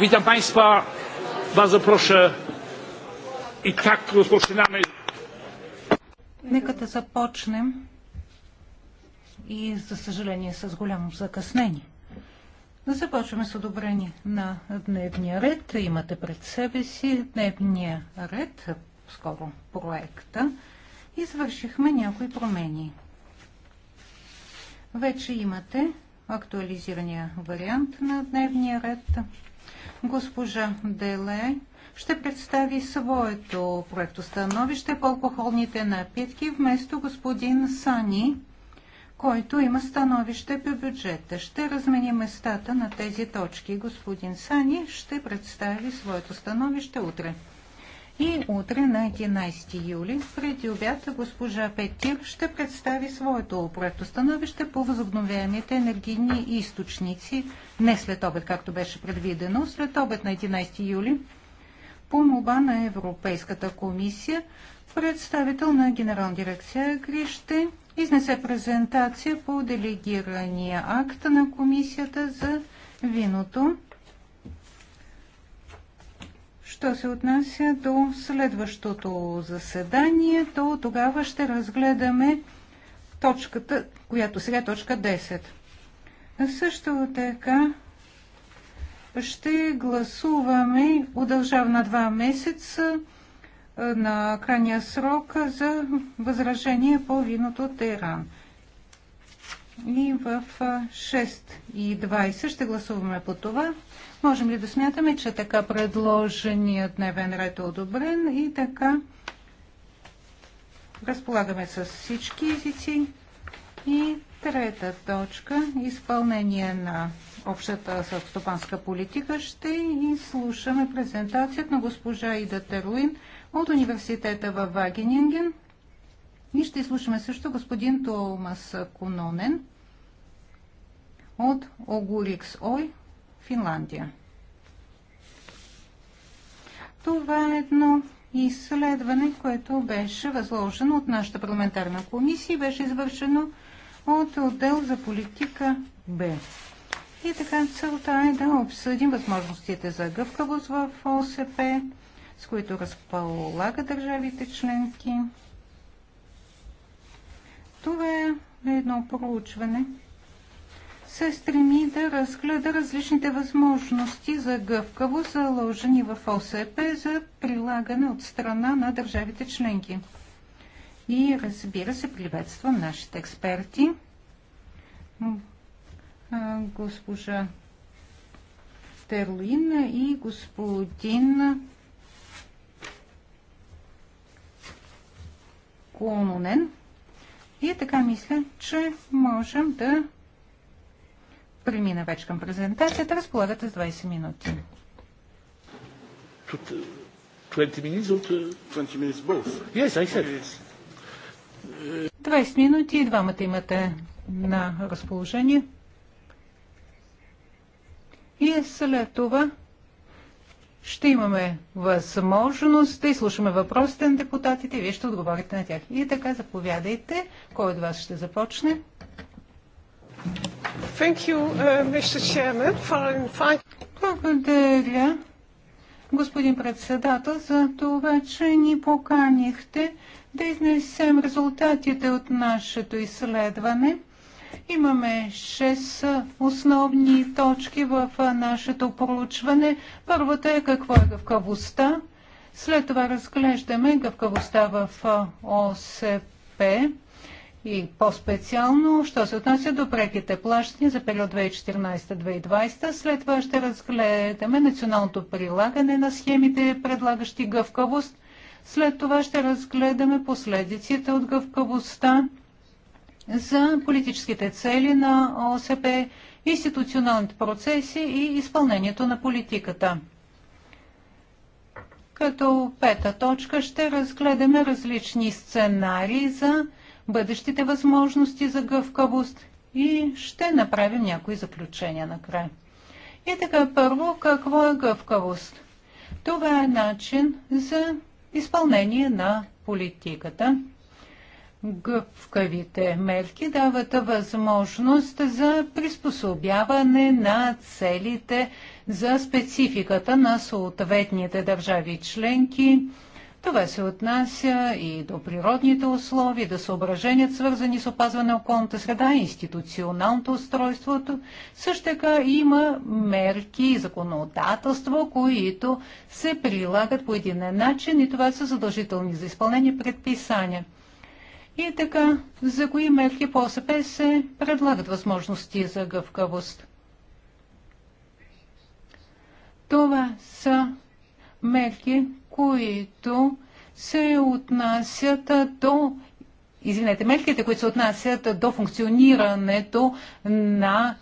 Witam Państwa. Bardzo proszę. I tak rozpoczynamy. Нека да започнем и за съжаление с голямо закъснение. Да започваме с одобрение на дневния ред. Имате пред себе си дневния ред, скоро проекта. Извършихме някои промени. Вече имате актуализирания вариант на дневния ред. Госпожа Деле ще представи своето проектостановище по алкохолните напитки вместо господин Сани, който има становище по бюджета. Ще размени местата на тези точки. Господин Сани ще представи своето становище утре. И утре на 11 юли, преди обяд, госпожа Петир ще представи своето проектостановище по възобновяемите енергийни източници, не след обед, както беше предвидено, след обед на 11 юли, по моба на Европейската комисия, представител на Генерална дирекция ГРИ ще изнесе презентация по делегирания акт на комисията за виното. Що се отнася до следващото заседание, то тогава ще разгледаме точката, която сега е точка 10. Също така ще гласуваме удължав на два месеца на крайния срок за възражение по виното Тейран. И в 6 и 20 ще гласуваме по това. Можем ли да смятаме, че така предложеният дневен ред е одобрен и така разполагаме с всички езици. И трета точка – изпълнение на общата съвстопанска политика. Ще изслушаме презентацията на госпожа Ида Теруин от университета в Вагенинген. И ще изслушаме също господин Томас Кононен – от Огурикс Ой, Финландия. Това е едно изследване, което беше възложено от нашата парламентарна комисия и беше извършено от отдел за политика Б. И така целта е да обсъдим възможностите за гъвкавост в ОСП, с които разполага държавите членки. Това е едно проучване, се стреми да разгледа различните възможности за гъвкаво заложени в ОСП за прилагане от страна на държавите членки. И разбира се, приветствам нашите експерти. Госпожа Терлин и господин Клонунен. И така мисля, че можем да премина вече към презентацията. Разполагате с 20 минути. 20 20 е, е, both? Yes, I said. 20 минути и двамата имате на разположение. И след това ще имаме възможност да изслушаме въпросите на депутатите и вие ще отговорите на тях. И така, заповядайте. Кой от вас ще започне? Thank you, uh, Mr. Chairman, for inviting... Благодаря, господин председател, за това, че ни поканихте да изнесем резултатите от нашето изследване. Имаме 6 основни точки в нашето проучване. Първата е какво е гъвкавостта. След това разглеждаме гъвкавостта в ОСП и по-специално, що се отнася до преките плащания за период 2014-2020. След това ще разгледаме националното прилагане на схемите, предлагащи гъвкавост. След това ще разгледаме последиците от гъвкавостта за политическите цели на ОСП, институционалните процеси и изпълнението на политиката. Като пета точка ще разгледаме различни сценарии за бъдещите възможности за гъвкавост и ще направим някои заключения накрая. И така, първо, какво е гъвкавост? Това е начин за изпълнение на политиката. Гъвкавите мерки дават възможност за приспособяване на целите за спецификата на съответните държави членки това се отнася и до природните условия, до съображения, свързани с опазване на околната среда, институционалното устройството. Също така има мерки и законодателство, които се прилагат по един начин и това са задължителни за изпълнение предписания. И така, за кои мерки по ОСП се предлагат възможности за гъвкавост? Това са мерки, които се отнасят до извинете, мерките, които се отнасят до функционирането на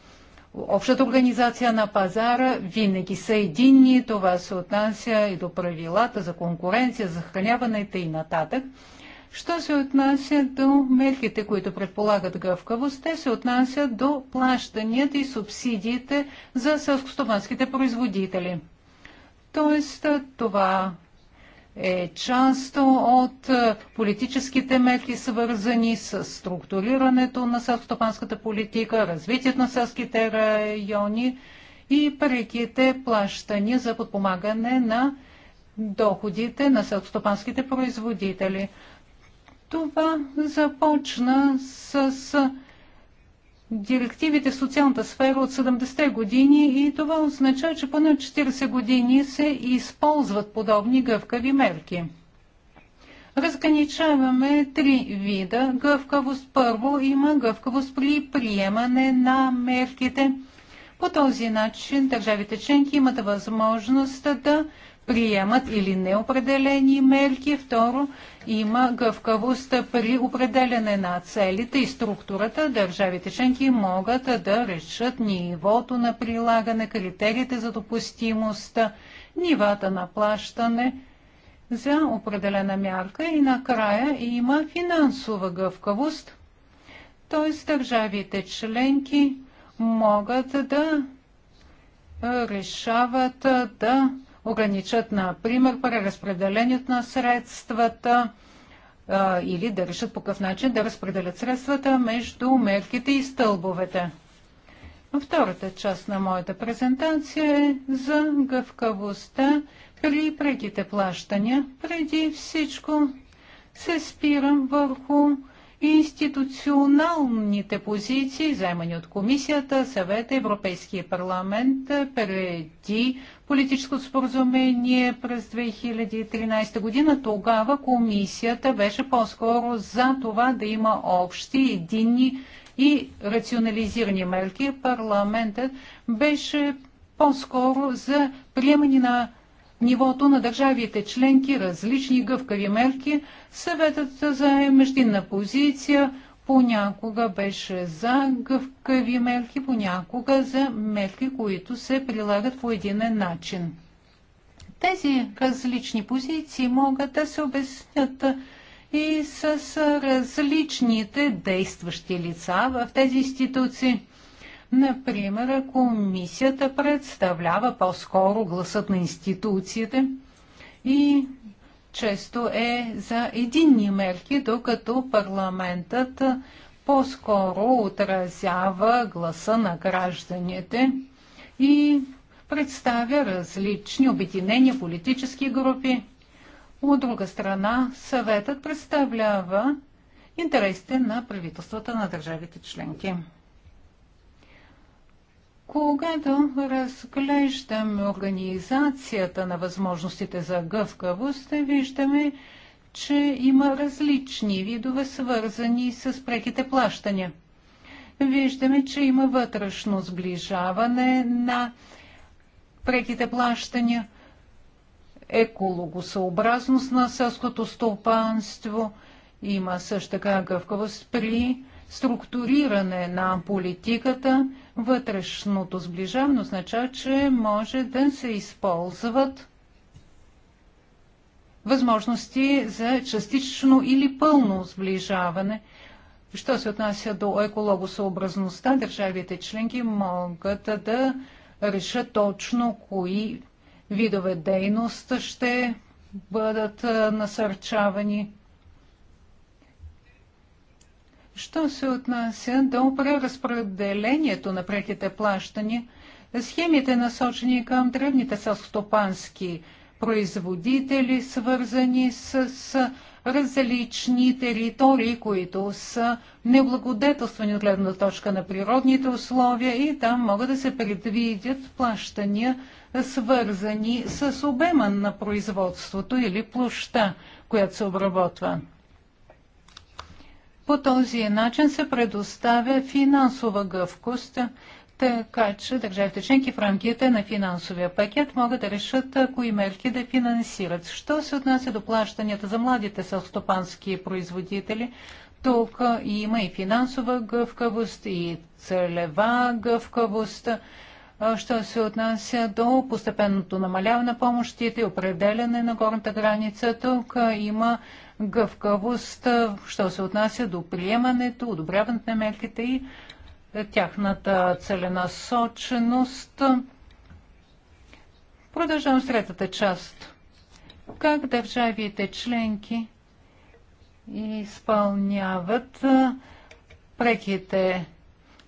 общата организация на пазара, винаги са единни. Това се отнася и до правилата за конкуренция, за храняването и нататък. Що се отнася до мерките, които предполагат гъвкавост, те се отнасят до плащанията и субсидиите за селскостопанските производители. Тоест, това е част от е, политическите мерки, свързани с структурирането на селскостопанската политика, развитието на селските райони и преките плащания за подпомагане на доходите на селскостопанските производители. Това започна с директивите в социалната сфера от 70-те години и това означава, че поне от 40 години се използват подобни гъвкави мерки. Разграничаваме три вида гъвкавост. Първо има гъвкавост при приемане на мерките. По този начин държавите членки имат възможност да приемат или неопределени мерки. Второ, има гъвкавост при определене на целите и структурата. Държавите членки могат да решат нивото на прилагане, критериите за допустимост, нивата на плащане за определена мярка и накрая има финансова гъвкавост, т.е. държавите членки могат да решават да ограничат, например, преразпределението на средствата или да решат по какъв начин да разпределят средствата между мерките и стълбовете. Втората част на моята презентация е за гъвкавостта при преките плащания. Преди всичко се спирам върху институционалните позиции, заемани от Комисията, Съвета, Европейския парламент преди политическото споразумение през 2013 година. Тогава Комисията беше по-скоро за това да има общи, единни и рационализирани мерки. Парламентът беше по-скоро за приемане на нивото на държавите членки, различни гъвкави мерки. Съветът за междинна позиция понякога беше за гъвкави мерки, понякога за мерки, които се прилагат по един начин. Тези различни позиции могат да се обяснят и с различните действащи лица в тези институции. Например, комисията представлява по-скоро гласът на институциите и често е за единни мерки, докато парламентът по-скоро отразява гласа на гражданите и представя различни обединения политически групи. От друга страна, съветът представлява интересите на правителствата на държавите членки. Когато разглеждаме организацията на възможностите за гъвкавост, виждаме, че има различни видове, свързани с преките плащания. Виждаме, че има вътрешно сближаване на преките плащания, екологосъобразност на селското стопанство, има също така гъвкавост при структуриране на политиката, вътрешното сближаване означава, че може да се използват възможности за частично или пълно сближаване. Що се отнася до екологосъобразността, държавите членки могат да решат точно кои видове дейност ще бъдат насърчавани. Що се отнася до преразпределението на преките плащания, схемите насочени към древните селскостопански производители, свързани с, с различни територии, които са неблагодетелствани от гледна точка на природните условия и там могат да се предвидят плащания, свързани с обема на производството или площа, която се обработва. По този начин се предоставя финансова гъвкост, така че държавите членки в рамките на финансовия пакет могат да решат кои мерки да финансират. Що се отнася до плащанията за младите селстопански производители, тук има и финансова гъвкавост, и целева гъвкавост, що се отнася до постепенното намаляване на помощите и определяне на горната граница. Тук има гъвкавост, що се отнася до приемането, одобряването на мерките и тяхната целенасоченост. Продължавам с третата част. Как държавите членки изпълняват преките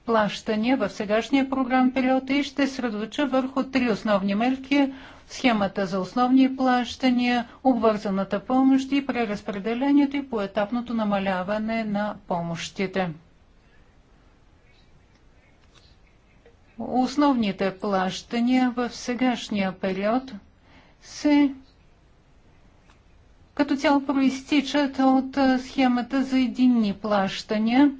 плащания в сегашния програм период и ще средоча върху три основни мерки схемата за основни плащания, обвързаната помощ и преразпределението и поетапното намаляване на помощите. Основните плащания в сегашния период се като цяло проистичат от схемата за единни плащания.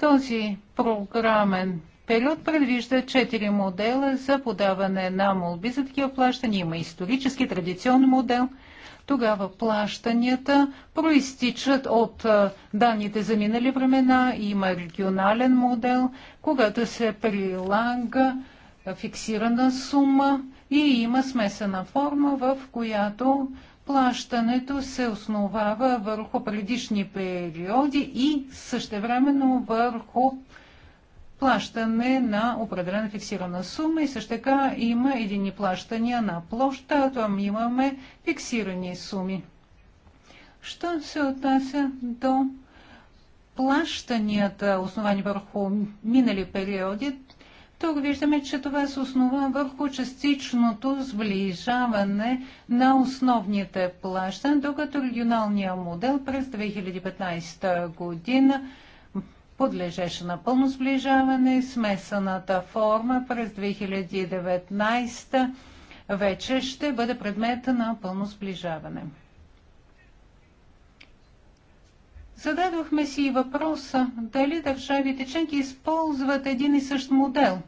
Този програмен период предвижда четири модела за подаване на молби за такива плащания. Има исторически, традиционен модел. Тогава плащанията проистичат от данните за минали времена. Има регионален модел, когато се прилага фиксирана сума и има смесена форма, в която плащането се основава върху предишни периоди и същевременно върху плащане на определена фиксирана сума и също така има едини плащания на площа, а там имаме фиксирани суми. Що се отнася до плащанията, основани върху минали периоди, тук виждаме, че това се основа върху частичното сближаване на основните плащания, докато регионалния модел през 2015 година подлежеше на пълно сближаване. Смесаната форма през 2019 вече ще бъде предмет на пълно сближаване. Зададохме си и въпроса дали държавите членки използват един и същ модел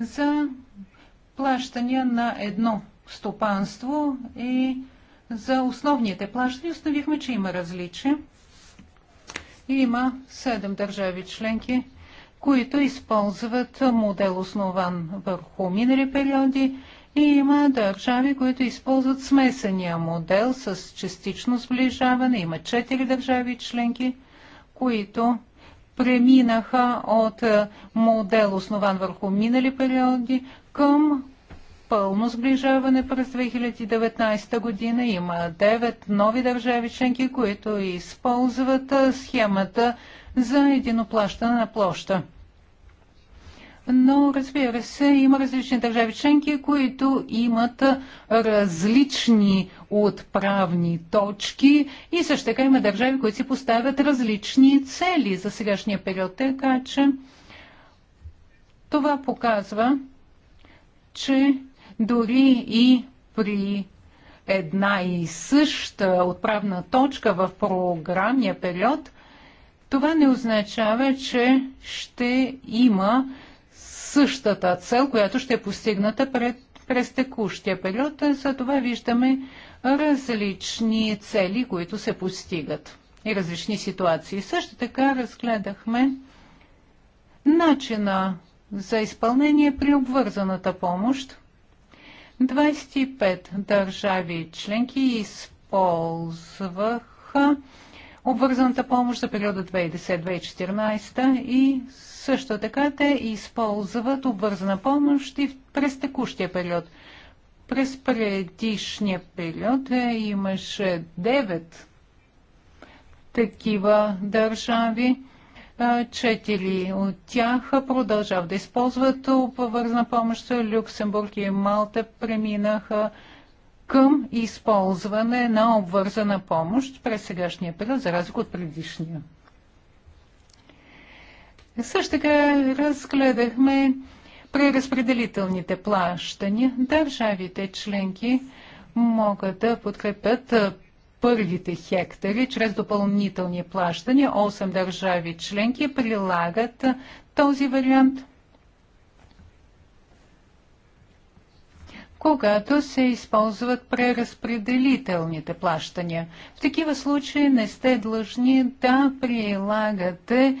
за плащания на едно стопанство и за основните плащания установихме, че има различия. Има седем държави членки, които използват модел основан върху минали периоди и има държави, които използват смесения модел с частично сближаване. Има четири държави членки, които преминаха от модел основан върху минали периоди към пълно сближаване през 2019 година. Има 9 нови държави членки, които използват схемата за единоплащане на площа. Но, разбира се, има различни държави членки, които имат различни отправни точки и също така има държави, които си поставят различни цели за сегашния период. Така че това показва, че дори и при една и съща отправна точка в програмния период, това не означава, че ще има същата цел, която ще е постигната пред, през текущия период. За това виждаме различни цели, които се постигат и различни ситуации. Също така разгледахме начина за изпълнение при обвързаната помощ. 25 държави членки използваха обвързаната помощ за периода 2010-2014 и също така те използват обвързана помощ и през текущия период. През предишния период е, имаше 9 такива държави, Четири от тях продължават да използват обвързана помощ. Люксембург и Малта преминаха към използване на обвързана помощ през сегашния период, за разлика от предишния. Също така разгледахме преразпределителните плащания. Държавите членки могат да подкрепят първите хектари чрез допълнителни плащания. 8 държави членки прилагат този вариант. когато се използват преразпределителните плащания. В такива случаи не сте длъжни да прилагате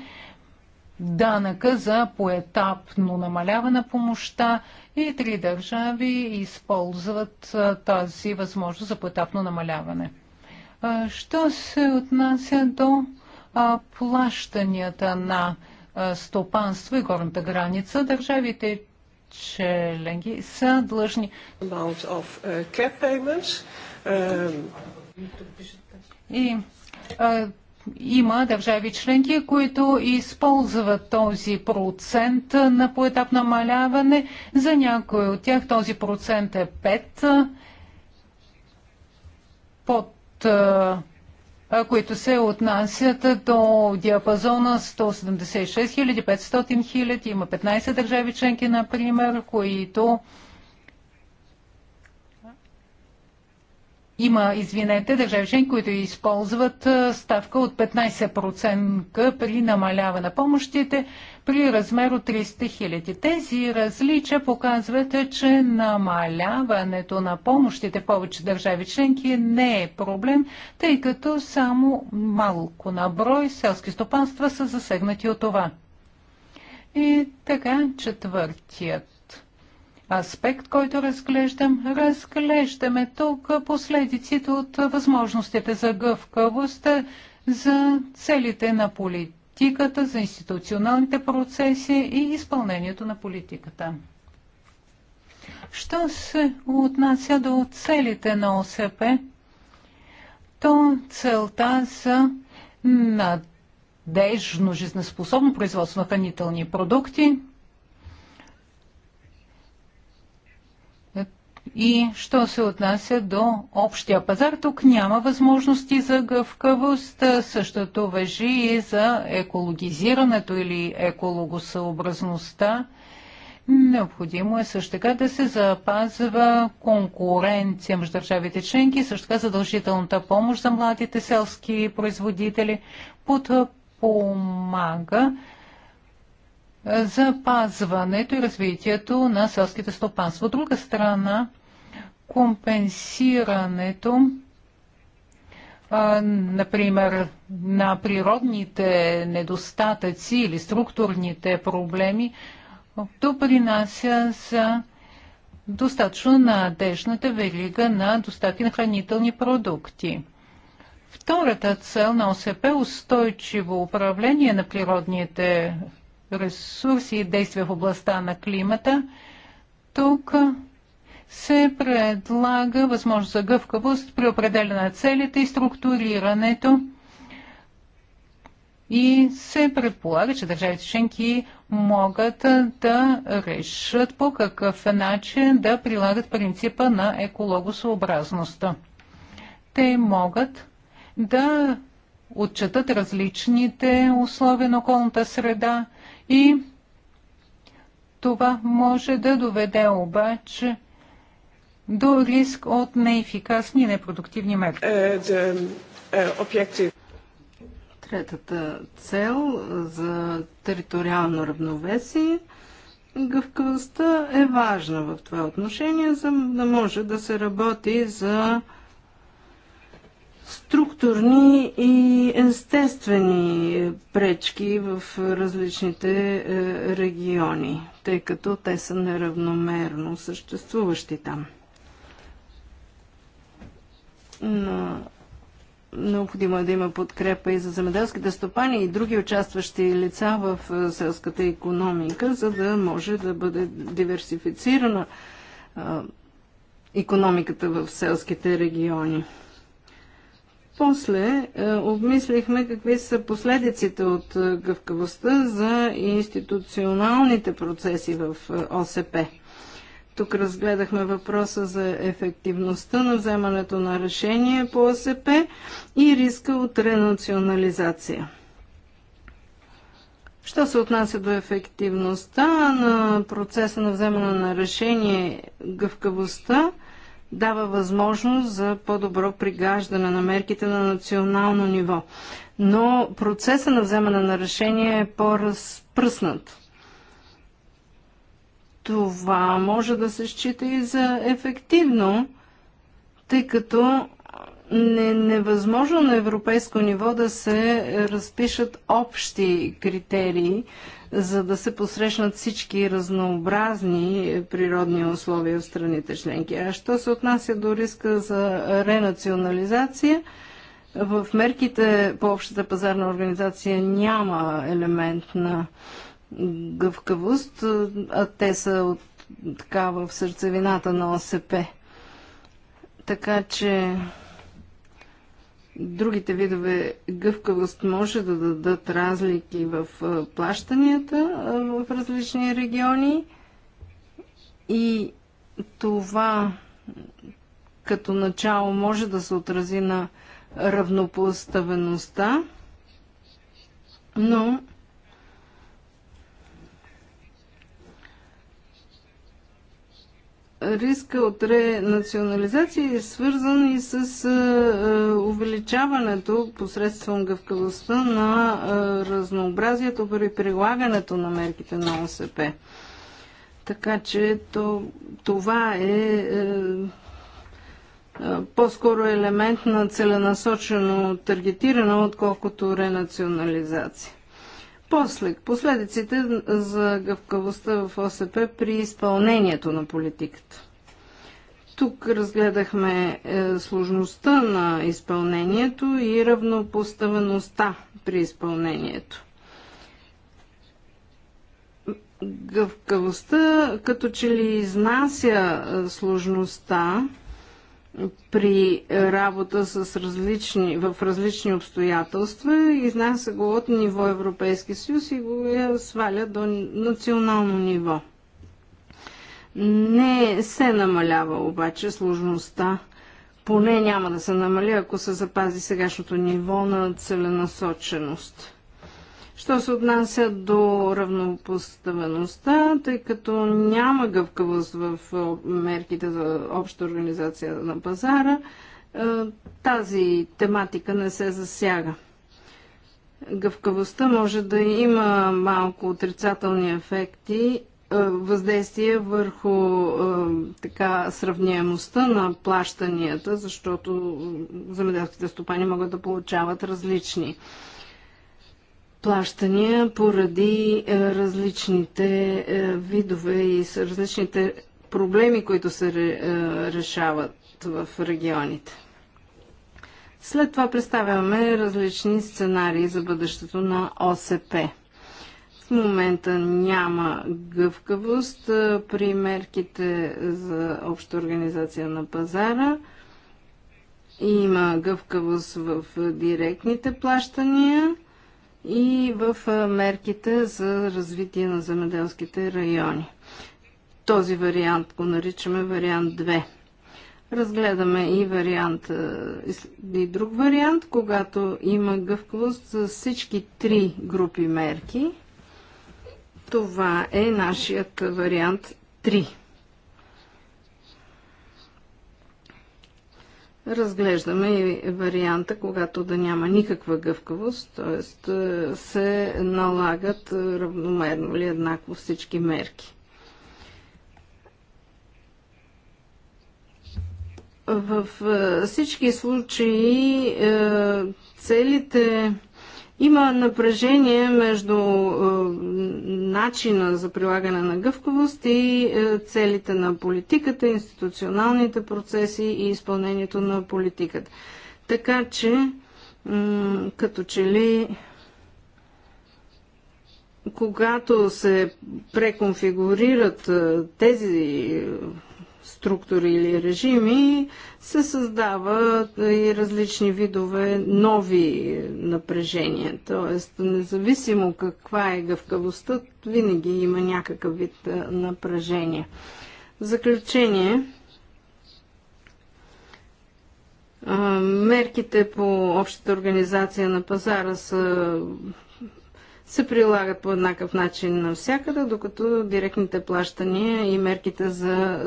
данъка за поетапно намалявана помощта и три държави използват тази възможност за поетапно намаляване. Що се отнася до плащанията на стопанство и горната граница, държавите членки са длъжни. И а, има държави членки, които използват този процент на поетап намаляване. За някои от тях този процент е 5. Под които се отнасят до диапазона 176 500 000. Има 15 държави членки, например, които Има, извинете, държави членки, които използват ставка от 15% при намаляване на помощите при размер от 300 хиляди. Тези различия показват, че намаляването на помощите в повече държави членки не е проблем, тъй като само малко на брой селски стопанства са засегнати от това. И така, четвъртият аспект, който разглеждам. Разглеждаме тук последиците от възможностите за гъвкавост, за целите на политиката, за институционалните процеси и изпълнението на политиката. Що се отнася до целите на ОСП, то целта за надежно жизнеспособно производство на хранителни продукти И що се отнася до общия пазар, тук няма възможности за гъвкавост. Същото въжи и за екологизирането или екологосъобразността. Необходимо е също така да се запазва конкуренция между държавите членки, също така задължителната помощ за младите селски производители подпомага запазването и развитието на селските стопанства. От друга страна, компенсирането, например, на природните недостатъци или структурните проблеми, допринася за достатъчно надежната верига на доставки на хранителни продукти. Втората цел на ОСП е устойчиво управление на природните ресурси и действия в областта на климата. Тук се предлага възможност за гъвкавост при определяне на целите и структурирането и се предполага, че държавите членки могат да решат по какъв начин да прилагат принципа на екологосъобразността. Те могат да отчетат различните условия на околната среда и това може да доведе обаче до риск от неефикасни и непродуктивни методи. Е, е, Третата цел за териториално равновесие гъвкавостта е важна в това отношение, за да може да се работи за структурни и естествени пречки в различните е, региони, тъй като те са неравномерно съществуващи там на Необходимо е да има подкрепа и за земеделските стопани и други участващи лица в е, селската економика, за да може да бъде диверсифицирана економиката в селските региони. После е, обмислихме какви са последиците от е, гъвкавостта за институционалните процеси в ОСП. Тук разгледахме въпроса за ефективността на вземането на решение по ОСП и риска от ренационализация. Що се отнася до ефективността на процеса на вземане на решение, гъвкавостта дава възможност за по-добро пригаждане на мерките на национално ниво. Но процеса на вземане на решение е по-разпръснат. Това може да се счита и за ефективно, тъй като не, невъзможно на европейско ниво да се разпишат общи критерии, за да се посрещнат всички разнообразни природни условия в страните членки. А що се отнася до риска за ренационализация, в мерките по общата пазарна организация няма елемент на гъвкавост, а те са от, така в сърцевината на ОСП. Така че другите видове гъвкавост може да дадат разлики в плащанията в различни региони и това като начало може да се отрази на равнопоставеността, но риска от ренационализация е свързан и с увеличаването посредством гъвкавостта на разнообразието при прилагането на мерките на ОСП. Така че то, това е, е по-скоро елемент на целенасочено таргетиране, отколкото ренационализация. После, последиците за гъвкавостта в ОСП при изпълнението на политиката. Тук разгледахме е, сложността на изпълнението и равнопоставеността при изпълнението. Гъвкавостта като че ли изнася е, сложността при работа с различни, в различни обстоятелства, изнася го от ниво Европейски съюз и го я сваля до национално ниво. Не се намалява обаче сложността. Поне няма да се намали, ако се запази сегашното ниво на целенасоченост. Що се отнася до равнопоставеността, тъй като няма гъвкавост в мерките за обща организация на пазара, е, тази тематика не се засяга. Гъвкавостта може да има малко отрицателни ефекти, е, въздействие върху е, така сравняемостта на плащанията, защото земеделските стопани могат да получават различни плащания поради е, различните е, видове и с различните проблеми, които се е, решават в регионите. След това представяме различни сценарии за бъдещето на ОСП. В момента няма гъвкавост при мерките за обща организация на пазара. Има гъвкавост в директните плащания – и в мерките за развитие на земеделските райони. Този вариант го наричаме вариант 2. Разгледаме и вариант, и друг вариант, когато има гъвкавост за всички три групи мерки. Това е нашият вариант 3. Разглеждаме и варианта, когато да няма никаква гъвкавост, т.е. се налагат равномерно или еднакво всички мерки. В е, всички случаи е, целите има напрежение между е, начина за прилагане на гъвковост и е, целите на политиката, институционалните процеси и изпълнението на политиката. Така че, като че ли когато се преконфигурират е, тези структури или режими, се създават и различни видове нови напрежения. Тоест, независимо каква е гъвкавостта, винаги има някакъв вид е, напрежение. В заключение, е, мерките по общата организация на пазара са се прилагат по еднакъв начин навсякъде, докато директните плащания и мерките за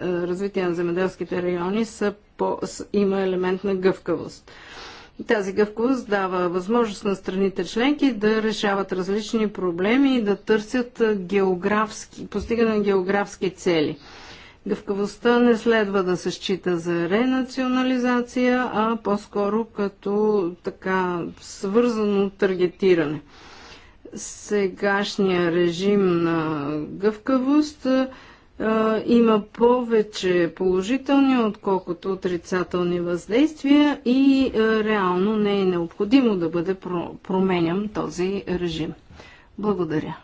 развитие на земеделските райони са по... има елемент на гъвкавост. Тази гъвкавост дава възможност на страните членки да решават различни проблеми и да търсят географски, постигане на географски цели. Гъвкавостта не следва да се счита за ренационализация, а по-скоро като така свързано таргетиране сегашния режим на гъвкавост има повече положителни, отколкото отрицателни въздействия и реално не е необходимо да бъде променям този режим. Благодаря.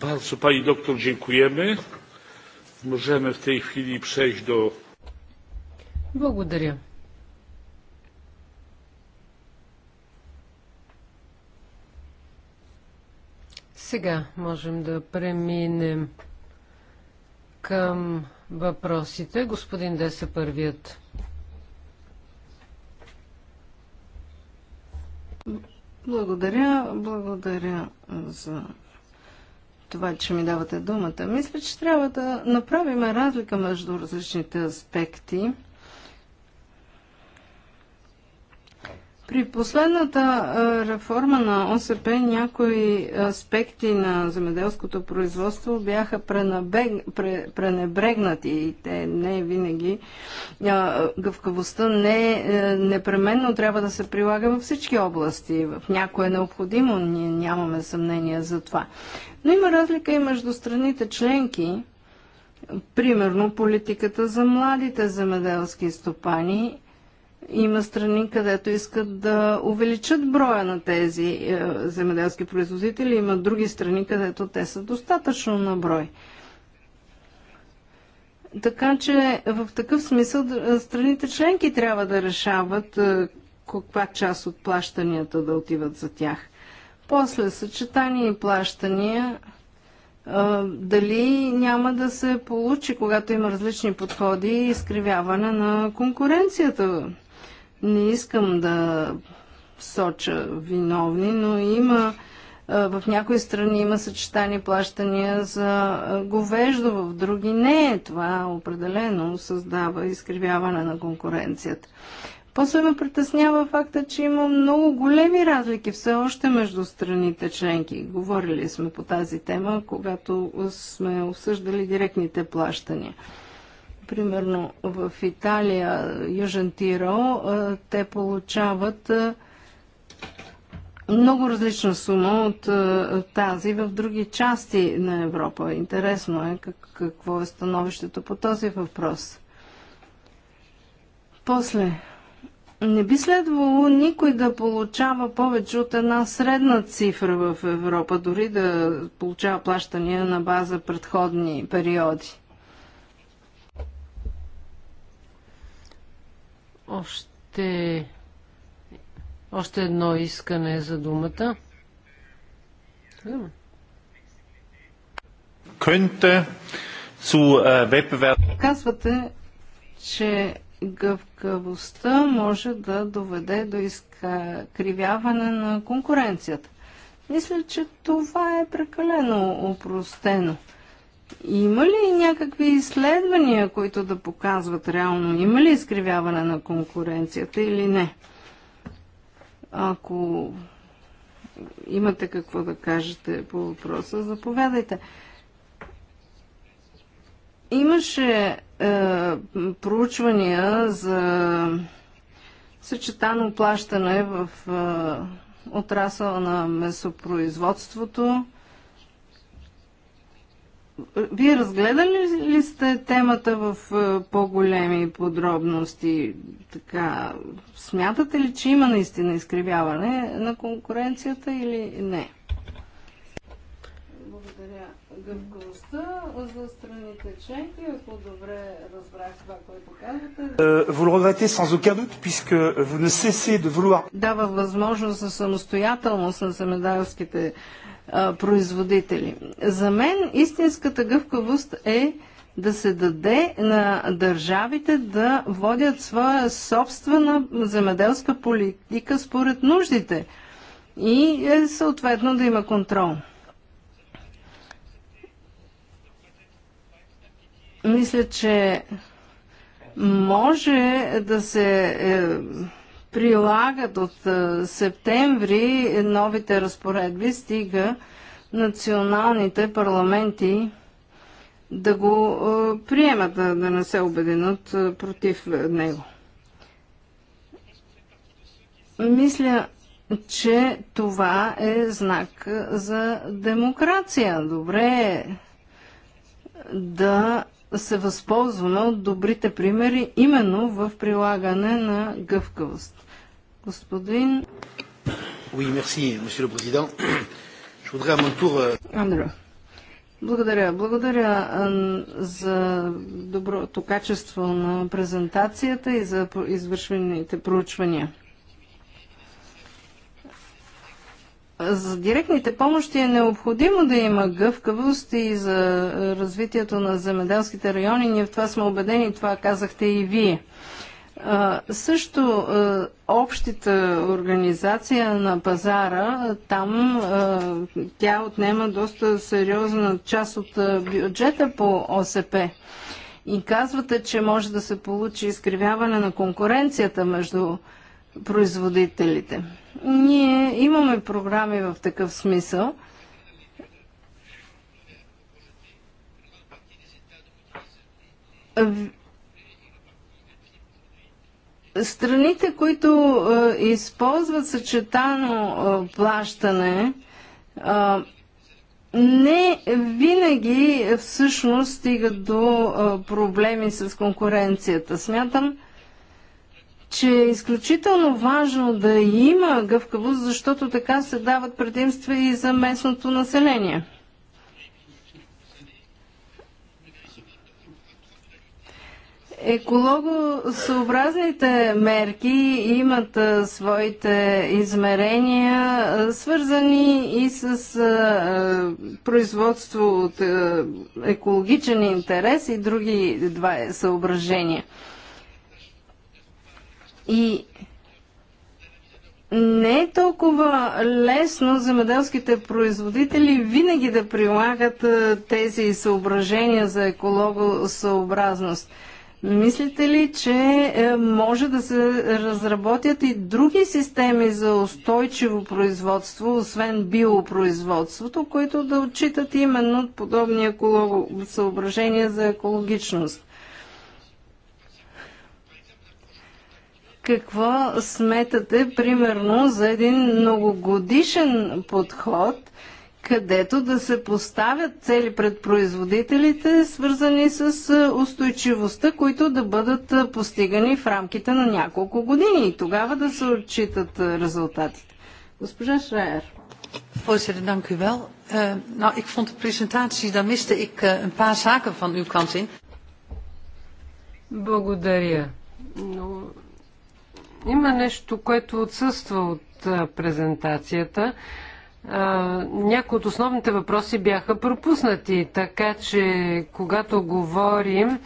Bardzo Pani Doktor dziękujemy. Możemy w tej chwili przejść do... Благодаря. Сега можем да преминем към въпросите. Господин Деса първият. Благодаря, благодаря за това, че ми давате думата. Мисля, че трябва да направим разлика между различните аспекти При последната реформа на ОСП някои аспекти на земеделското производство бяха пренебрегнати и те не винаги. Гъвкавостта не е, непременно трябва да се прилага във всички области. В някое е необходимо, ние нямаме съмнение за това. Но има разлика и между страните членки. Примерно политиката за младите земеделски стопани има страни, където искат да увеличат броя на тези е, земеделски производители, има други страни, където те са достатъчно на брой. Така че в такъв смисъл е, страните членки трябва да решават е, каква част от плащанията да отиват за тях. После съчетание и плащания дали няма да се получи, когато има различни подходи, изкривяване на конкуренцията не искам да соча виновни, но има в някои страни има съчетани плащания за говеждо, в други не. Това определено създава изкривяване на конкуренцията. После ме притеснява факта, че има много големи разлики все още между страните членки. Говорили сме по тази тема, когато сме осъждали директните плащания. Примерно в Италия, Южен Тирол, те получават много различна сума от тази в други части на Европа. Интересно е какво е становището по този въпрос. После, не би следвало никой да получава повече от една средна цифра в Европа, дори да получава плащания на база предходни периоди. Още, още едно искане за думата. Könnte zu äh, Wettbewerb. Казвате, че гъвкавостта може да доведе до изкривяване на конкуренцията. Мисля, че това е прекалено упростено. Има ли някакви изследвания, които да показват реално? Има ли изкривяване на конкуренцията или не? Ако имате какво да кажете по въпроса, заповядайте. Имаше е, проучвания за съчетано плащане в е, отрасъла на месопроизводството вие разгледали ли сте темата в е, по-големи подробности? Така, смятате ли, че има наистина изкривяване на конкуренцията или не? Благодаря. гъвкостта за страните членки, ако добре разбрах това, което казвате. Е, vous с regrettez sans aucun doute, puisque vous ne cessez de vouloir. Дава възможност за самостоятелност на земеделските производители. За мен истинската гъвкавост е да се даде на държавите да водят своя собствена земеделска политика според нуждите и е, съответно да има контрол. Мисля, че може да се е, прилагат от септември новите разпоредби, стига националните парламенти да го приемат, да, не се обединят против него. Мисля, че това е знак за демокрация. Добре е да се възползваме от добрите примери именно в прилагане на гъвкавост. Господин... Oui, merci, monsieur le président. Je voudrais à mon tour... Euh, Благодаря. Благодаря за доброто качество на презентацията и за извършените проучвания. За директните помощи е необходимо да има гъвкавост и за развитието на земеделските райони. Ние в това сме убедени, това казахте и вие. А, също а, общата организация на пазара, там а, тя отнема доста сериозна част от бюджета по ОСП. И казвате, че може да се получи изкривяване на конкуренцията между производителите. Ние имаме програми в такъв смисъл. В Страните, които използват съчетано плащане, не винаги всъщност стигат до проблеми с конкуренцията. Смятам, че е изключително важно да има гъвкавост, защото така се дават предимства и за местното население. Екологосъобразните мерки имат а, своите измерения, а, свързани и с а, производство от екологичен интерес и други два съображения. И не е толкова лесно земеделските производители винаги да прилагат тези съображения за екологосъобразност. Мислите ли, че е, може да се разработят и други системи за устойчиво производство, освен биопроизводството, които да отчитат именно подобни съображения за екологичност? Какво сметате, примерно, за един многогодишен подход – където да се поставят цели пред производителите, свързани с устойчивостта, които да бъдат постигани в рамките на няколко години и тогава да се отчитат резултатите. Госпожа Шраер. Voorzitter, dank u wel. Uh, nou, ik vond de presentatie, daar miste ik uh, een paar zaken van uw kant in. Благодаря. Но има нещо, което отсъства от презентацията. Uh, някои от основните въпроси бяха пропуснати, така че когато говорим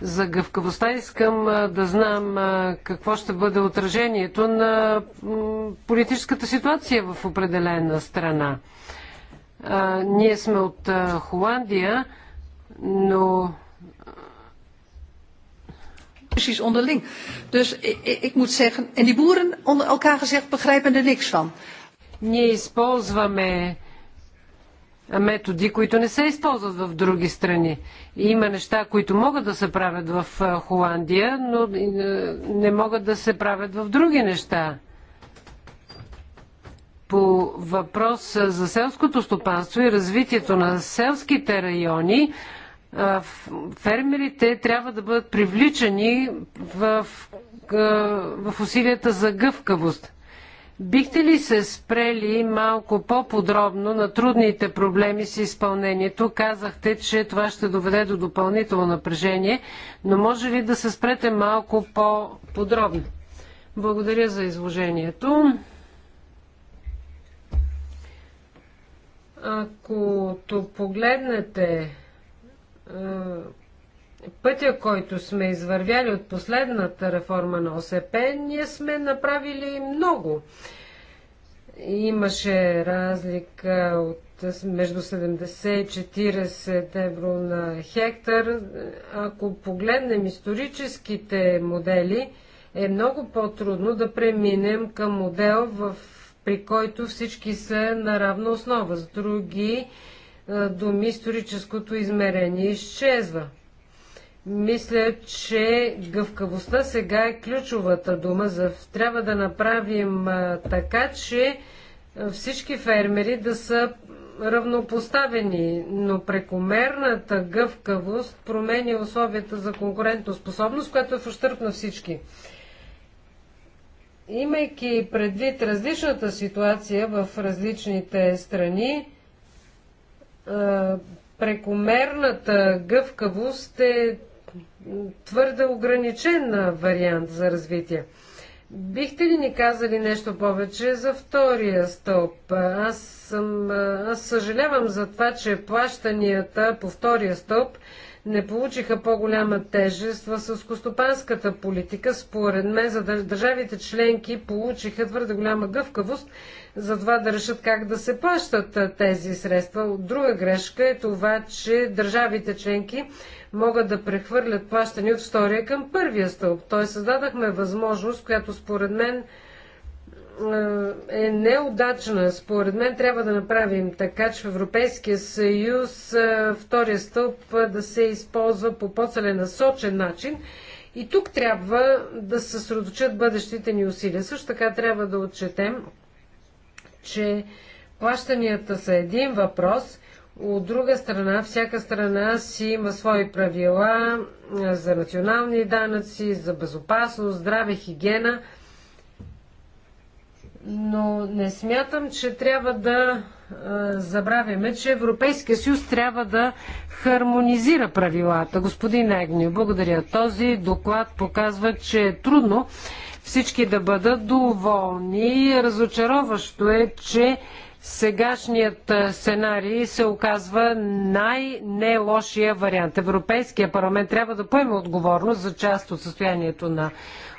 за гъвкавостта, искам да знам какво ще бъде отражението на политическата ситуация в определена страна. Ние сме от Холандия, но precies onderling. Dus ik, ik moet zeggen, en die boeren onder elkaar gezegd begrijpen er niks van. Ние използваме методи, които не се използват в други страни. Има неща, които могат да се правят в Холандия, но не могат да се правят в други неща. По въпрос за селското стопанство и развитието на селските райони, фермерите трябва да бъдат привличани в, в усилията за гъвкавост. Бихте ли се спрели малко по-подробно на трудните проблеми с изпълнението? Казахте, че това ще доведе до допълнително напрежение, но може ли да се спрете малко по-подробно? Благодаря за изложението. Ако погледнете пътя, който сме извървяли от последната реформа на ОСП, ние сме направили много. Имаше разлика от между 70 и 40 евро на хектар. Ако погледнем историческите модели, е много по-трудно да преминем към модел, в, при който всички са на равна основа. С други думи, историческото измерение изчезва. Мисля, че гъвкавостта сега е ключовата дума. За... Трябва да направим а, така, че всички фермери да са равнопоставени, но прекомерната гъвкавост променя условията за конкурентоспособност, която е в ущърп на всички. Имайки предвид различната ситуация в различните страни, прекомерната гъвкавост е твърде ограничен вариант за развитие. Бихте ли ни казали нещо повече за втория стълб? Аз, съм, аз съжалявам за това, че плащанията по втория стълб не получиха по-голяма тежест в съскостопанската политика. Според мен, за държавите членки получиха твърде голяма гъвкавост за това да решат как да се плащат тези средства. Друга грешка е това, че държавите членки могат да прехвърлят плащани от втория към първия стълб. Т.е. създадахме възможност, която според мен е, е неудачна. Според мен трябва да направим така, че в Европейския съюз е, втория стълб е, да се използва по по-целенасочен начин. И тук трябва да се съсредоточат бъдещите ни усилия. Също така трябва да отчетем, че плащанията са един въпрос – от друга страна, всяка страна си има свои правила за национални данъци, за безопасност, здраве, хигиена, но не смятам, че трябва да забравяме, че Европейския съюз трябва да хармонизира правилата. Господин Агнио, благодаря. Този доклад показва, че е трудно всички да бъдат доволни. Разочароващо е, че сегашният сценарий се оказва най-не-лошия вариант. Европейския парламент трябва да поеме отговорност за част от състоянието на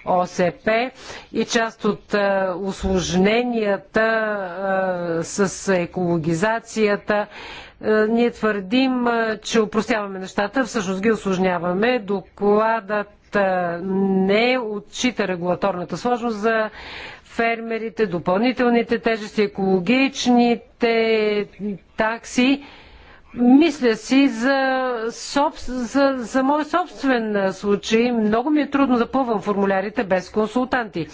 ОСП и част от осложненията с екологизацията. Ние твърдим, че упростяваме нещата, всъщност ги осложняваме. Докладът не отчита регулаторната сложност за фермерите, допълнителните тежести, екологичните такси. Мисля си за, соб... за, за мой собствен случай. Много ми е трудно да пълвам формулярите без консултанти.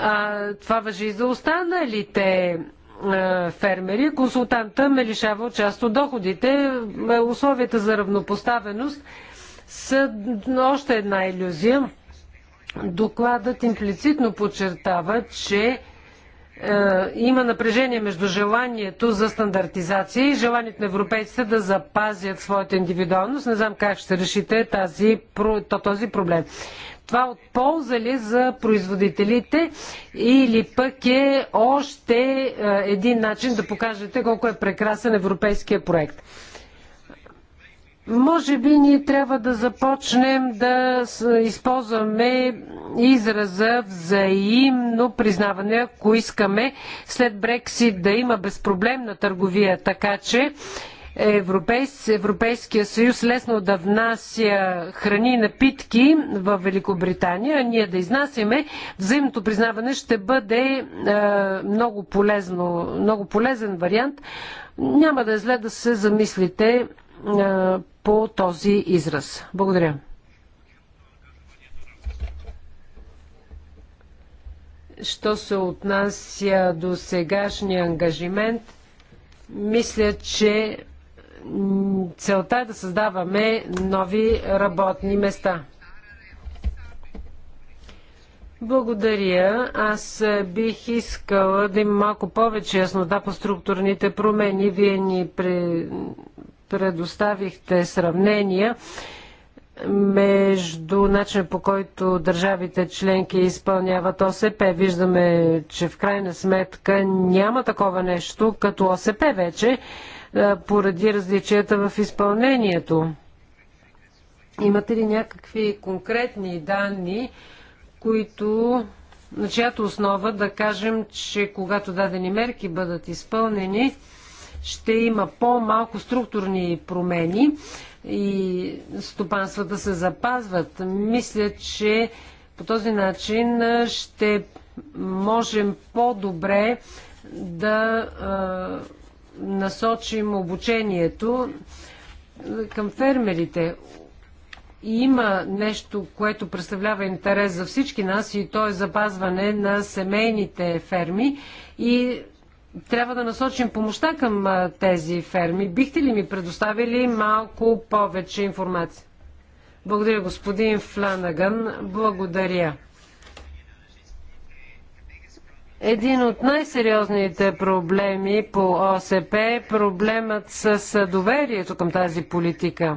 А, това въжи и за останалите а, фермери. Консултанта ме лишава от част от доходите. Е, условията за равнопоставеност са още една иллюзия. Докладът имплицитно подчертава, че е, има напрежение между желанието за стандартизация и желанието на европейците да запазят своята индивидуалност. Не знам как ще решите тази, този проблем. Това от полза ли за производителите или пък е още е, един начин да покажете колко е прекрасен европейския проект? Може би ние трябва да започнем да използваме израза взаимно признаване, ако искаме след Брексит да има безпроблемна търговия, така че Европейс, Европейския съюз лесно да внася храни и напитки в Великобритания, а ние да изнасяме, взаимното признаване ще бъде е, много, полезно, много полезен вариант. Няма да е зле да се замислите по този израз. Благодаря. Що се отнася до сегашния ангажимент, мисля, че целта е да създаваме нови работни места. Благодаря. Аз бих искала да има малко повече яснота по структурните промени. Вие ни предоставихте сравнения между начина по който държавите членки изпълняват ОСП. Виждаме, че в крайна сметка няма такова нещо като ОСП вече, поради различията в изпълнението. Имате ли някакви конкретни данни, които, на чиято основа да кажем, че когато дадени мерки бъдат изпълнени, ще има по-малко структурни промени и стопанствата се запазват. Мисля, че по този начин ще можем по-добре да насочим обучението към фермерите. има нещо, което представлява интерес за всички нас и то е запазване на семейните ферми и трябва да насочим помощта към тези ферми. Бихте ли ми предоставили малко повече информация? Благодаря, господин Фланаган. Благодаря. Един от най-сериозните проблеми по ОСП е проблемът с доверието към тази политика.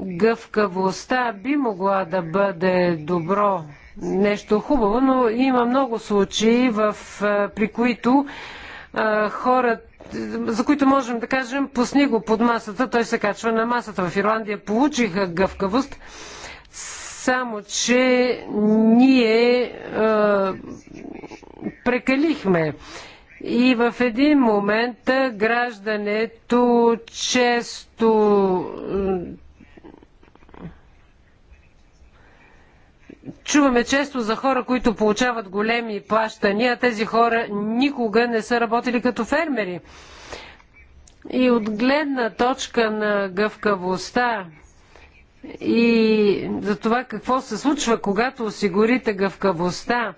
Гъвкавостта би могла да бъде добро, нещо хубаво, но има много случаи, в, при които хора, за които можем да кажем, пусни го под масата, той се качва на масата. В Ирландия получиха гъвкавост, само че ние а, прекалихме. И в един момент граждането често чуваме често за хора, които получават големи плащания. Тези хора никога не са работили като фермери. И от гледна точка на гъвкавостта и за това какво се случва, когато осигурите гъвкавостта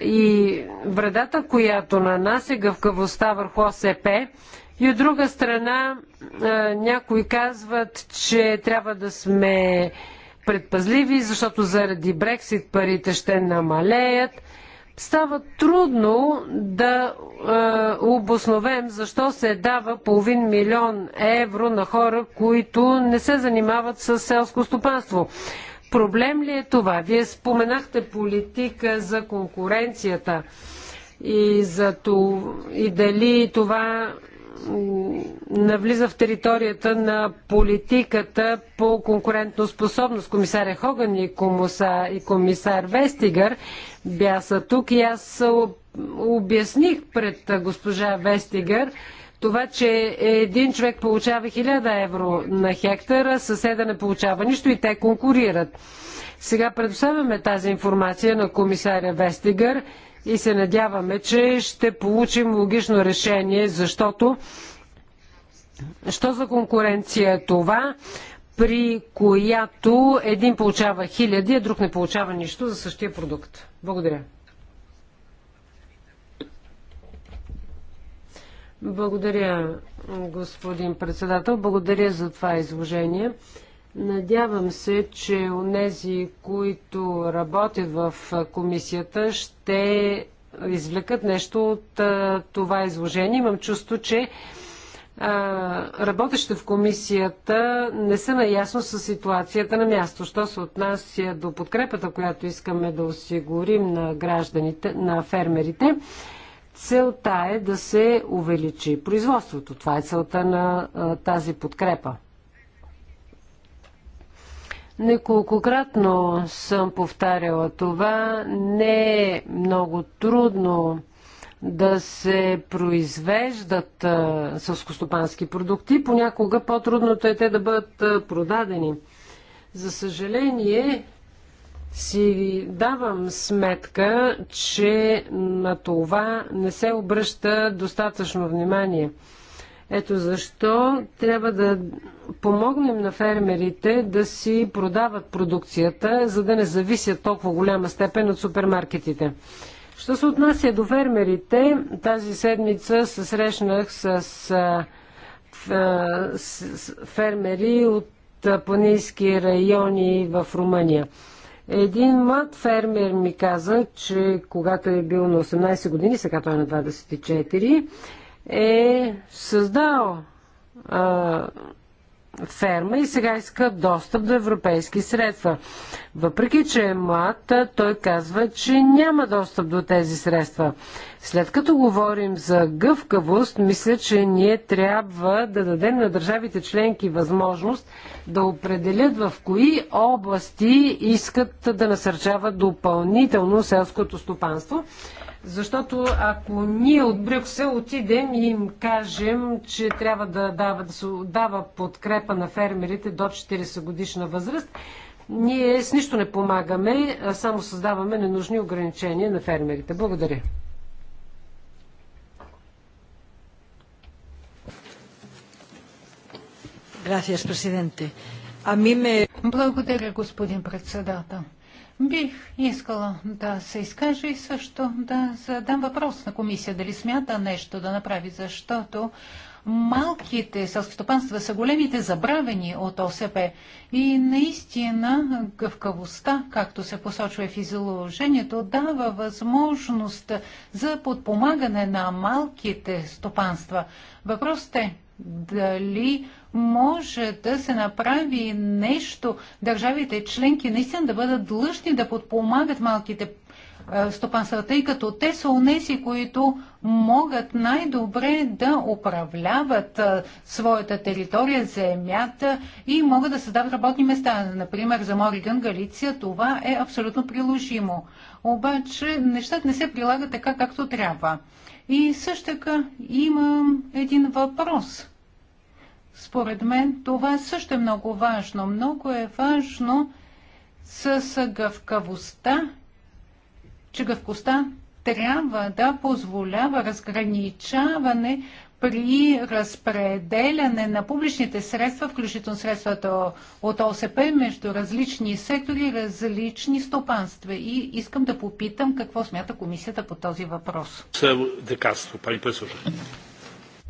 и вредата, която нанася е гъвкавостта върху ОСП, и от друга страна някои казват, че трябва да сме предпазливи, защото заради Брексит парите ще намалеят. Става трудно да е, обосновем защо се дава половин милион евро на хора, които не се занимават с селско стопанство. Проблем ли е това? Вие споменахте политика за конкуренцията и, за това, и дали това навлиза в територията на политиката по способност. Комисаря Хоган и комисар, и комисар Вестигър бяха тук и аз обясних пред госпожа Вестигър, това, че един човек получава 1000 евро на хектара, съседа не получава нищо и те конкурират. Сега предоставяме тази информация на комисаря Вестигър и се надяваме, че ще получим логично решение, защото що за конкуренция е това, при която един получава хиляди, а друг не получава нищо за същия продукт. Благодаря. Благодаря, господин председател. Благодаря за това изложение. Надявам се, че онези, които работят в комисията, ще извлекат нещо от това изложение. Имам чувство, че работещите в комисията не са наясно с ситуацията на място. Що се отнася до подкрепата, която искаме да осигурим на гражданите, на фермерите, целта е да се увеличи производството. Това е целта на тази подкрепа. Неколкократно съм повтаряла това. Не е много трудно да се произвеждат сълскостопански продукти. Понякога по-трудното е те да бъдат продадени. За съжаление, си давам сметка, че на това не се обръща достатъчно внимание – ето защо трябва да помогнем на фермерите да си продават продукцията, за да не зависят толкова голяма степен от супермаркетите. Що се отнася до фермерите, тази седмица се срещнах с, фермери от планински райони в Румъния. Един млад фермер ми каза, че когато е бил на 18 години, сега той е на 24, е създал а, ферма и сега иска достъп до европейски средства. Въпреки, че е млад, той казва, че няма достъп до тези средства. След като говорим за гъвкавост, мисля, че ние трябва да дадем на държавите членки възможност да определят в кои области искат да насърчават допълнително селското стопанство защото ако ние от Брюксел отидем и им кажем, че трябва да, дава, да се дава подкрепа на фермерите до 40 годишна възраст, ние с нищо не помагаме, а само създаваме ненужни ограничения на фермерите. Благодаря. Благодаря, господин председател. Бих искала да се изкажа и също да задам въпрос на комисия, дали смята нещо да направи, защото малките селскостопанства са големите забравени от ОСП. И наистина гъвкавостта, както се посочва в изложението, дава възможност за подпомагане на малките стопанства. Въпросът е дали може да се направи нещо, държавите членки наистина да бъдат длъжни да подпомагат малките е, стопанства, тъй като те са унеси, които могат най-добре да управляват е, своята територия, земята и могат да създават работни места. Например, за Мориган, Галиция това е абсолютно приложимо. Обаче нещата не се прилагат така, както трябва. И също така имам един въпрос – според мен това е също е много важно. Много е важно с гъвкавостта, че гъвкостта трябва да позволява разграничаване при разпределяне на публичните средства, включително средствата от ОСП, между различни сектори, различни стопанства. И искам да попитам какво смята комисията по този въпрос. Декарство, пани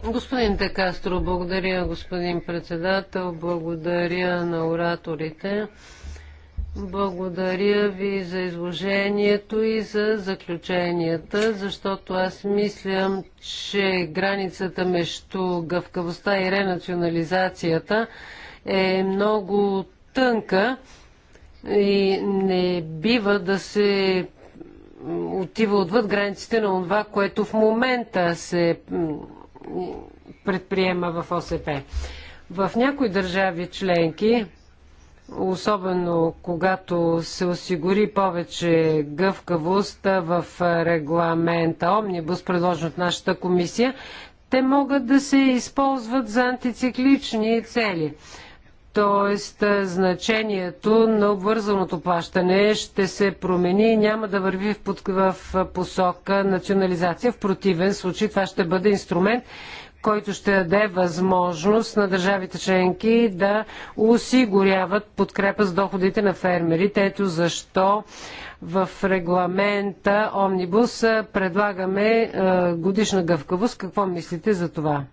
Господин Декастро, благодаря, господин председател, благодаря на ораторите. Благодаря ви за изложението и за заключенията, защото аз мислям, че границата между гъвкавостта и ренационализацията е много тънка и не бива да се отива отвъд границите на това, което в момента се предприема в ОСП. В някои държави членки, особено когато се осигури повече гъвкавост в регламента Омнибус, предложен от нашата комисия, те могат да се използват за антициклични цели. Тоест, значението на обвързаното плащане ще се промени и няма да върви в, под, в посока национализация. В противен случай това ще бъде инструмент, който ще даде възможност на държавите членки да осигуряват подкрепа с доходите на фермерите. Ето защо в регламента Омнибус предлагаме годишна гъвкавост. Какво мислите за това?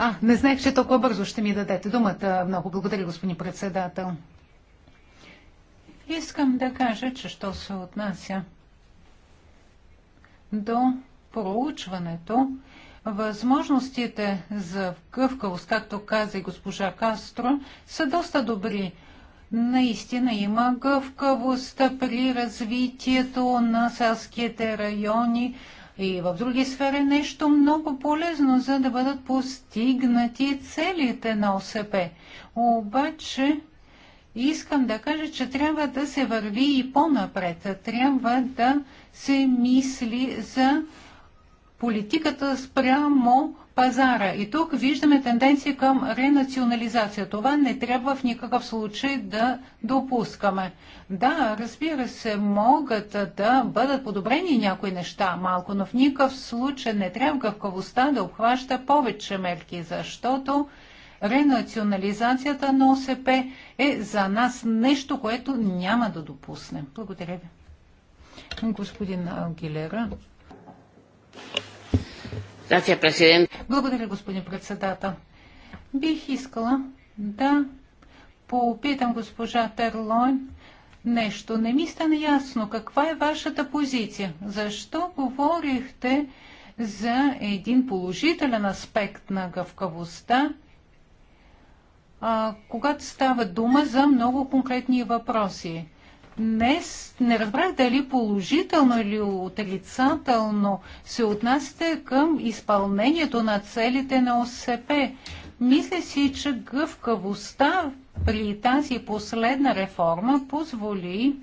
А, не знаех, че толкова бързо ще ми дадете думата. Много благодаря, господин председател. Искам да кажа, че що се отнася до проучването, възможностите за гъвкавост, както каза и госпожа Кастро, са доста добри. Наистина има гъвкавост при развитието на селските райони, и в други сфери нещо много полезно, за да бъдат постигнати целите на ОСП. Обаче искам да кажа, че трябва да се върви и по-напред. Трябва да се мисли за политиката спрямо пазара. И тук виждаме тенденция към ренационализация. Това не трябва в никакъв случай да допускаме. Да, разбира се, могат да бъдат подобрени някои неща малко, но в никакъв случай не трябва гъвкавостта да обхваща повече мерки, защото ренационализацията на ОСП е за нас нещо, което няма да допуснем. Благодаря ви. Господин Агилера. Благодаря, господин председател. Бих искала да попитам госпожа Терлойн нещо. Не ми стана ясно каква е вашата позиция. Защо говорихте за един положителен аспект на гъвкавостта, а, когато става дума за много конкретни въпроси? днес не разбрах дали положително или отрицателно се отнасяте към изпълнението на целите на ОСП. Мисля си, че гъвкавостта при тази последна реформа позволи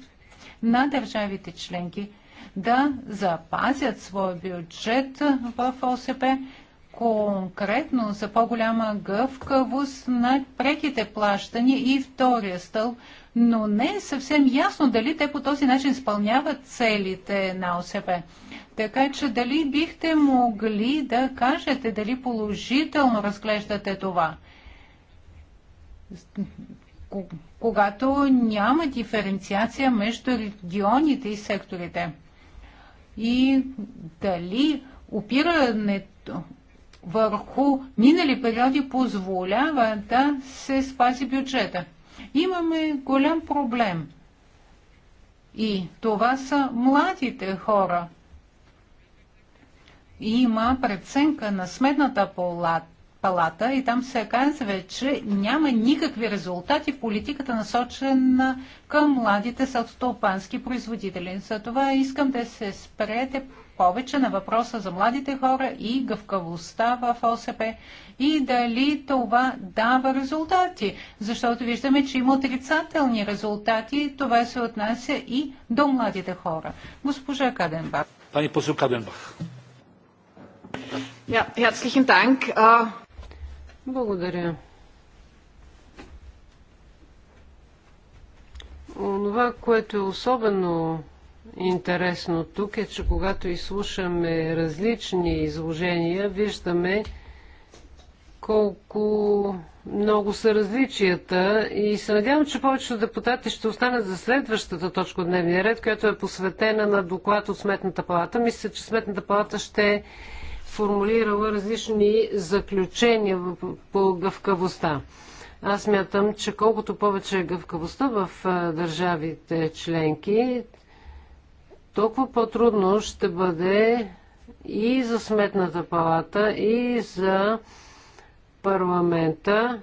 на държавите членки да запазят своя бюджет в ОСП, конкретно за по-голяма гъвкавост на преките плащания и втория стъл но не е съвсем ясно дали те по този начин изпълняват целите на ОСП. Така че дали бихте могли да кажете, дали положително разглеждате това? когато няма диференциация между регионите и секторите. И дали опирането върху минали периоди позволява да се спази бюджета. Имаме голям проблем. И това са младите хора. Има преценка на сметната палата и там се казва, че няма никакви резултати в политиката насочена към младите селстопански производители. За това искам да се спрете повече на въпроса за младите хора и гъвкавостта в ОСП и дали това дава резултати, защото виждаме, че има отрицателни резултати. Това се отнася и до младите хора. Госпожа Каденбах. Пани посол Каденбах. Благодаря. Онова, което е особено интересно тук е, че когато изслушаме различни изложения, виждаме колко много са различията и се надявам, че повечето депутати ще останат за следващата точка от дневния ред, която е посветена на доклад от Сметната палата. Мисля, че Сметната палата ще е формулирала различни заключения по гъвкавостта. Аз мятам, че колкото повече е гъвкавостта в държавите членки, толкова по-трудно ще бъде и за Сметната палата, и за парламента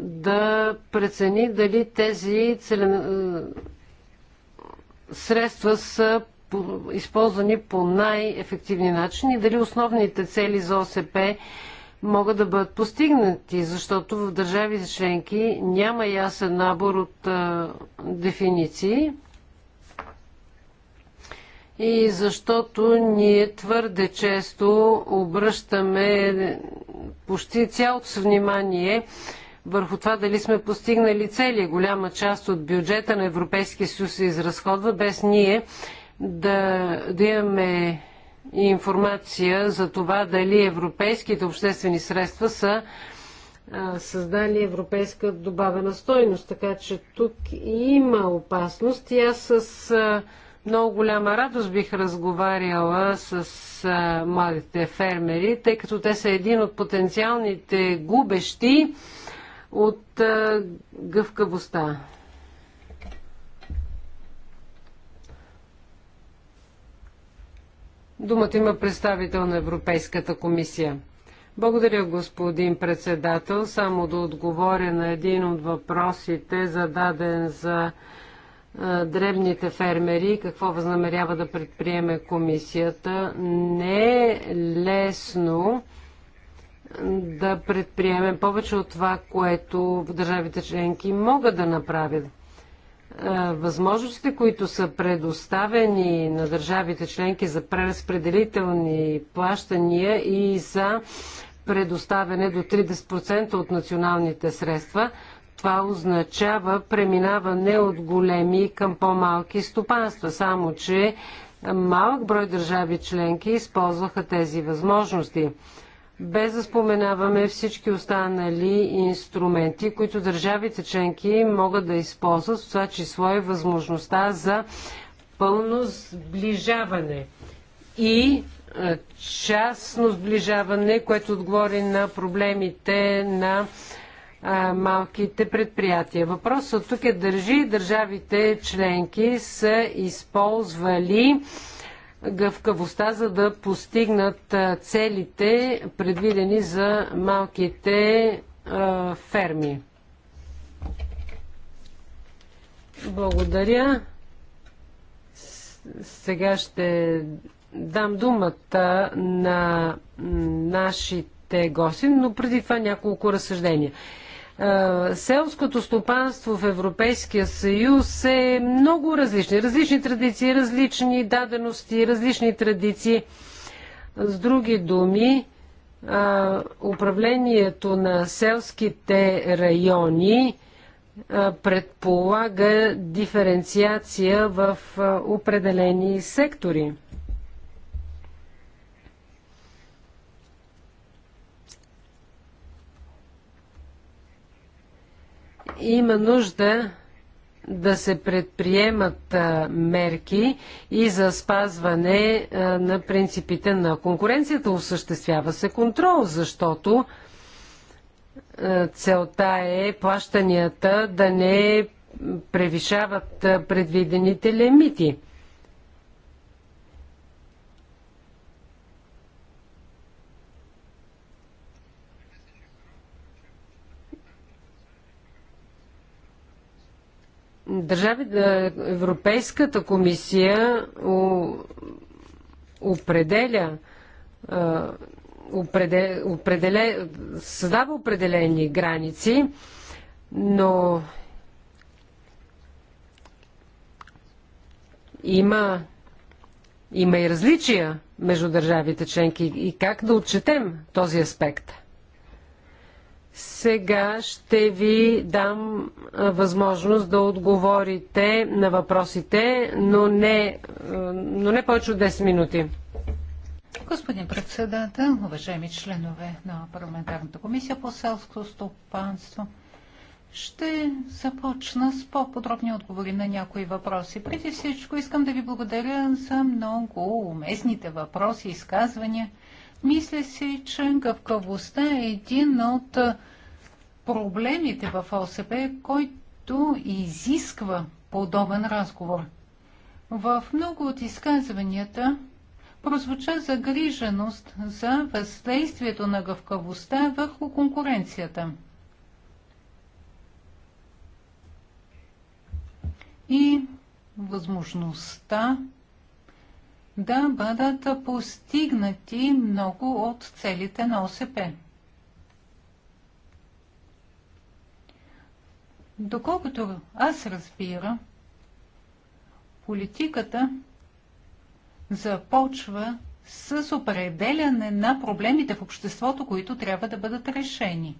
да прецени дали тези целен... средства са използвани по най-ефективни начин и дали основните цели за ОСП могат да бъдат постигнати, защото в за членки няма ясен набор от а, дефиниции и защото ние твърде често обръщаме почти цялото внимание върху това дали сме постигнали цели. Голяма част от бюджета на Европейския съюз се изразходва без ние да, да имаме информация за това дали европейските обществени средства са създали европейска добавена стойност. Така че тук има опасност и аз с а, много голяма радост бих разговаряла с а, младите фермери, тъй като те са един от потенциалните губещи от а, гъвкавостта. Думата има представител на Европейската комисия. Благодаря, господин председател. Само да отговоря на един от въпросите, зададен за дребните фермери, какво възнамерява да предприеме комисията. Не е лесно да предприеме повече от това, което държавите членки могат да направят. Възможностите, които са предоставени на държавите членки за преразпределителни плащания и за предоставяне до 30% от националните средства – това означава преминаване от големи към по-малки стопанства, само че малък брой държави членки използваха тези възможности. Без да споменаваме всички останали инструменти, които държавите членки могат да използват, в това число е възможността за пълно сближаване и е, частно сближаване, което отговори на проблемите на малките предприятия. Въпросът тук е държи държавите членки са използвали гъвкавостта, за да постигнат целите, предвидени за малките а, ферми. Благодаря. Сега ще дам думата на нашите гости, но преди това няколко разсъждения. Е, селското стопанство в Европейския съюз е много различни. Различни традиции, различни дадености, различни традиции. С други думи, е, управлението на селските райони е, предполага диференциация в определени сектори. Има нужда да се предприемат мерки и за спазване на принципите на конкуренцията. Осъществява се контрол, защото целта е плащанията да не превишават предвидените лимити. Държави, Европейската комисия определя определе, определе, създава определени граници, но има, има и различия между държавите членки и как да отчетем този аспект. Сега ще ви дам възможност да отговорите на въпросите, но не, но не повече от 10 минути. Господин председател, уважаеми членове на парламентарната комисия по селско стопанство, ще започна с по-подробни отговори на някои въпроси. Преди всичко искам да ви благодаря за много уместните въпроси и изказвания – мисля си, че гъвкавостта е един от проблемите в ОСП, който изисква подобен разговор. В много от изказванията прозвуча загриженост за въздействието на гъвкавостта върху конкуренцията. И възможността да бъдат постигнати много от целите на ОСП. Доколкото аз разбира, политиката започва с определяне на проблемите в обществото, които трябва да бъдат решени.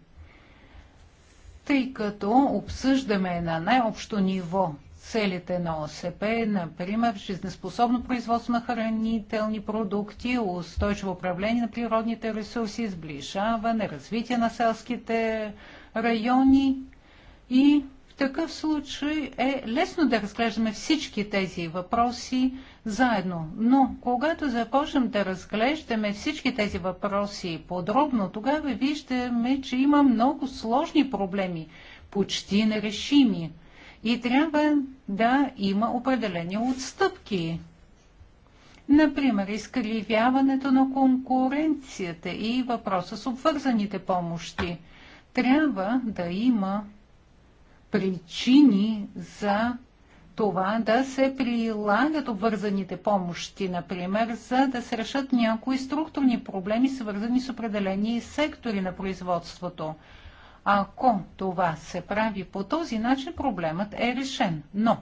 Тъй като обсъждаме на най-общо ниво целите на ОСП, например, жизнеспособно производство на хранителни продукти, устойчиво управление на природните ресурси, сближаване, развитие на селските райони. И в такъв случай е лесно да разглеждаме всички тези въпроси заедно. Но когато започнем да разглеждаме всички тези въпроси подробно, тогава виждаме, че има много сложни проблеми, почти нерешими – и трябва да има определени отстъпки. Например, изкривяването на конкуренцията и въпроса с обвързаните помощи. Трябва да има причини за това да се прилагат обвързаните помощи, например, за да се решат някои структурни проблеми, свързани с определени сектори на производството. Ако това се прави по този начин, проблемът е решен. Но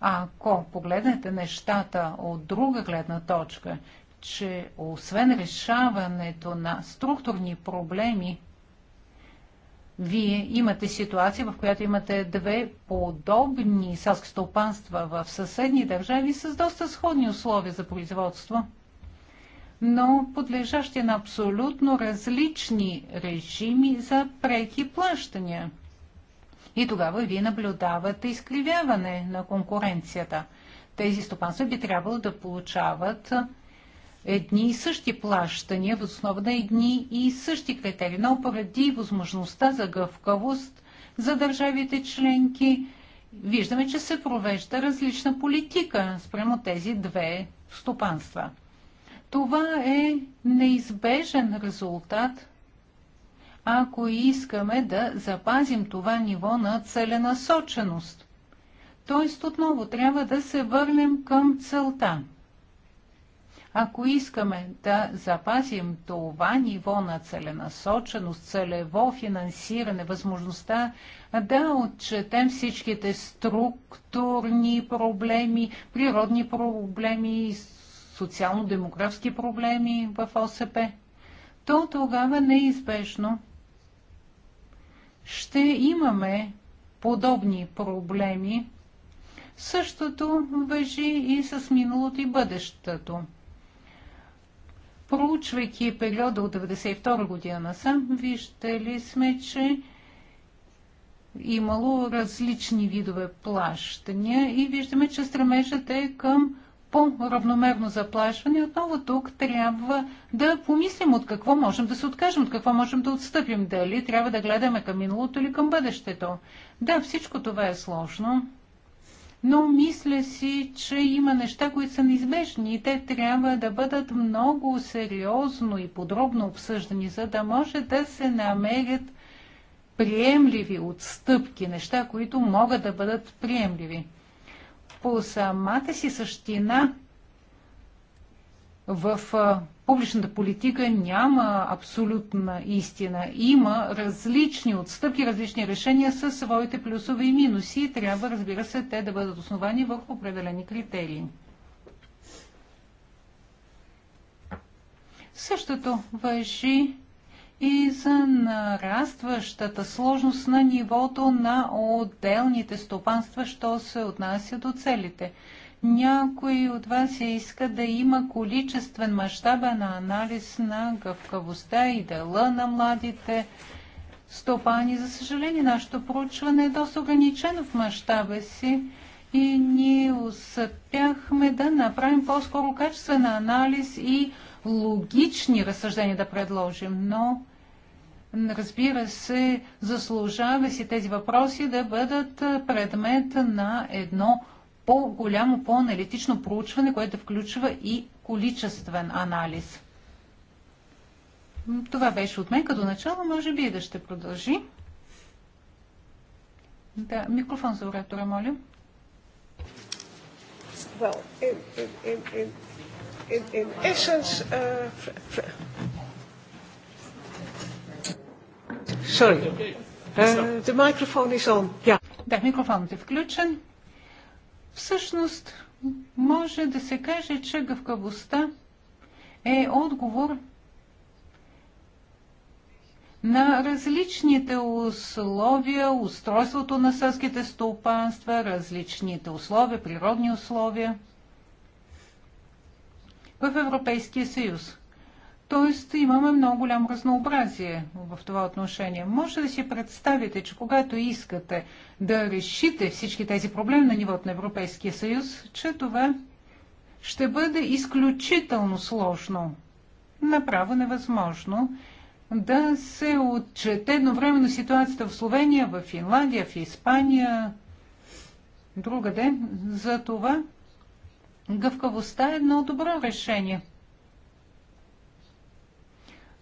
ако погледнете нещата от друга гледна точка, че освен решаването на структурни проблеми, вие имате ситуация, в която имате две подобни селски стопанства в съседни държави с доста сходни условия за производство – но подлежащи на абсолютно различни режими за преки плащания. И тогава вие наблюдавате изкривяване на конкуренцията. Тези стопанства би трябвало да получават едни и същи плащания, в основа на едни и същи критерии, но поради възможността за гъвкавост за държавите членки, виждаме, че се провежда различна политика спрямо тези две стопанства. Това е неизбежен резултат, ако искаме да запазим това ниво на целенасоченост. Тоест отново трябва да се върнем към целта. Ако искаме да запазим това ниво на целенасоченост, целево финансиране, възможността да отчетем всичките структурни проблеми, природни проблеми, социално-демографски проблеми в ОСП, то тогава неизбежно ще имаме подобни проблеми. Същото въжи и с миналото и бъдещето. Проучвайки периода от 1992 година насам, виждали сме, че имало различни видове плащания и виждаме, че стремежът е към по-равномерно заплашване, отново тук трябва да помислим от какво можем да се откажем, от какво можем да отстъпим, дали трябва да гледаме към миналото или към бъдещето. Да, всичко това е сложно, но мисля си, че има неща, които са неизбежни и те трябва да бъдат много сериозно и подробно обсъждани, за да може да се намерят приемливи отстъпки, неща, които могат да бъдат приемливи по самата си същина в публичната политика няма абсолютна истина. Има различни отстъпки, различни решения със своите плюсове и минуси и трябва, разбира се, те да бъдат основани в определени критерии. Същото въжи и за нарастващата сложност на нивото на отделните стопанства, що се отнася до целите. Някой от вас иска да има количествен мащабен анализ на гъвкавостта и дела на младите стопани. За съжаление, нашето проучване е доста ограничено в мащаба си и ние успяхме да направим по-скоро качествен анализ и логични разсъждения да предложим, но разбира се, заслужава си тези въпроси да бъдат предмет на едно по-голямо, по-аналитично проучване, което включва и количествен анализ. Това беше от мен като начало, може би и да ще продължи. Да, микрофон за оратора, моля. Well, it, it, it, it in, in essence, uh, sorry, uh, the microphone is on. Yeah. Да, микрофонът е включен. Всъщност, може да се каже, че гъвкавостта е отговор на различните условия, устройството на сълските стопанства, различните условия, природни условия – в Европейския съюз. Тоест имаме много голямо разнообразие в това отношение. Може да си представите, че когато искате да решите всички тези проблеми на нивото на Европейския съюз, че това ще бъде изключително сложно, направо невъзможно да се отчете едновременно ситуацията в Словения, в Финландия, в Испания, другаде. За това Гъвкавостта е едно добро решение.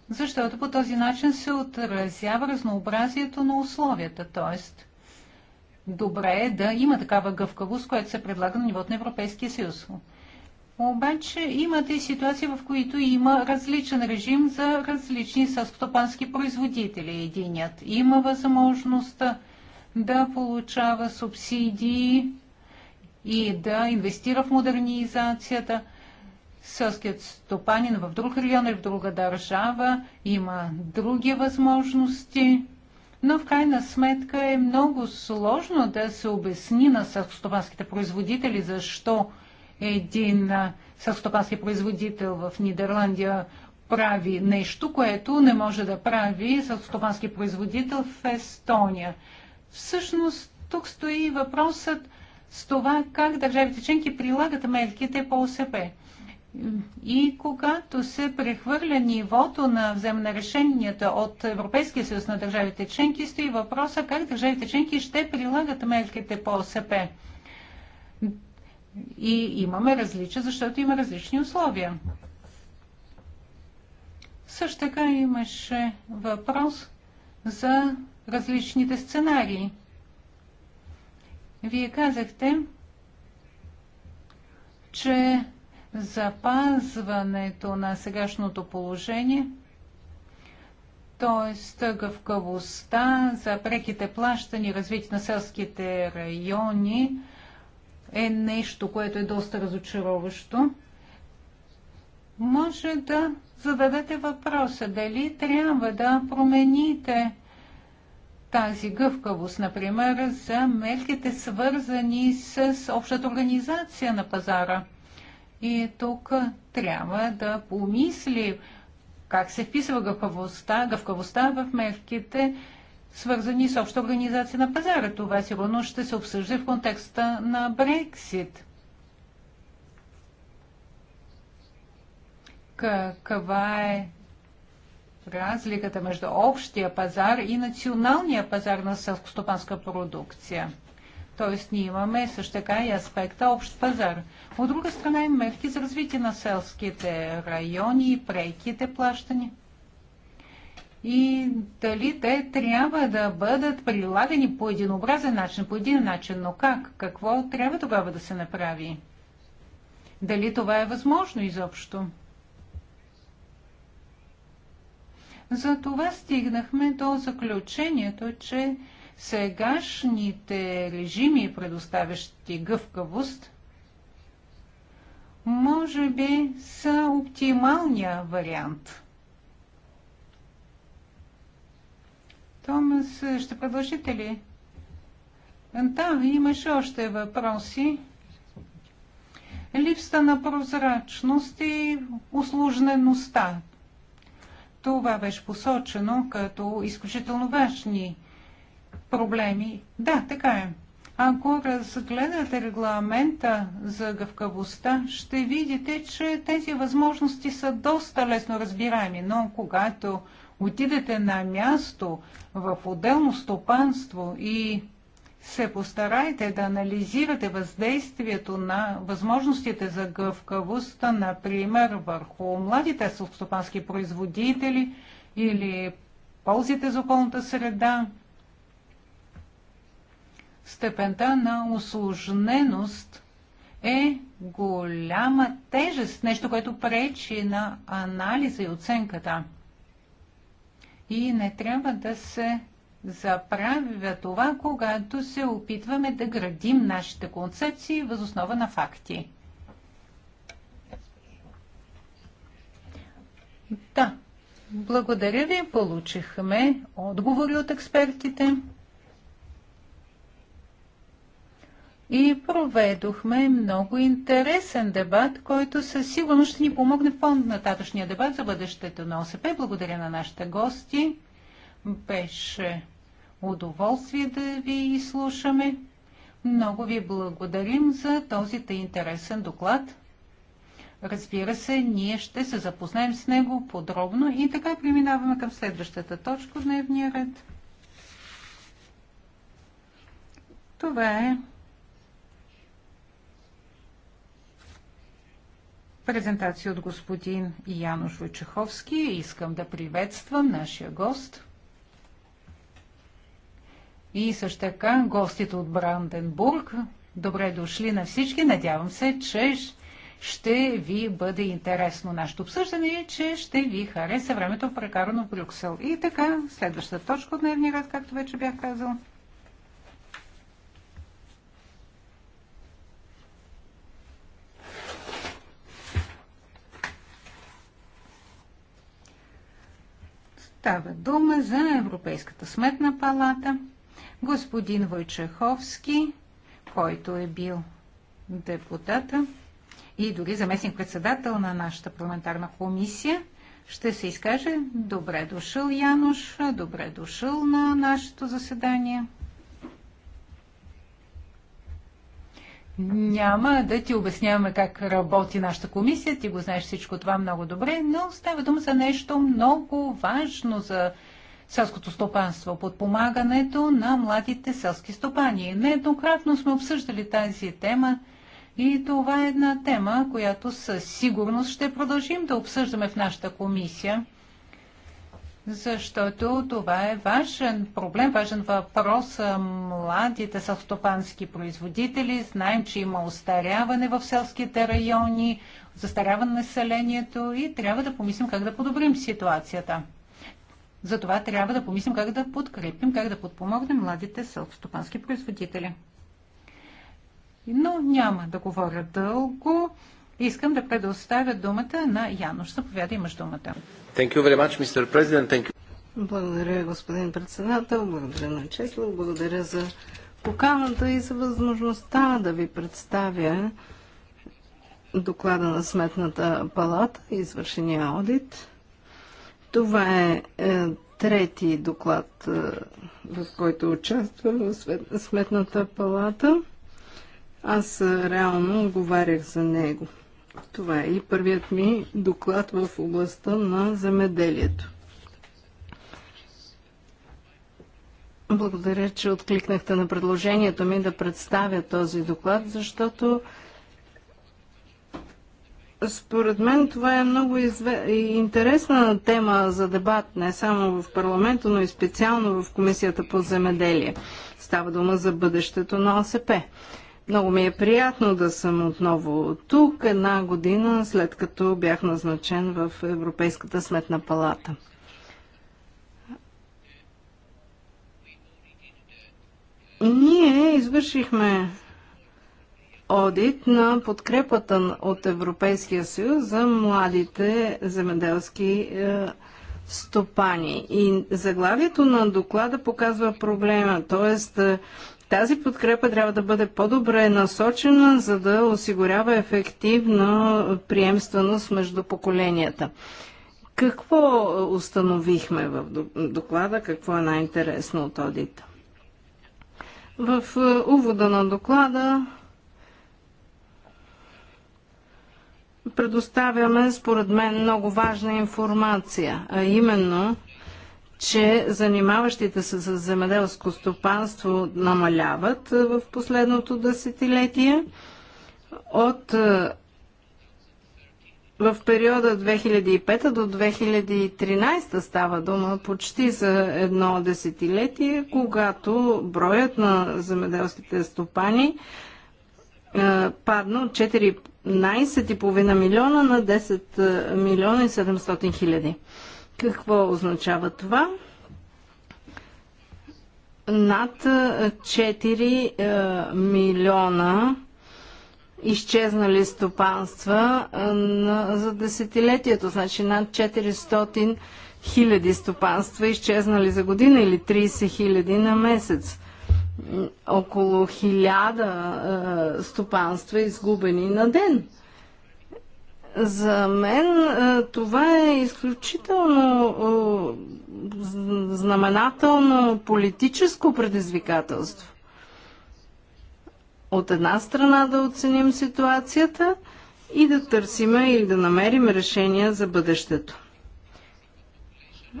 Защото по този начин се отразява разнообразието на условията, т.е. добре е да има такава гъвкавост, която се предлага на нивото на Европейския съюз. Обаче имате и ситуации, в които има различен режим за различни съскотопански производители. Единият има възможност да получава субсидии и да инвестира в модернизацията. Сълският стопанин в друг район или в друга държава има други възможности. Но в крайна сметка е много сложно да се обясни на селскостопанските производители защо един селскостопански производител в Нидерландия прави нещо, което не може да прави селскостопански производител в Естония. Всъщност тук стои въпросът с това как държавите членки прилагат мерките по ОСП. И когато се прехвърля нивото на вземане решенията от Европейския съюз на държавите членки, стои въпроса как държавите членки ще прилагат мерките по ОСП. И имаме различия, защото има различни условия. Също така имаше въпрос за различните сценарии – вие казахте, че запазването на сегашното положение, т.е. гъвкавостта за преките плащани, развитие на селските райони, е нещо, което е доста разочароващо. Може да зададете въпроса дали трябва да промените тази гъвкавост, например, за мерките свързани с общата организация на пазара. И тук трябва да помисли как се вписва гъвкавостта, гъвкавостта в мерките, свързани с обща организация на пазара. Това сигурно ще се обсъжда в контекста на Брексит. Каква е разликата между общия пазар и националния пазар на селскостопанска продукция. Тоест ние имаме също така и аспекта общ пазар. От друга страна и мерки за развитие на селските райони и преките плащани. И дали те трябва да бъдат прилагани по един образен начин, по един начин, но как? Какво трябва тогава да се направи? Дали това е възможно изобщо? За това стигнахме до заключението, че сегашните режими, предоставящи гъвкавост, може би са оптималния вариант. Томас, ще продължите ли? Да, имаше още въпроси. Липста на прозрачност и усложнеността това беше посочено като изключително важни проблеми. Да, така е. Ако разгледате регламента за гъвкавостта, ще видите, че тези възможности са доста лесно разбираеми, но когато отидете на място в отделно стопанство и се постарайте да анализирате въздействието на възможностите за гъвкавост, например, върху младите селскостопански производители или ползите за околната среда, степента на осложненост е голяма тежест, нещо, което пречи на анализа и оценката. И не трябва да се заправя това, когато се опитваме да градим нашите концепции въз основа на факти. Да, благодаря ви. Получихме отговори от експертите. И проведохме много интересен дебат, който със сигурност ще ни помогне в по-нататъчния дебат за бъдещето на ОСП. Благодаря на нашите гости. Беше удоволствие да ви изслушаме. Много ви благодарим за този интересен доклад. Разбира се, ние ще се запознаем с него подробно и така преминаваме към следващата точка в дневния ред. Това е презентация от господин Януш Войчеховски. Искам да приветствам нашия гост – и също така гостите от Бранденбург, добре дошли на всички. Надявам се, че ще ви бъде интересно нашето обсъждане и че ще ви хареса времето прекарано в Брюксел. И така, следващата точка от дневния ред, както вече бях казал. Става дума за Европейската сметна палата – господин Войчеховски, който е бил депутата и дори заместник-председател на нашата парламентарна комисия, ще се изкаже «Добре дошъл, Януш! Добре дошъл на нашето заседание!» Няма да ти обясняваме как работи нашата комисия, ти го знаеш всичко това много добре, но става дума за нещо много важно за селското стопанство, подпомагането на младите селски стопани. Нееднократно сме обсъждали тази тема и това е една тема, която със сигурност ще продължим да обсъждаме в нашата комисия, защото това е важен проблем, важен въпрос. Младите селскостопански производители, знаем, че има остаряване в селските райони, застаряване на населението и трябва да помислим как да подобрим ситуацията. Затова трябва да помислим как да подкрепим, как да подпомогнем младите селскостопански производители. Но няма да говоря дълго. Искам да предоставя думата на Януш. Заповяда имаш думата. Thank you very much, Mr. President. Thank you. Благодаря, господин председател. Благодаря на Чесло. Благодаря за поканата и за възможността да ви представя доклада на Сметната палата, и извършения аудит. Това е, е трети доклад, е, в който участвам в Сметната палата. Аз е, реално отговарях за него. Това е и първият ми доклад в областта на земеделието. Благодаря, че откликнахте на предложението ми да представя този доклад, защото според мен това е много изве... интересна тема за дебат, не само в парламента, но и специално в Комисията по земеделие. Става дума за бъдещето на ОСП. Много ми е приятно да съм отново тук, една година след като бях назначен в Европейската сметна палата. Ние извършихме одит на подкрепата от Европейския съюз за младите земеделски е, стопани. И заглавието на доклада показва проблема, т.е. тази подкрепа трябва да бъде по-добре насочена, за да осигурява ефективна приемственост между поколенията. Какво установихме в доклада? Какво е най-интересно от одита? В е, увода на доклада предоставяме, според мен, много важна информация, а именно, че занимаващите се с земеделско стопанство намаляват в последното десетилетие от в периода 2005 до 2013 става дума почти за едно десетилетие, когато броят на земеделските стопани е, падна от 14,5 милиона на 10 е, милиона и 700 хиляди. Какво означава това? Над 4 е, милиона изчезнали стопанства за десетилетието, значи над 400 хиляди стопанства изчезнали за година или 30 хиляди на месец около хиляда е, стопанства изгубени на ден. За мен е, това е изключително е, знаменателно политическо предизвикателство. От една страна да оценим ситуацията и да търсиме или да намерим решения за бъдещето.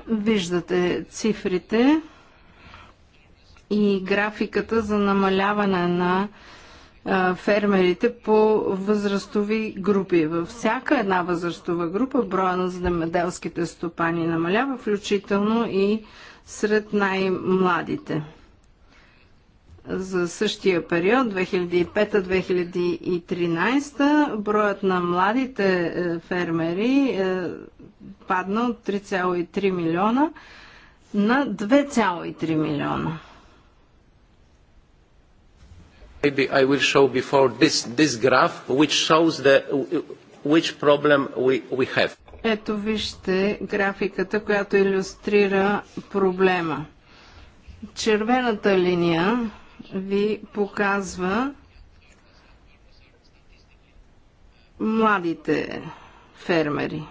Виждате цифрите и графиката за намаляване на фермерите по възрастови групи. Във всяка една възрастова група броя на земеделските стопани намалява, включително и сред най-младите. За същия период, 2005-2013, броят на младите е, фермери е, падна от 3,3 милиона на 2,3 милиона. Maybe I will show before this, this graph, which shows the, which problem we, we have. Ето вижте графиката, която иллюстрира проблема. Червената линия ви показва младите фермери.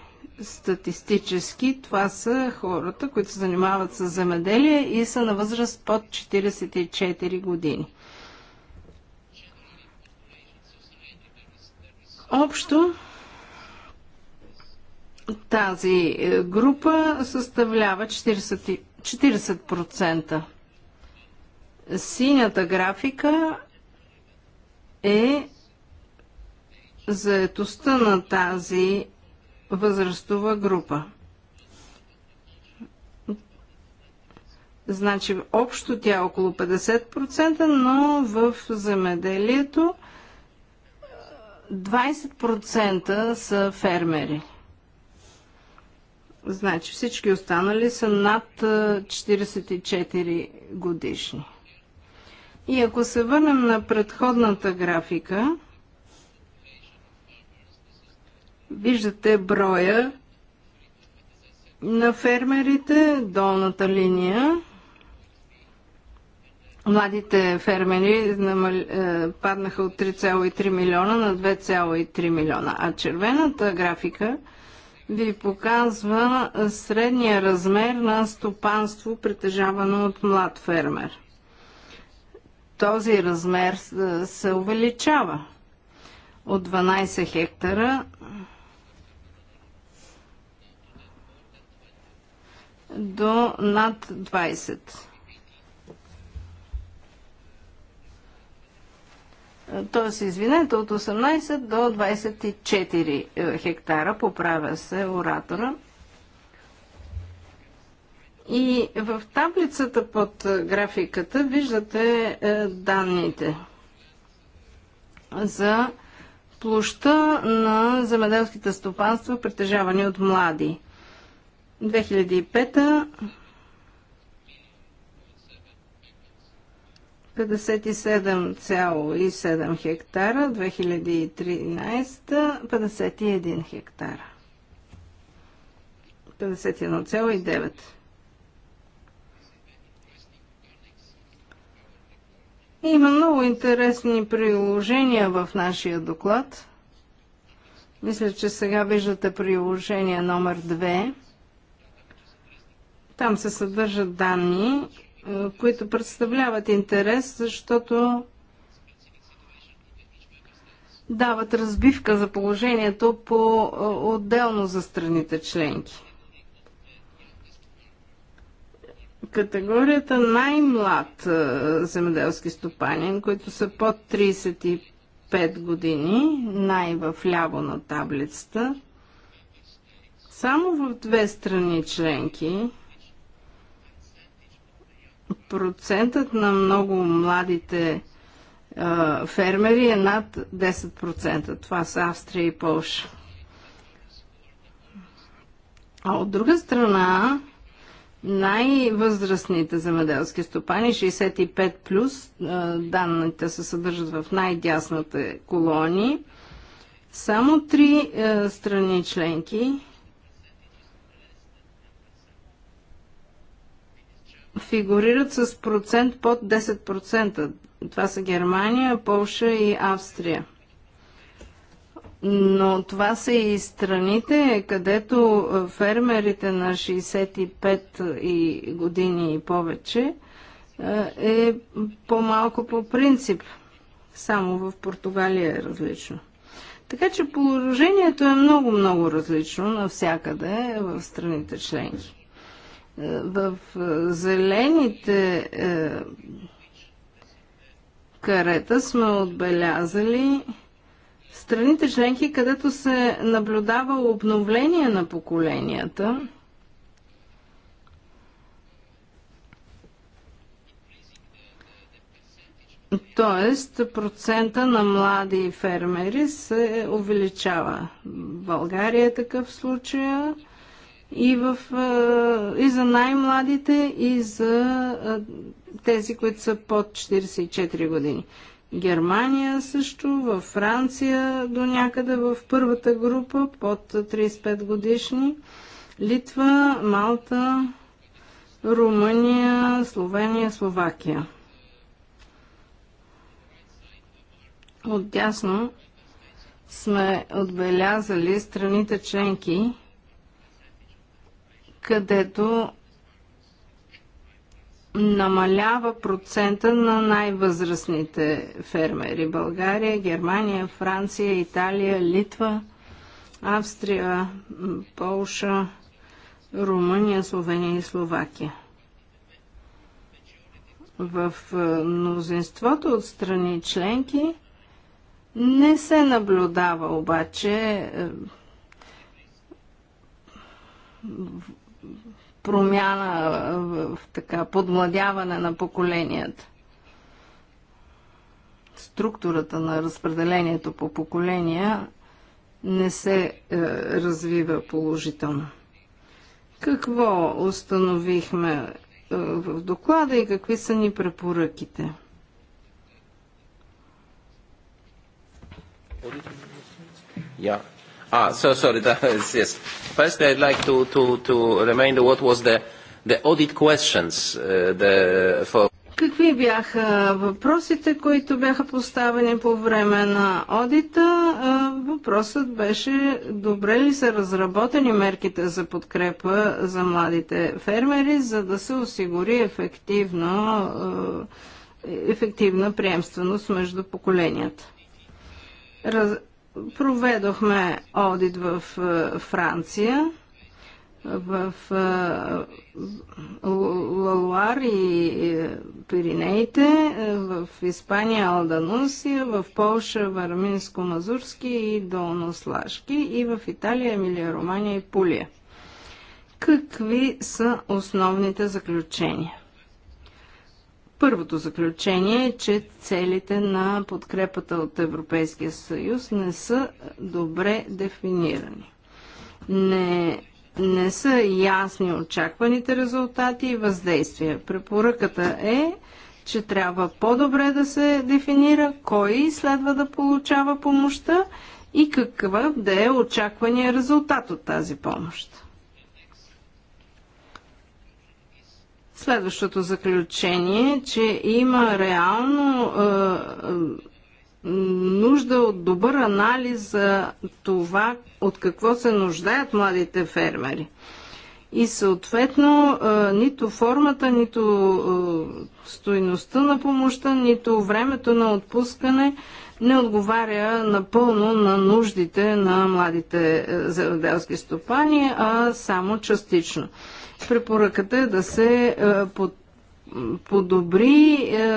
Статистически това са хората, които се занимават с земеделие и са на възраст под 44 години. Общо тази е, група съставлява 40%. 40%. Синята графика е заетостта на тази възрастова група. Значи общо тя е около 50%, но в земеделието 20% са фермери. Значи всички останали са над 44 годишни. И ако се върнем на предходната графика, виждате броя на фермерите, долната линия – Младите фермери е, паднаха от 3,3 милиона на 2,3 милиона, а червената графика ви показва средния размер на стопанство, притежавано от млад фермер. Този размер е, се увеличава от 12 хектара до над 20 хектара т.е. извинете, от 18 до 24 е, хектара, поправя се оратора. И в таблицата под графиката виждате е, данните за площа на земеделските стопанства, притежавани от млади. 2005 57,7 хектара, 2013 51 хектара. 51,9. Има много интересни приложения в нашия доклад. Мисля, че сега виждате приложение номер 2. Там се съдържат данни които представляват интерес, защото дават разбивка за положението по отделно за страните членки. Категорията най-млад земеделски стопанин, които са под 35 години, най-вляво на таблицата, само в две страни членки процентът на много младите а, фермери е над 10%. Това са Австрия и Польша. А от друга страна, най-възрастните земеделски стопани, 65+, плюс, данните се съдържат в най-дясната колони, само три страни членки фигурират с процент под 10%. Това са Германия, Полша и Австрия. Но това са и страните, където фермерите на 65 и години и повече е по-малко по принцип. Само в Португалия е различно. Така че положението е много-много различно навсякъде в страните членки. В е, зелените е, карета сме отбелязали страните членки, където се наблюдава обновление на поколенията. Тоест процента на млади фермери се увеличава. България е такъв случай и, в, и за най-младите, и за тези, които са под 44 години. Германия също, във Франция до някъде в първата група под 35 годишни, Литва, Малта, Румъния, Словения, Словакия. Отдясно сме отбелязали страните членки, където намалява процента на най-възрастните фермери. България, Германия, Франция, Италия, Литва, Австрия, Полша, Румъния, Словения и Словакия. В мнозинството от страни членки не се наблюдава обаче промяна, в така подмладяване на поколенията. Структурата на разпределението по поколения не се е, развива положително. Какво установихме е, в доклада и какви са ни препоръките? Yeah. Ah, so sorry. That is, yes. First, I'd like to, to, to remind what was the, the audit questions uh, the, for... Какви бяха въпросите, които бяха поставени по време на одита? Въпросът беше добре ли са разработени мерките за подкрепа за младите фермери, за да се осигури ефективно, ефективна приемственост между поколенията. Раз, проведохме одит в е, Франция, в е, Лалуар и е, Пиринеите, в Испания Алданусия, в Полша Варминско-Мазурски и Долнослашки и в Италия Емилия Романия и Пулия. Какви са основните заключения? Първото заключение е, че целите на подкрепата от Европейския съюз не са добре дефинирани. Не, не са ясни очакваните резултати и въздействия. Препоръката е, че трябва по-добре да се дефинира кой следва да получава помощта и какъв да е очаквания резултат от тази помощ. Следващото заключение, е, че има реално е, нужда от добър анализ за това от какво се нуждаят младите фермери. И съответно е, нито формата, нито е, стойността на помощта, нито времето на отпускане не отговаря напълно на нуждите на младите е, земеделски стопани, а само частично. Препоръката е да се е, под подобри е,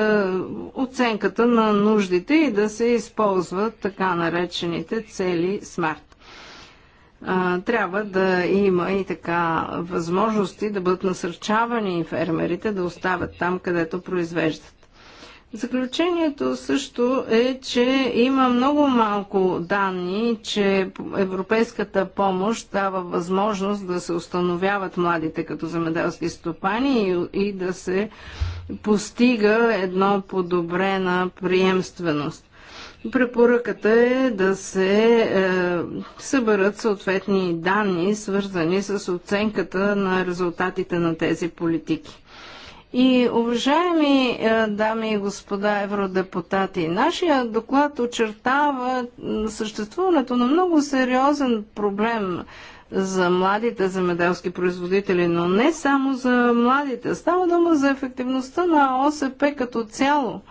оценката на нуждите и да се използват така наречените цели смарт. Е, трябва да има и така възможности да бъдат насърчавани фермерите да остават там, където произвеждат. Заключението също е, че има много малко данни, че европейската помощ дава възможност да се установяват младите като земеделски стопани и, и да се постига едно подобрена приемственост. Препоръката е да се е, съберат съответни данни, свързани с оценката на резултатите на тези политики. И, уважаеми е, дами и господа евродепутати, нашия доклад очертава съществуването на много сериозен проблем за младите земеделски производители, но не само за младите. Става дума за ефективността на ОСП като цяло.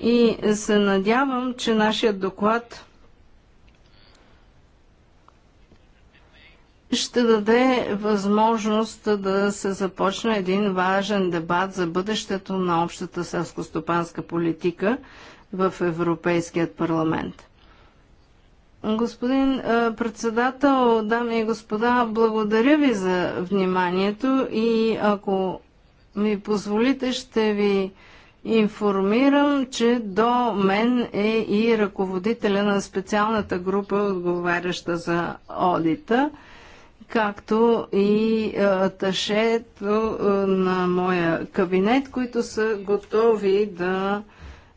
И се надявам, че нашия доклад ще даде възможност да се започне един важен дебат за бъдещето на общата селскостопанска политика в Европейският парламент. Господин председател, дами и господа, благодаря ви за вниманието и ако ми позволите, ще ви информирам, че до мен е и ръководителя на специалната група, отговаряща за одита както и е, ташето е, на моя кабинет, които са готови да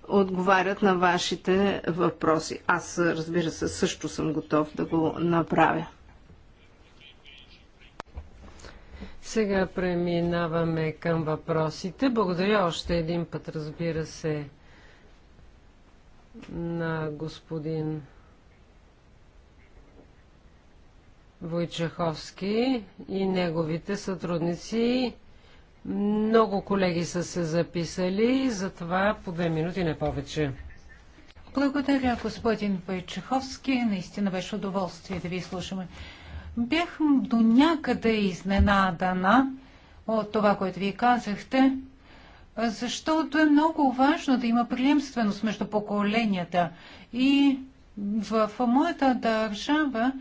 отговарят на вашите въпроси. Аз, разбира се, също съм готов да го направя. Сега преминаваме към въпросите. Благодаря още един път, разбира се, на господин Войчаховски и неговите сътрудници. Много колеги са се записали, затова по две минути не повече. Благодаря, господин Войчаховски. Наистина беше удоволствие да ви слушаме. Бях до някъде изненадана от това, което ви казахте, защото е много важно да има приемственост между поколенията. И в моята държава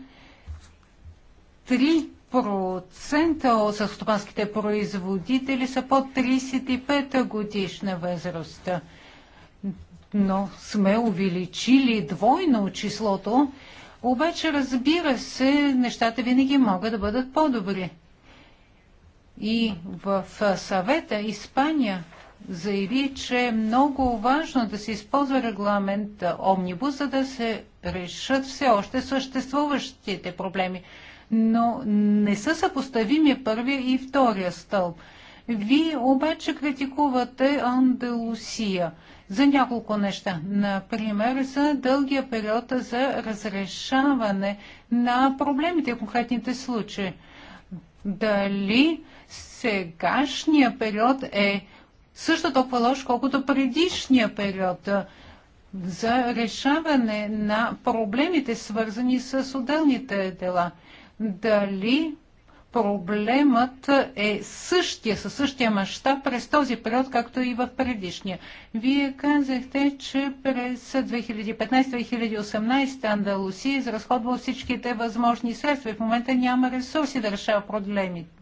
3% от състопанските производители са под 35 годишна възраст. Но сме увеличили двойно числото, обаче разбира се, нещата винаги могат да бъдат по-добри. И в съвета Испания заяви, че е много важно да се използва регламент Омнибус, за да се решат все още съществуващите проблеми но не са съпоставими първия и втория стълб. Вие обаче критикувате Андалусия за няколко неща. Например, за дългия период за разрешаване на проблемите в конкретните случаи. Дали сегашния период е също толкова лош, колкото предишния период за решаване на проблемите, свързани с отделните дела – дали проблемът е същия, със същия мащаб през този период, както и в предишния. Вие казахте, че през 2015-2018 Андалусия е изразходва всичките възможни средства и в момента няма ресурси да решава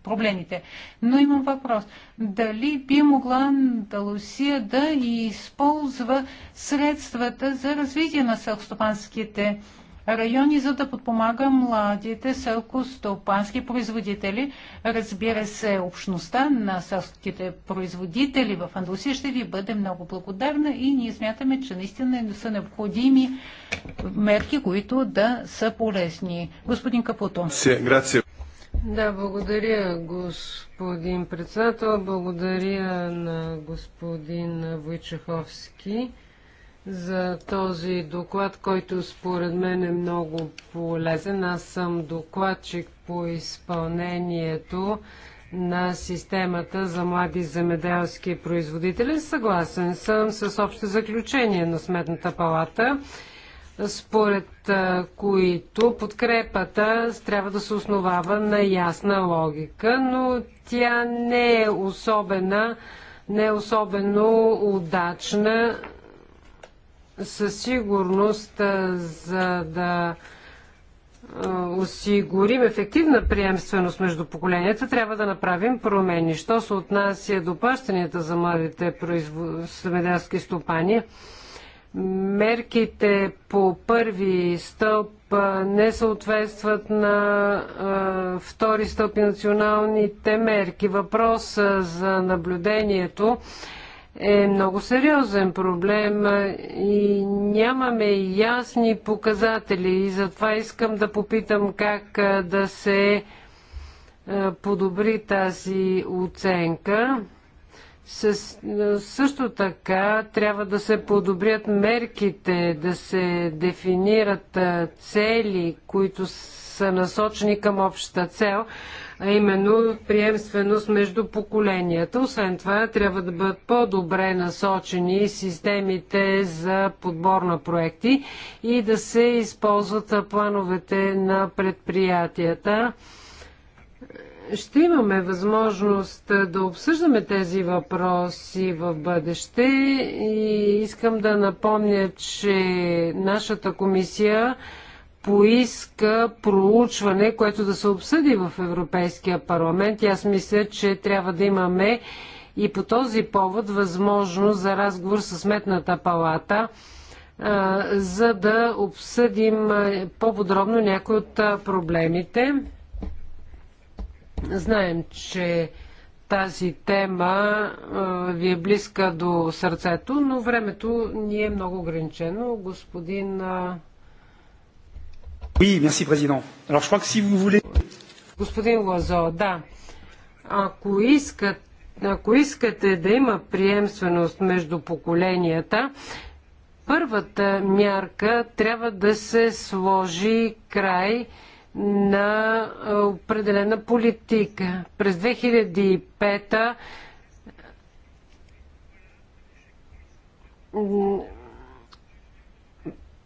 проблемите. Но имам въпрос. Дали би могла Андалусия да използва средствата за развитие на селхостопанските райони, за да подпомага младите селкостопански производители. Разбира се, общността на селските производители в Андалусия ще ви бъде много благодарна и ние смятаме, че наистина са необходими мерки, които да са полезни. Господин Капуто. Да, благодаря, господин председател. Благодаря на господин Войчеховски за този доклад, който според мен е много полезен. Аз съм докладчик по изпълнението на системата за млади земеделски производители. Съгласен съм с общо заключение на Сметната палата, според които подкрепата трябва да се основава на ясна логика, но тя не е особена не е особено удачна със сигурност, за да осигурим ефективна приемственост между поколенията, трябва да направим промени. Що се отнася до плащанията за младите производ... стопани, мерките по първи стълб не съответстват на втори стълб и националните мерки. Въпрос за наблюдението е много сериозен проблем и нямаме ясни показатели. И затова искам да попитам как да се подобри тази оценка. също така трябва да се подобрят мерките, да се дефинират цели, които са насочени към общата цел, а именно приемственост между поколенията. Освен това, трябва да бъдат по-добре насочени системите за подбор на проекти и да се използват плановете на предприятията. Ще имаме възможност да обсъждаме тези въпроси в бъдеще и искам да напомня, че нашата комисия поиска проучване, което да се обсъди в Европейския парламент. И аз мисля, че трябва да имаме и по този повод възможност за разговор с Сметната палата, за да обсъдим по-подробно някои от проблемите. Знаем, че тази тема ви е близка до сърцето, но времето ни е много ограничено. Господин Oui, merci, Alors, je crois que si vous voulez... Господин Лозо, да. Ако, искат, ако искате да има приемственост между поколенията, първата мярка трябва да се сложи край на е, определена политика. През 2005 -та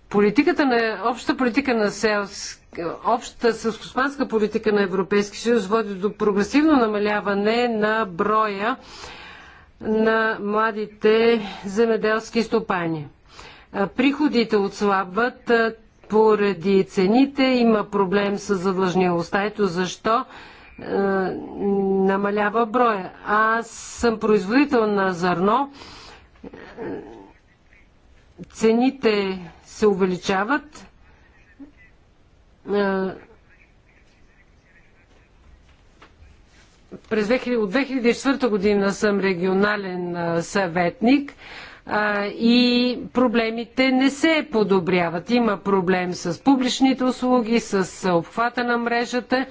Политиката на, общата политика на селски, общата селскостопанска политика на Европейски съюз води до прогресивно намаляване на броя на младите земеделски стопани. Приходите отслабват поради цените, има проблем с задлъжнялостта. Ето защо е, намалява броя. Аз съм производител на зърно. Цените се увеличават. През 2000, от 2004 година съм регионален съветник а, и проблемите не се подобряват. Има проблем с публичните услуги, с обхвата на мрежата.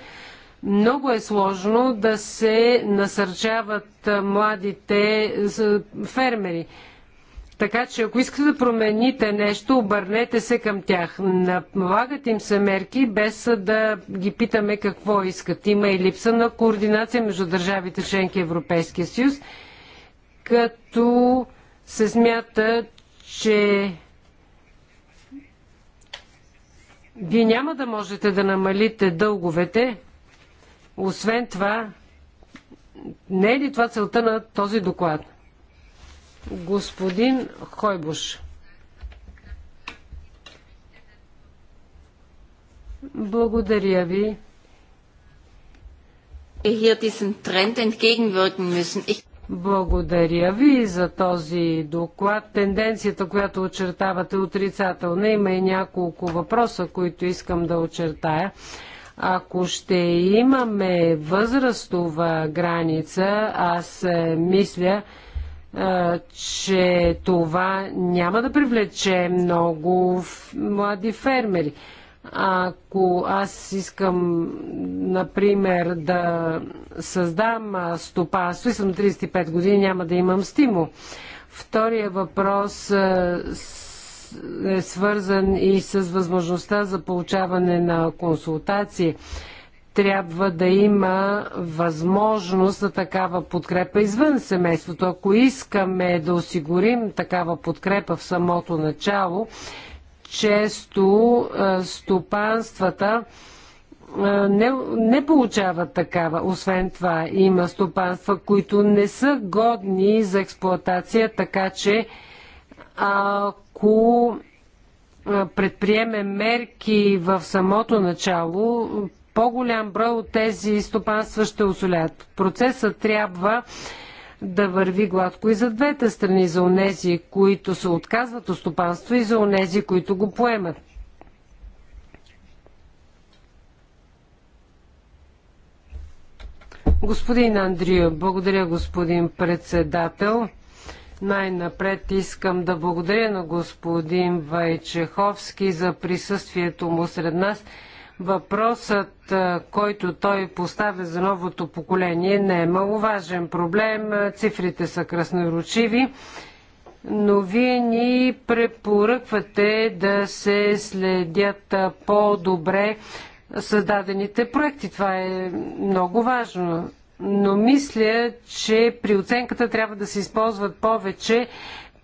Много е сложно да се насърчават младите фермери. Така че ако искате да промените нещо, обърнете се към тях. Налагат им се мерки, без да ги питаме какво искат. Има и липса на координация между държавите членки Европейския съюз, като се смята, че вие няма да можете да намалите дълговете. Освен това, не е ли това целта на този доклад? Господин Хойбуш. Благодаря ви. Е, Благодаря ви за този доклад. Тенденцията, която очертавате отрицателна, има и няколко въпроса, които искам да очертая. Ако ще имаме възрастова граница, аз е, мисля, че това няма да привлече много млади фермери. Ако аз искам, например, да създам стопанство и съм 35 години, няма да имам стимул. Втория въпрос е свързан и с възможността за получаване на консултации трябва да има възможност за такава подкрепа извън семейството. Ако искаме да осигурим такава подкрепа в самото начало, често е, стопанствата е, не, не получават такава. Освен това, има стопанства, които не са годни за експлоатация, така че ако е, предприеме мерки в самото начало, по-голям брой от тези стопанства ще осолят. Процесът трябва да върви гладко и за двете страни, за онези, които се отказват от стопанство и за онези, които го поемат. Господин Андрио, благодаря господин председател. Най-напред искам да благодаря на господин Вайчеховски за присъствието му сред нас. Въпросът, който той поставя за новото поколение, не е маловажен проблем. Цифрите са красноручиви, но вие ни препоръквате да се следят по-добре създадените проекти. Това е много важно. Но мисля, че при оценката трябва да се използват повече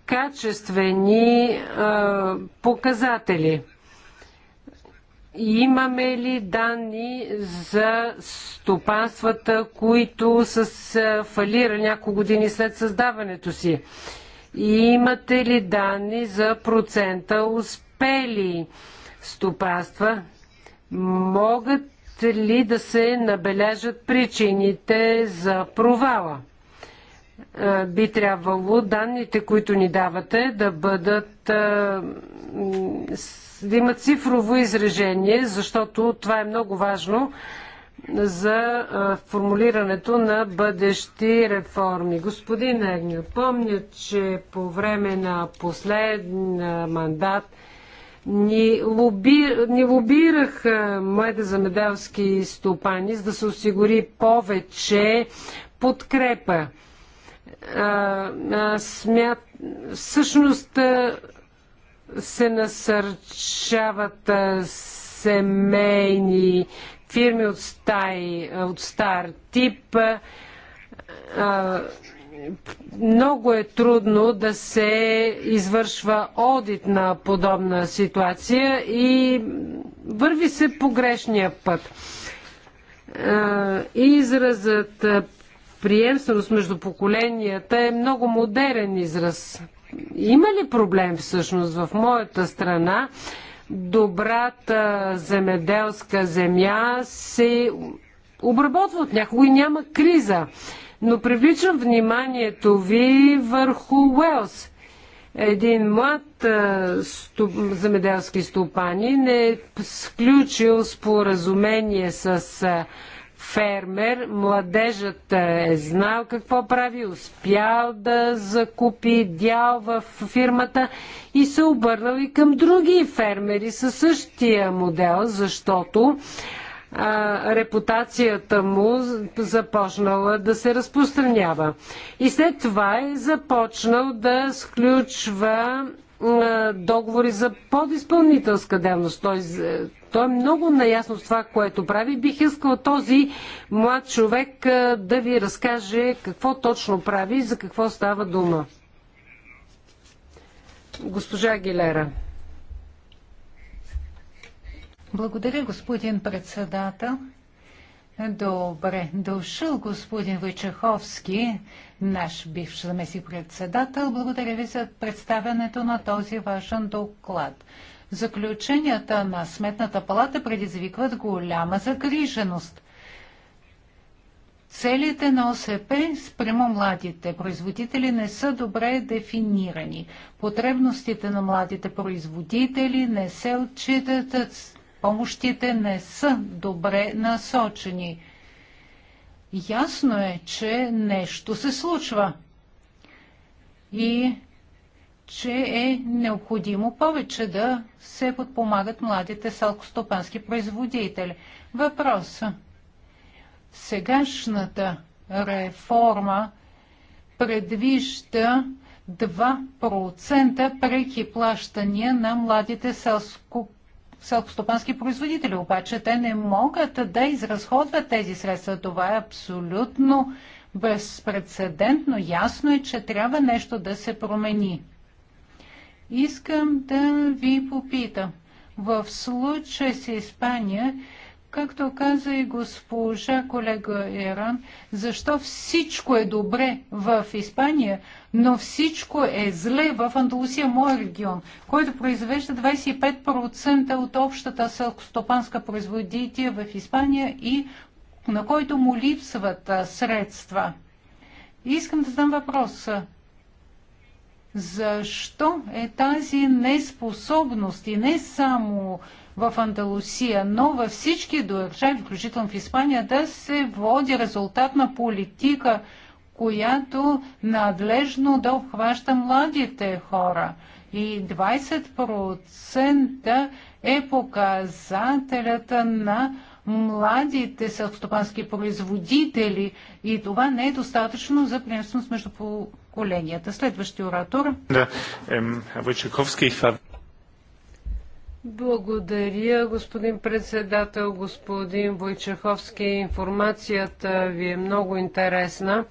качествени а, показатели Имаме ли данни за стопанствата, които са фалира няколко години след създаването си? И имате ли данни за процента успели стопанства? Могат ли да се набележат причините за провала? Е, би трябвало данните, които ни давате, да бъдат е, да има цифрово изражение, защото това е много важно за формулирането на бъдещи реформи. Господин Агню, помня, че по време на последния мандат ни, лоби, ни лобираха млади замедалски стопани, за да се осигури повече подкрепа. А, а, смят... Всъщност, се насърчават семейни фирми от, стай, от стар тип. Много е трудно да се извършва одит на подобна ситуация и върви се по грешния път. Изразът приемственост между поколенията е много модерен израз има ли проблем всъщност в моята страна? Добрата земеделска земя се обработва от някого и няма криза. Но привличам вниманието ви върху Уелс. Един млад сту, земеделски стопанин е сключил споразумение с фермер, младежът е знал какво прави, успял да закупи дял в фирмата и се обърнал и към други фермери със същия модел, защото а, репутацията му започнала да се разпространява. И след това е започнал да сключва договори за подизпълнителска дейност. Той той е много наясно с това, което прави. Бих искал този млад човек да ви разкаже какво точно прави и за какво става дума. Госпожа Гилера. Благодаря, господин председател. Добре, дошъл господин Войчеховски, наш бивш заместник председател. Благодаря ви за представянето на този важен доклад. Заключенията на Сметната палата предизвикват голяма загриженост. Целите на ОСП спрямо младите производители не са добре дефинирани. Потребностите на младите производители не се отчитат, помощите не са добре насочени. Ясно е, че нещо се случва. И че е необходимо повече да се подпомагат младите селкостопански производители. Въпрос. Сегашната реформа предвижда 2% преки плащания на младите селкостопански производители. Обаче те не могат да изразходват тези средства. Това е абсолютно безпредседентно. Ясно е, че трябва нещо да се промени. Искам да ви попитам. В случая с Испания, както каза и госпожа колега Еран, защо всичко е добре в Испания, но всичко е зле в Андалусия, мой регион, който произвежда 25% от общата селкостопанска производитие в Испания и на който му липсват средства. Искам да задам въпроса. Защо е тази неспособност и не само в Андалусия, но във всички държави, включително в Испания, да се води резултатна политика, която надлежно да обхваща младите хора. И 20% е показателята на младите селскостопански производители и това не е достатъчно за приемственост между поколенията. Следващия оратор. Да, ем, благодаря, господин председател, господин Войчаховски. Информацията ви е много интересна.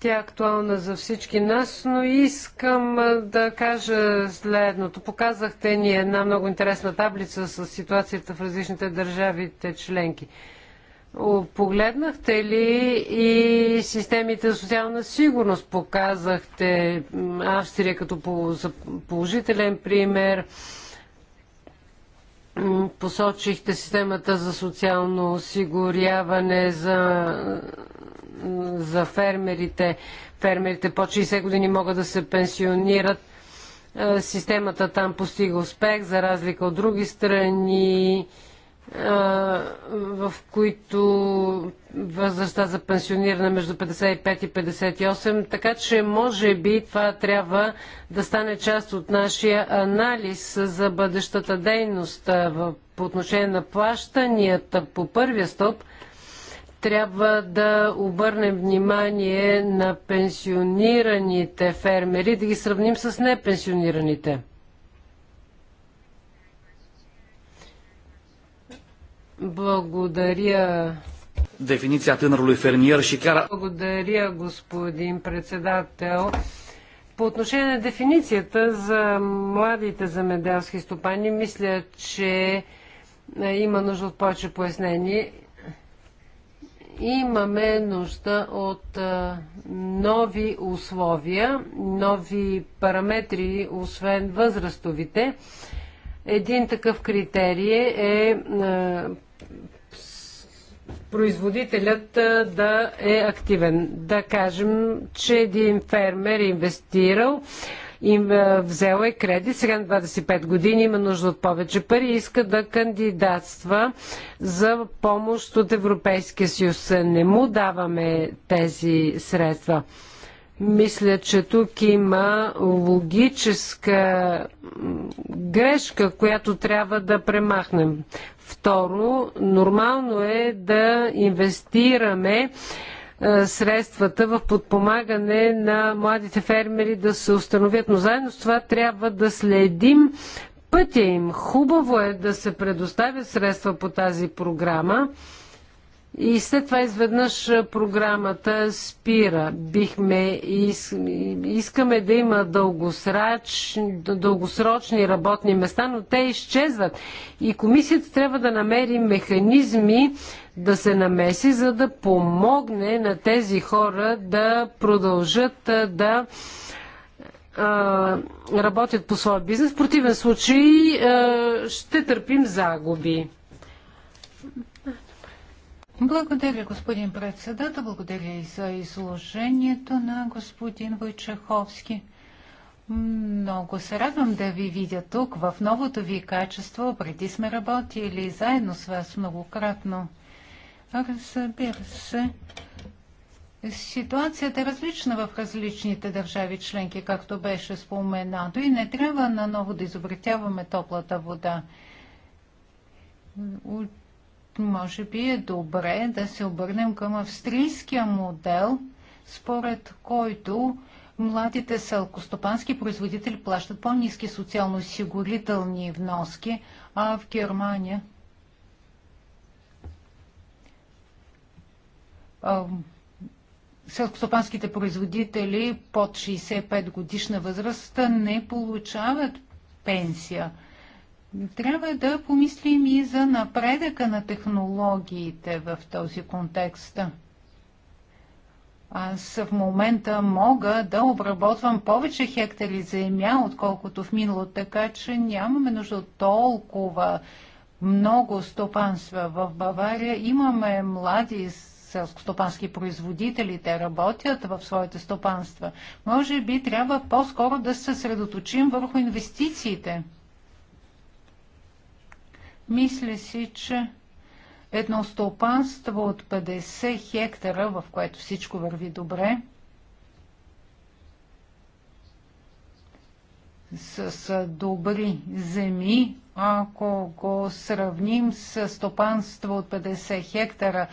Тя е актуална за всички нас, но искам да кажа следното. Показахте ни една много интересна таблица с ситуацията в различните държавите членки. Погледнахте ли и системите за социална сигурност? Показахте Австрия като положителен пример. Посочихте системата за социално осигуряване за, за фермерите. Фермерите по 60 години могат да се пенсионират. Е, системата там постига успех, за разлика от други страни в които възрастта за пенсиониране между 55 и 58, така че може би това трябва да стане част от нашия анализ за бъдещата дейност по отношение на плащанията по първия стоп. Трябва да обърнем внимание на пенсионираните фермери, да ги сравним с непенсионираните. Благодаря. Дефиницията на Рули Ферниер Шикара. Благодаря, господин председател. По отношение на дефиницията за младите земеделски стопани, мисля, че е, има нужда от повече пояснение. Имаме нужда от е, нови условия, нови параметри, освен възрастовите. Един такъв критерий е, е производителят да е активен. Да кажем, че един фермер е инвестирал им взел е кредит, сега на 25 години има нужда от повече пари, и иска да кандидатства за помощ от Европейския съюз. Не му даваме тези средства. Мисля, че тук има логическа грешка, която трябва да премахнем. Второ, нормално е да инвестираме е, средствата в подпомагане на младите фермери да се установят. Но заедно с това трябва да следим пътя им. Хубаво е да се предоставят средства по тази програма, и след това изведнъж програмата спира. Бихме, искаме да има дългосрочни, дългосрочни работни места, но те изчезват. И комисията трябва да намери механизми да се намеси, за да помогне на тези хора да продължат да работят по своя бизнес. В противен случай ще търпим загуби. Благодаря, господин председател. Благодаря и за изложението на господин Войчаховски. Много се радвам да ви видя тук в новото ви качество. Преди сме работили заедно с вас многократно. Разбира се, ситуацията е различна в различните държави членки, както беше споменато, и не трябва наново да изобретяваме топлата вода може би е добре да се обърнем към австрийския модел, според който младите селкостопански производители плащат по-низки социално-осигурителни вноски, а в Германия селкостопанските производители под 65 годишна възраст не получават пенсия – трябва да помислим и за напредъка на технологиите в този контекст. Аз в момента мога да обработвам повече хектари земя, отколкото в минало, така че нямаме нужда от толкова много стопанства. В Бавария имаме млади селскостопански производители, те работят в своите стопанства. Може би трябва по-скоро да се съсредоточим върху инвестициите. Мисля си, че едно стопанство от 50 хектара, в което всичко върви добре, с добри земи, ако го сравним с стопанство от 50 хектара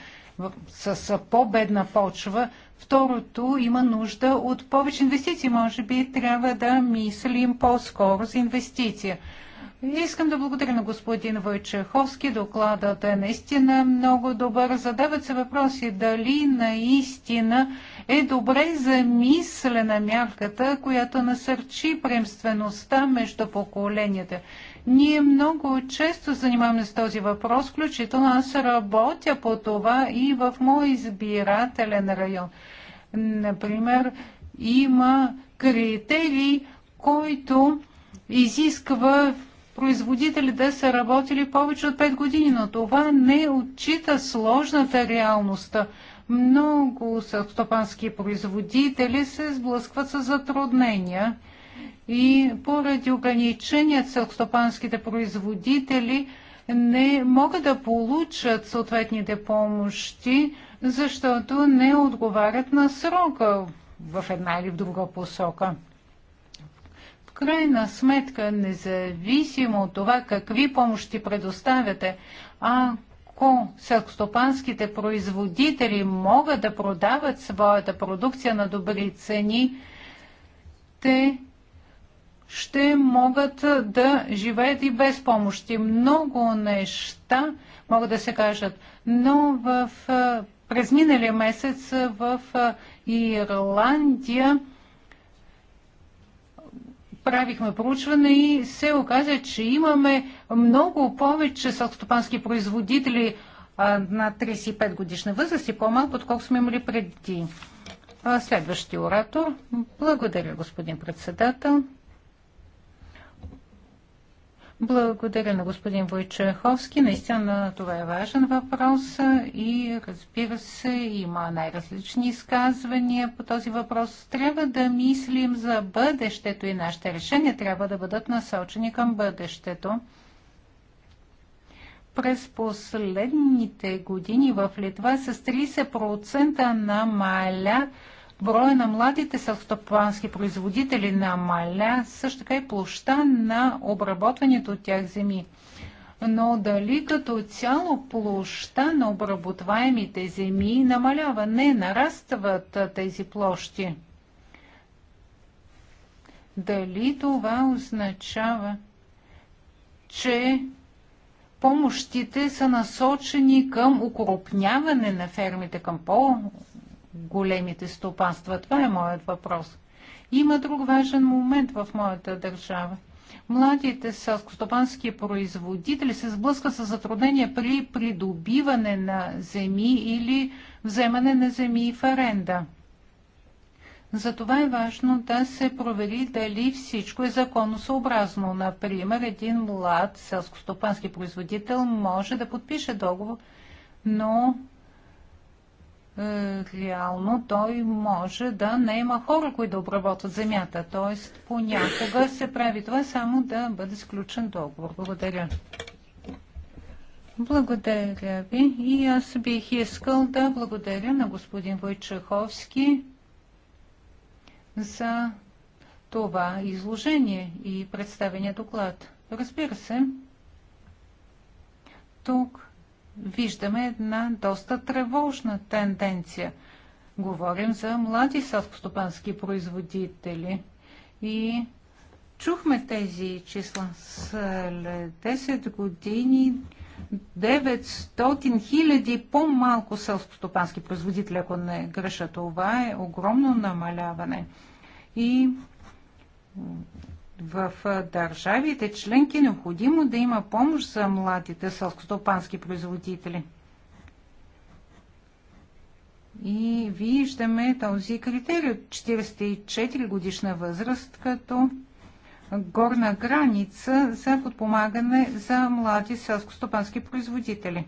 с по-бедна почва, второто има нужда от повече инвестиции. Може би трябва да мислим по-скоро за инвестиция. Не искам да благодаря на господин Войчеховски. Докладът е наистина много добър. Задават се въпроси дали наистина е добре замислена мярката, която насърчи премствеността между поколенията. Ние много често занимаваме с този въпрос, включително аз работя по това и в мой избирателен район. Например, има критерий, който изисква производителите са работили повече от 5 години, но това не отчита сложната реалност. Много селскостопански производители се сблъскват с затруднения и поради ограничения селскостопанските производители не могат да получат съответните помощи, защото не отговарят на срока в една или в друга посока крайна сметка, независимо от това какви помощи предоставяте, ако селкостопанските производители могат да продават своята продукция на добри цени, те ще могат да живеят и без помощи. Много неща могат да се кажат, но в, през миналия месец в Ирландия правихме проучване и се оказа, че имаме много повече селскостопански производители на 35 годишна възраст и по-малко, отколкото сме имали преди. Следващия оратор. Благодаря, господин председател. Благодаря на господин Войчеховски. Наистина това е важен въпрос и разбира се, има най-различни изказвания по този въпрос. Трябва да мислим за бъдещето и нашите решения трябва да бъдат насочени към бъдещето. През последните години в Литва с 30% намаля Броя на младите селстопански производители намаля, също така и площа на обработването от тях земи. Но дали като цяло площа на обработваемите земи намалява? Не, нарастват тези площи. Дали това означава, че помощите са насочени към укоропняване на фермите, към по големите стопанства? Това е моят въпрос. Има друг важен момент в моята държава. Младите селскостопански производители се сблъскват с затруднения при придобиване на земи или вземане на земи в аренда. Затова е важно да се провери дали всичко е законосъобразно. Например, един млад селскостопански производител може да подпише договор, но е, реално той може да не има хора, които да обработват земята. Тоест понякога се прави това само да бъде сключен договор. Благодаря. Благодаря ви. И аз бих искал да благодаря на господин Войчаховски за това изложение и представения доклад. Разбира се, тук виждаме една доста тревожна тенденция. Говорим за млади селскостопански производители и чухме тези числа. След 10 години 900 хиляди по-малко селскостопански производители, ако не греша. Това е огромно намаляване. И в държавите членки е необходимо да има помощ за младите селскостопански производители. И виждаме този критерий от 44 годишна възраст като горна граница за подпомагане за млади селскостопански производители.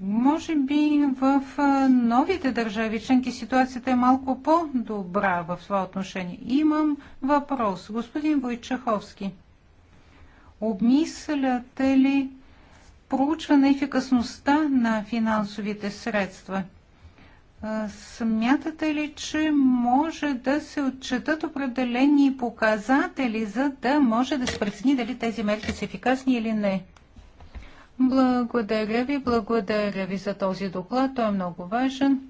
Може би в новите държави членки ситуацията е малко по-добра в това отношение. Имам въпрос. Господин Войчаховски, обмисляте ли проучване ефикасността на финансовите средства? Смятате ли, че може да се отчетат определени показатели, за да може да се прецени дали тези мерки са ефикасни или не? Благодаря ви, благодаря ви за този доклад, той е много важен.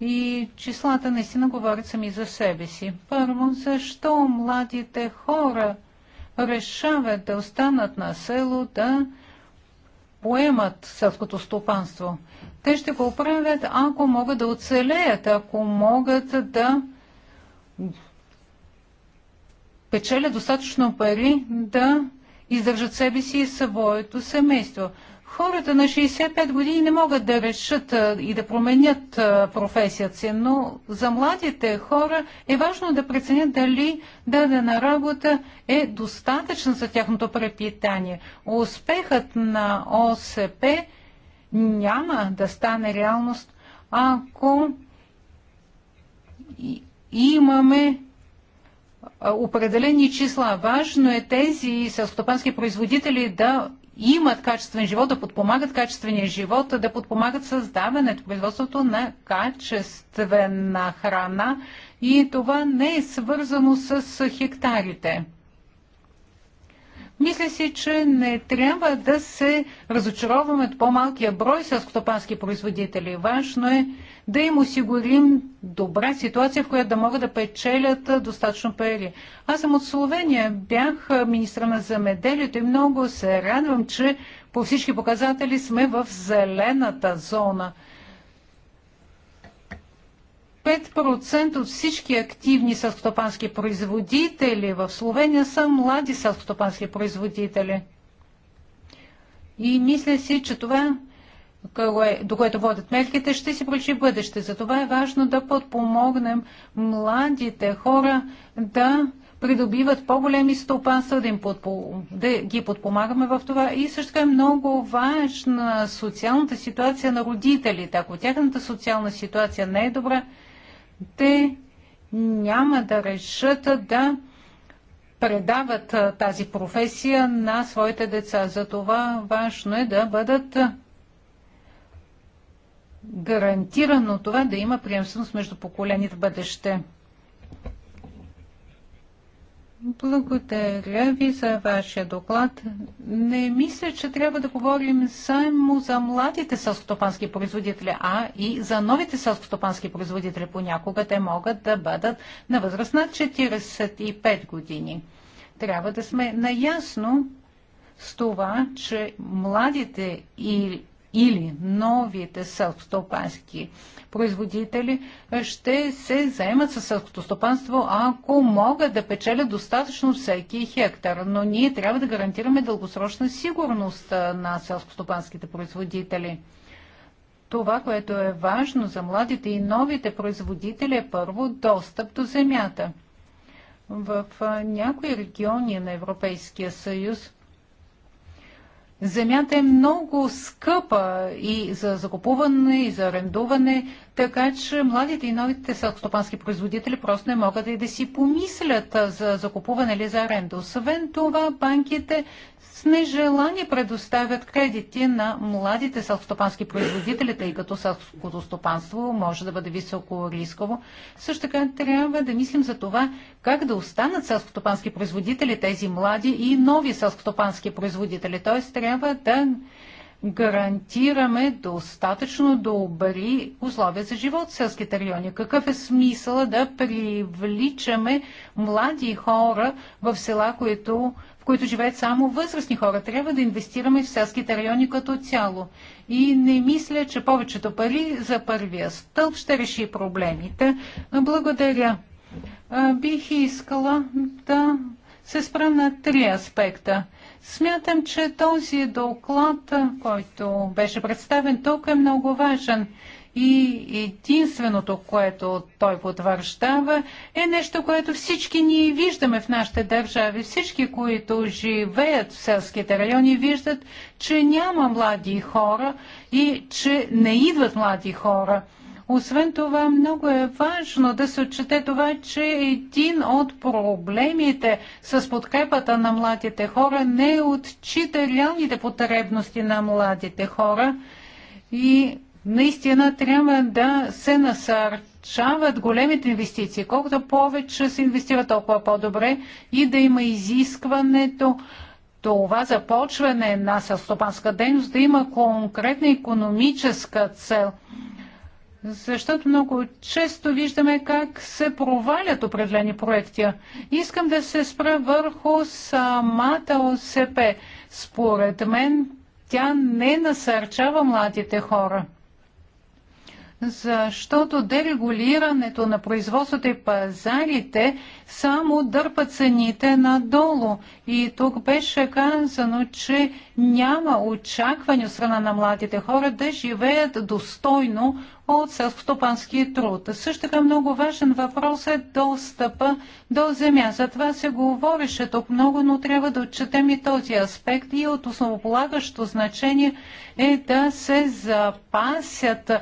И числата наистина говорят сами за себе си. Първо, защо младите хора решават да останат на село, да поемат селското стопанство. Те ще го правят, ако могат да оцелеят, ако могат да печелят достатъчно пари да издържат себе си и своето семейство. Хората на 65 години не могат да решат и да променят професията си, но за младите хора е важно да преценят дали дадена работа е достатъчна за тяхното препитание. Успехът на ОСП няма да стане реалност, ако имаме определени числа. Важно е тези селскостопански производители да имат качествен живот, да подпомагат качествения живот, да подпомагат създаването, производството на качествена храна и това не е свързано с хектарите. Мисля си, че не трябва да се разочароваме от по-малкия брой селскотопански производители. Важно е да им осигурим добра ситуация, в която да могат да печелят достатъчно пари. Аз съм от Словения, бях министра на замеделието и много се радвам, че по всички показатели сме в зелената зона. 5% от всички активни селскостопански производители в Словения са млади селскостопански производители. И мисля си, че това, до което водят мерките, ще си прочи бъдеще. Затова е важно да подпомогнем младите хора да придобиват по-големи стопанства, да, им подпо... да ги подпомагаме в това. И също така е много важна социалната ситуация на родителите. Ако тяхната социална ситуация не е добра, те няма да решат да предават тази професия на своите деца. Затова важно е да бъдат гарантирано това да има приемственост между поколените в бъдеще. Благодаря ви за вашия доклад. Не мисля, че трябва да говорим само за младите селскостопански производители, а и за новите селскостопански производители. Понякога те могат да бъдат на възраст над 45 години. Трябва да сме наясно с това, че младите и или новите селскостопански производители ще се заемат със селското стопанство, ако могат да печелят достатъчно всеки хектар. Но ние трябва да гарантираме дългосрочна сигурност на селскостопанските производители. Това, което е важно за младите и новите производители е първо достъп до земята. В някои региони на Европейския съюз Земята е много скъпа и за закупуване, и за арендуване, така че младите и новите селскостопански производители просто не могат и да си помислят за закупуване или за аренда. Освен това, банките с нежелание предоставят кредити на младите селскостопански производители, тъй като селското стопанство може да бъде високо рисково. Също така трябва да мислим за това как да останат селскостопански производители, тези млади и нови селскостопански производители. Т.е. трябва да гарантираме достатъчно добри условия за живот в селските райони? Какъв е смисъл да привличаме млади хора в села, които в които живеят само възрастни хора. Трябва да инвестираме в селските райони като цяло. И не мисля, че повечето пари за първия стълб ще реши проблемите. Благодаря. Бих искала да се спра на три аспекта. Смятам, че този доклад, който беше представен тук, е много важен. И единственото, което той потвърждава, е нещо, което всички ние виждаме в нашите държави. Всички, които живеят в селските райони, виждат, че няма млади хора и че не идват млади хора. Освен това, много е важно да се отчете това, че един от проблемите с подкрепата на младите хора не е отчита реалните потребности на младите хора и наистина трябва да се насърчават големите инвестиции. Колкото повече се инвестира, толкова по-добре и да има изискването това започване на селстопанска дейност да има конкретна економическа цел. Защото много често виждаме как се провалят определени проекти. Искам да се спра върху самата ОСП. Според мен тя не насърчава младите хора защото дерегулирането на производството и пазарите само дърпа цените надолу. И тук беше казано, че няма очакване от страна на младите хора да живеят достойно от селскостопански труд. Също така много важен въпрос е достъпа до земя. За това се говореше тук много, но трябва да отчетем и този аспект и от основополагащо значение е да се запасят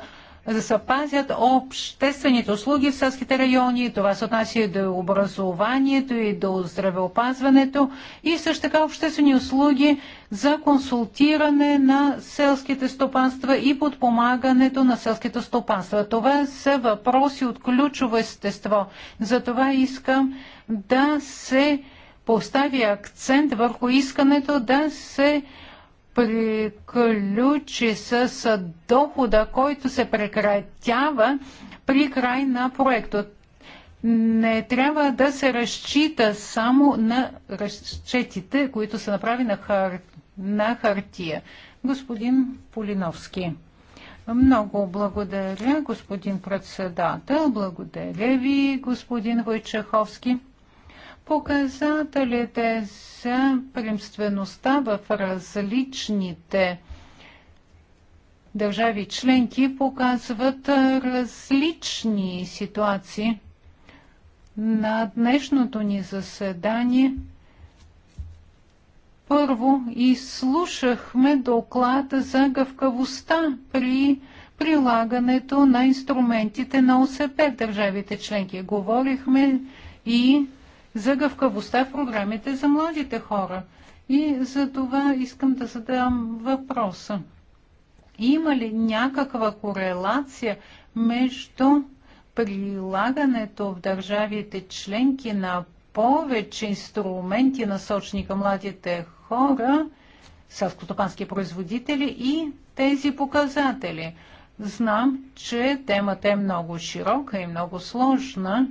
да запазят обществените услуги в селските райони. Това се отнася и до образованието, и до здравеопазването, и също така обществени услуги за консултиране на селските стопанства и подпомагането на селските стопанства. Това са въпроси от ключово естество. Затова искам да се постави акцент върху искането да се приключи с дохода, който се прекратява при край на проекта. Не трябва да се разчита само на разчетите, които се направи на, хар... на хартия. Господин Полиновски. Много благодаря, господин председател. Благодаря ви, господин Войчаховски показателите за приемствеността в различните държави членки показват различни ситуации. На днешното ни заседание първо изслушахме доклада за гъвкавостта при прилагането на инструментите на ОСП в държавите членки. Говорихме и за гъвкавостта в програмите за младите хора. И за това искам да задам въпроса. Има ли някаква корелация между прилагането в държавите членки на повече инструменти насочни към младите хора, селскотопански производители и тези показатели? Знам, че темата е много широка и много сложна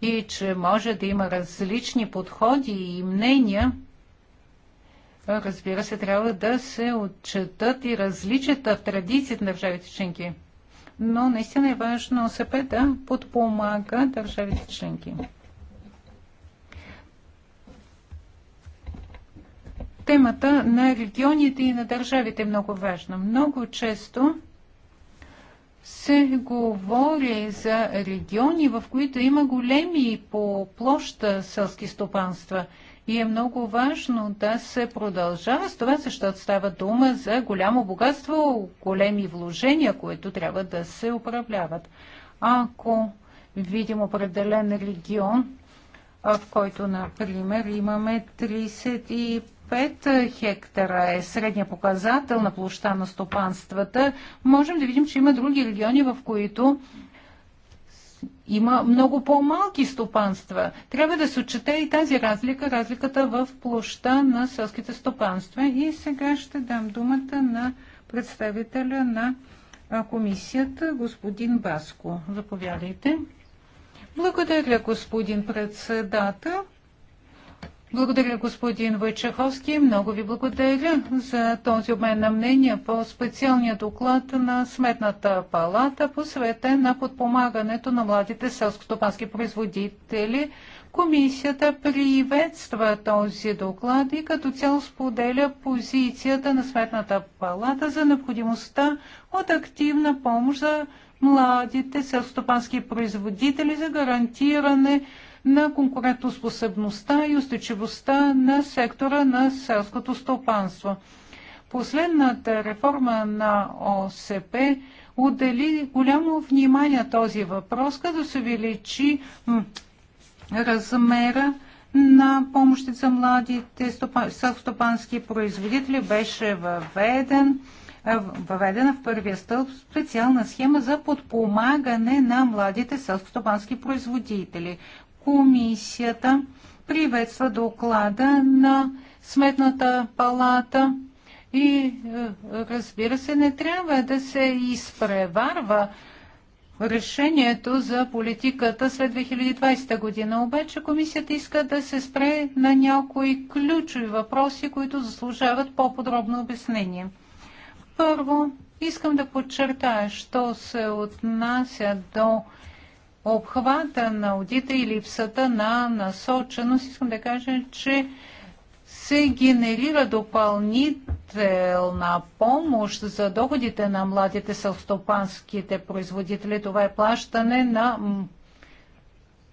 и че може да има различни подходи и мнения, разбира се, трябва да се отчетат и различията в традициите на държавите членки. Но наистина е важно ОСП да подпомага държавите членки. Темата на регионите и на държавите е много важна. Много често се говори за региони, в които има големи по площа селски стопанства. И е много важно да се продължава с това, защото става дума за голямо богатство, големи вложения, които трябва да се управляват. Ако видим определен регион, в който, например, имаме 35 5 хектара е средния показател на площа на стопанствата, можем да видим, че има други региони, в които има много по-малки стопанства. Трябва да се отчете и тази разлика, разликата в площа на селските стопанства. И сега ще дам думата на представителя на комисията, господин Баско. Заповядайте. Благодаря, господин председател. Благодаря, господин Войчаховски. Много ви благодаря за този обмен на мнение по специалния доклад на Сметната палата, свете на подпомагането на младите селско-стопански производители. Комисията приветства този доклад и като цяло споделя позицията на Сметната палата за необходимостта от активна помощ за младите селско-стопански производители за гарантиране на конкурентоспособността и устойчивостта на сектора на селското стопанство. Последната реформа на ОСП отдели голямо внимание този въпрос, като се увеличи размера на помощи за младите селскостопански производители беше въведен въведена в първия стълб специална схема за подпомагане на младите селскостопански производители. Комисията приветства доклада на Сметната палата и е, разбира се, не трябва да се изпреварва решението за политиката след 2020 година. Обаче комисията иска да се спре на някои ключови въпроси, които заслужават по-подробно обяснение. Първо, искам да подчертая, що се отнася до обхвата на аудита и липсата на насоченост, искам да кажа, че се генерира допълнителна помощ за доходите на младите селстопанските производители. Това е плащане на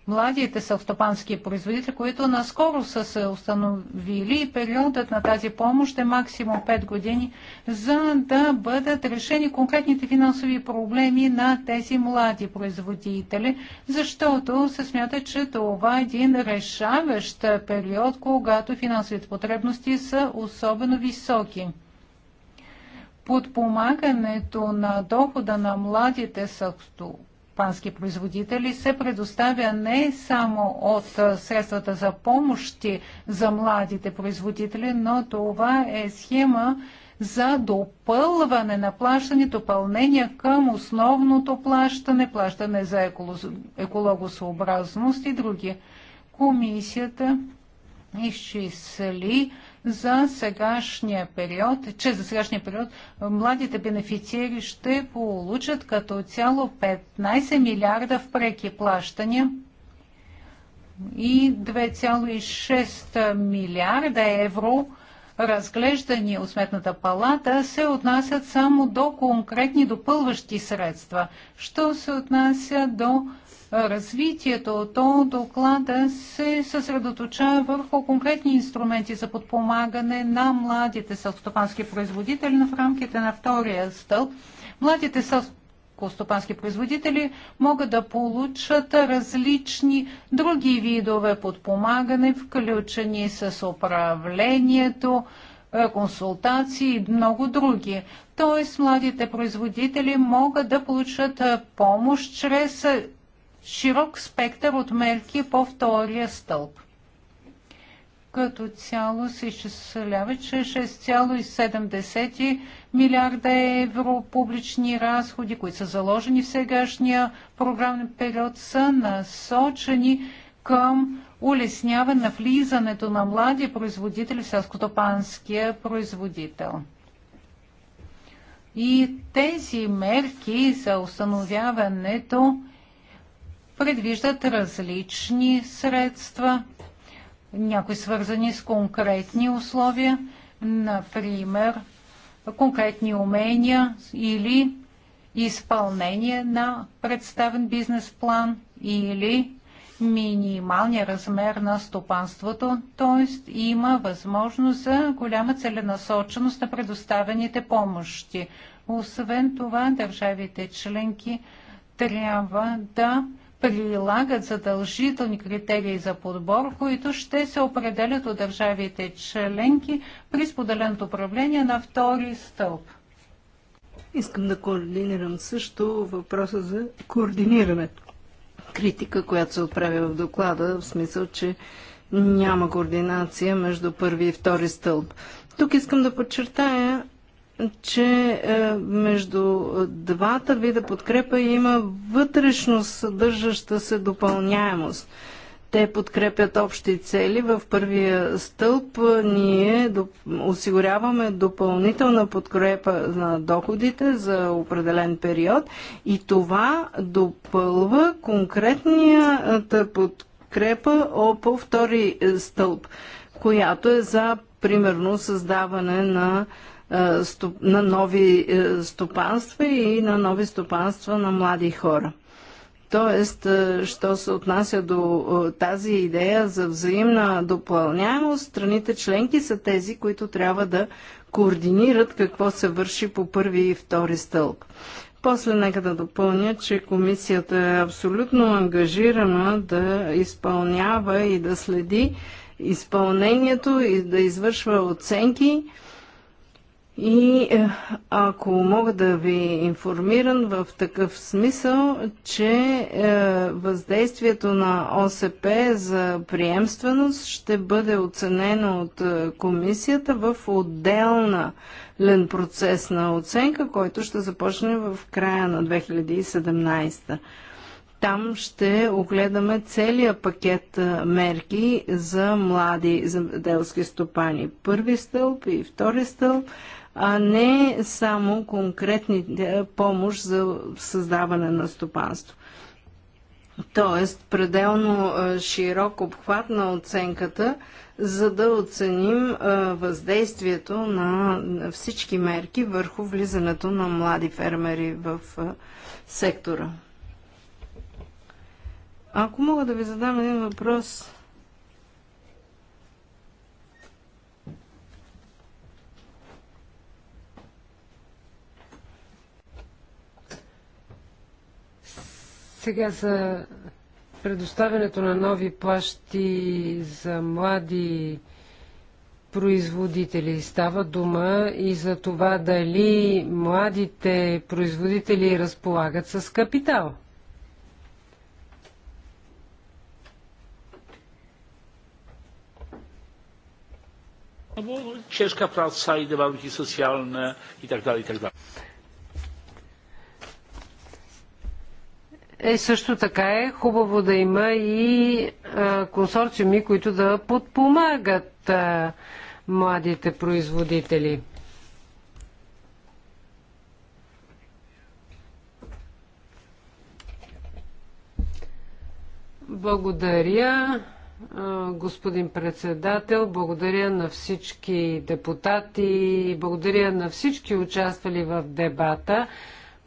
младите селстопански производители, които наскоро са се установили периодът на тази помощ е максимум 5 години, за да бъдат решени конкретните финансови проблеми на тези млади производители, защото се смята, че това е един решаващ период, когато финансовите потребности са особено високи подпомагането на дохода на младите Пански производители се предоставя не само от средствата за помощи за младите производители, но това е схема за допълване на плащане, допълнение към основното плащане, плащане за екологосъобразност и други. Комисията изчисли за сегашния период, че за сегашния период младите бенефициери ще получат като цяло 15 милиарда в преки плащания и 2,6 милиарда евро разглеждани от Сметната палата се отнасят само до конкретни допълващи средства. Що се отнася до развитието, то доклада се съсредоточава върху конкретни инструменти за подпомагане на младите селскостопански производители в рамките на втория стълб. Младите селскостопански производители могат да получат различни други видове подпомагане, включени с управлението, е, консултации и много други. Тоест, младите производители могат да получат е, помощ чрез широк спектър от мерки по втория стълб. Като цяло се изчислява, че 6,7 милиарда евро публични разходи, които са заложени в сегашния програмен период, са насочени към улесняване на влизането на млади производители в селскотопанския производител. И тези мерки за установяването предвиждат различни средства, някои свързани с конкретни условия, например конкретни умения или изпълнение на представен бизнес план или минималния размер на стопанството, т.е. има възможност за голяма целенасоченост на предоставените помощи. Освен това, държавите членки трябва да прилагат задължителни критерии за подбор, които ще се определят от държавите членки при споделеното управление на втори стълб. Искам да координирам също въпроса за координирането. Критика, която се отправя в доклада, в смисъл, че няма координация между първи и втори стълб. Тук искам да подчертая, че е, между двата вида подкрепа има вътрешно съдържаща се допълняемост. Те подкрепят общи цели. В първия стълб е, ние осигуряваме допълнителна подкрепа на доходите за определен период и това допълва конкретнията подкрепа по втори стълб, която е за примерно създаване на е, на нови е, стопанства и на нови стопанства на млади хора. Тоест, е, що се отнася до тази идея за взаимна допълняемост, страните членки са тези, които трябва да координират какво се върши по първи и втори стълб. После нека да допълня, че комисията е абсолютно ангажирана да изпълнява и да следи изпълнението и да извършва оценки и е, ако мога да ви информирам в такъв смисъл, че е, въздействието на ОСП за приемственост ще бъде оценено от е, комисията в отделна лен процес на оценка, който ще започне в края на 2017. Там ще огледаме целия пакет мерки за млади земеделски стопани. Първи стълб и втори стълб – а не само конкретни е, помощ за създаване на стопанство. Тоест, пределно е, широк обхват на оценката, за да оценим е, въздействието на всички мерки върху влизането на млади фермери в сектора. Ако мога да ви задам един въпрос, Сега за предоставянето на нови плащи за млади производители. Става дума и за това дали младите производители разполагат с капитал. Чешка праца и praca социална и socjalne далее, и dalej, далее. Е, също така е хубаво да има и а, консорциуми, които да подпомагат а, младите производители. Благодаря, господин председател, благодаря на всички депутати и благодаря на всички участвали в дебата.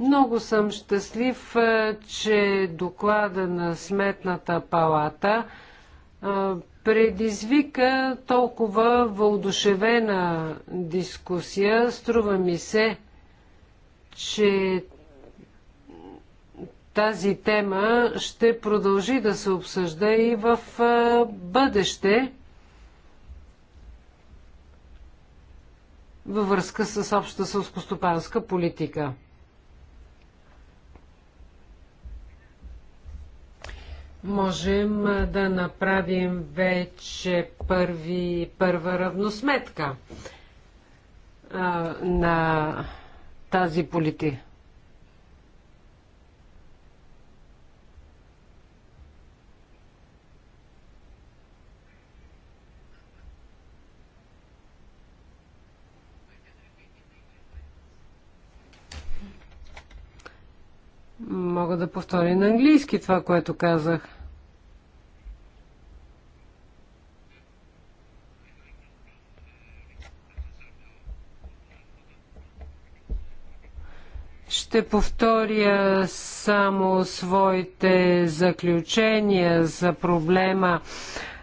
Много съм щастлив, е, че доклада на Сметната палата е, предизвика толкова вълдушевена дискусия. Струва ми се, че тази тема ще продължи да се обсъжда и в е, бъдеще във връзка с обща сълскостопанска политика. можем да направим вече първи, първа равносметка а, на тази политика. Мога да повторя на английски това, което казах. Ще повторя само своите заключения за проблема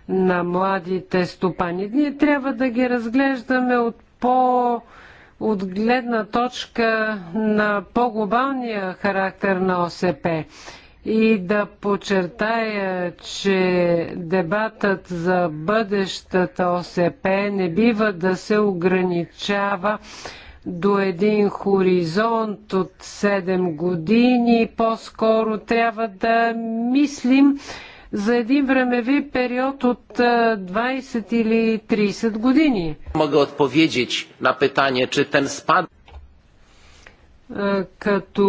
на младите стопани. Ние трябва да ги разглеждаме от по- от гледна точка на по-глобалния характер на ОСП и да подчертая, че дебатът за бъдещата ОСП не бива да се ограничава до един хоризонт от 7 години. По-скоро трябва да мислим за един времеви период от 20 или 30 години. Мога отповеди на питание, че тен спад... Като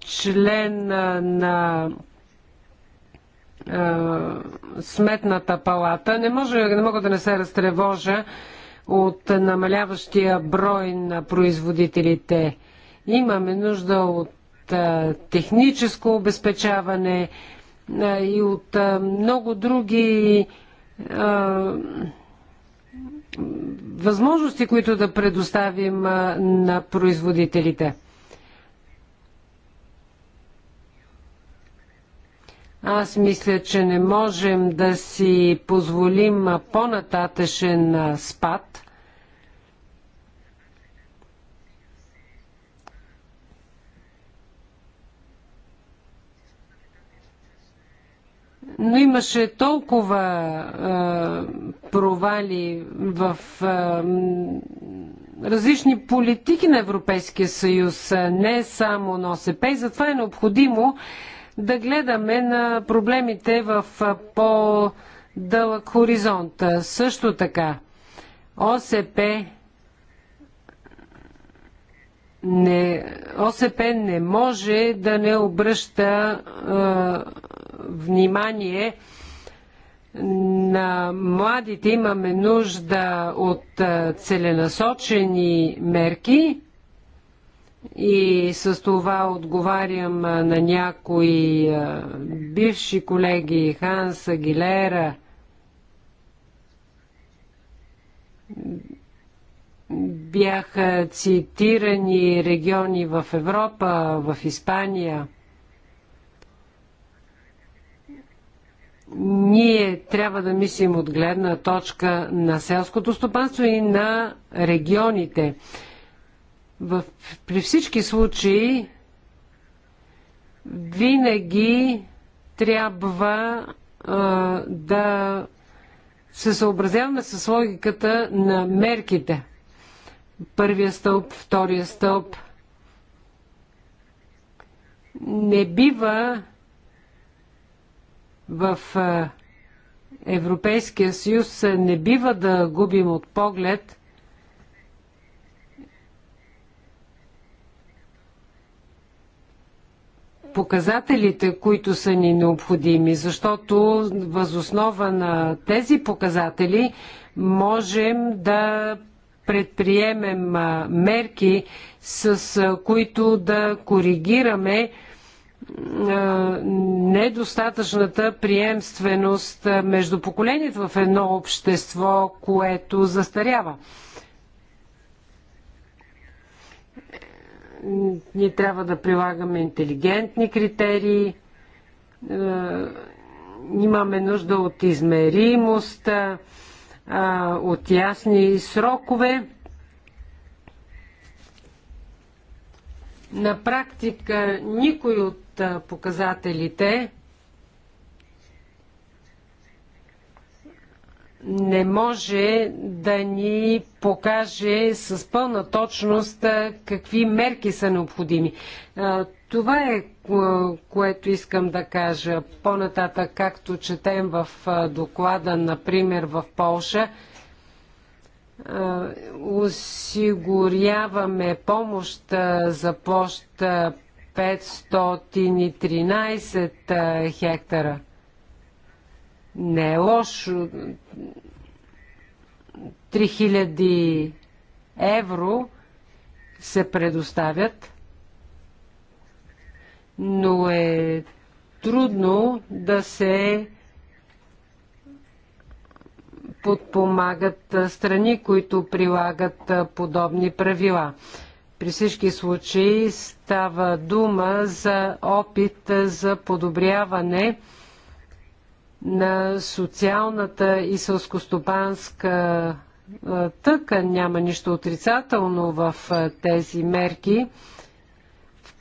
член на Сметната палата. Не, може, не мога да не се разтревожа от намаляващия брой на производителите. Имаме нужда от техническо обезпечаване и от много други възможности, които да предоставим на производителите. Аз мисля, че не можем да си позволим по-нататъшен спад. но имаше толкова а, провали в а, различни политики на Европейския съюз, не само на ОСП, и затова е необходимо да гледаме на проблемите в по-дълъг хоризонт. Също така, ОСП не, ОСП не може да не обръща е, внимание на младите. Имаме нужда от е, целенасочени мерки и с това отговарям е, на някои е, бивши колеги Ханса Гилера. Бяха цитирани региони в Европа, в Испания. Ние трябва да мислим от гледна точка на селското стопанство и на регионите. В, при всички случаи винаги трябва а, да се съобразяваме с логиката на мерките първия стълб, втория стълб. Не бива в Европейския съюз не бива да губим от поглед показателите, които са ни необходими, защото възоснова на тези показатели можем да предприемем мерки, с които да коригираме недостатъчната приемственост между поколенията в едно общество, което застарява. Ние трябва да прилагаме интелигентни критерии, имаме нужда от измеримост, а, от ясни срокове. На практика никой от а, показателите не може да ни покаже с пълна точност какви мерки са необходими. Това е което искам да кажа. По-нататък, както четем в доклада, например в Полша, осигуряваме помощ за площ 513 хектара. Не е лошо. 3000 евро се предоставят но е трудно да се подпомагат страни, които прилагат подобни правила. При всички случаи става дума за опит за подобряване на социалната и сълскостопанска тъкан. Няма нищо отрицателно в тези мерки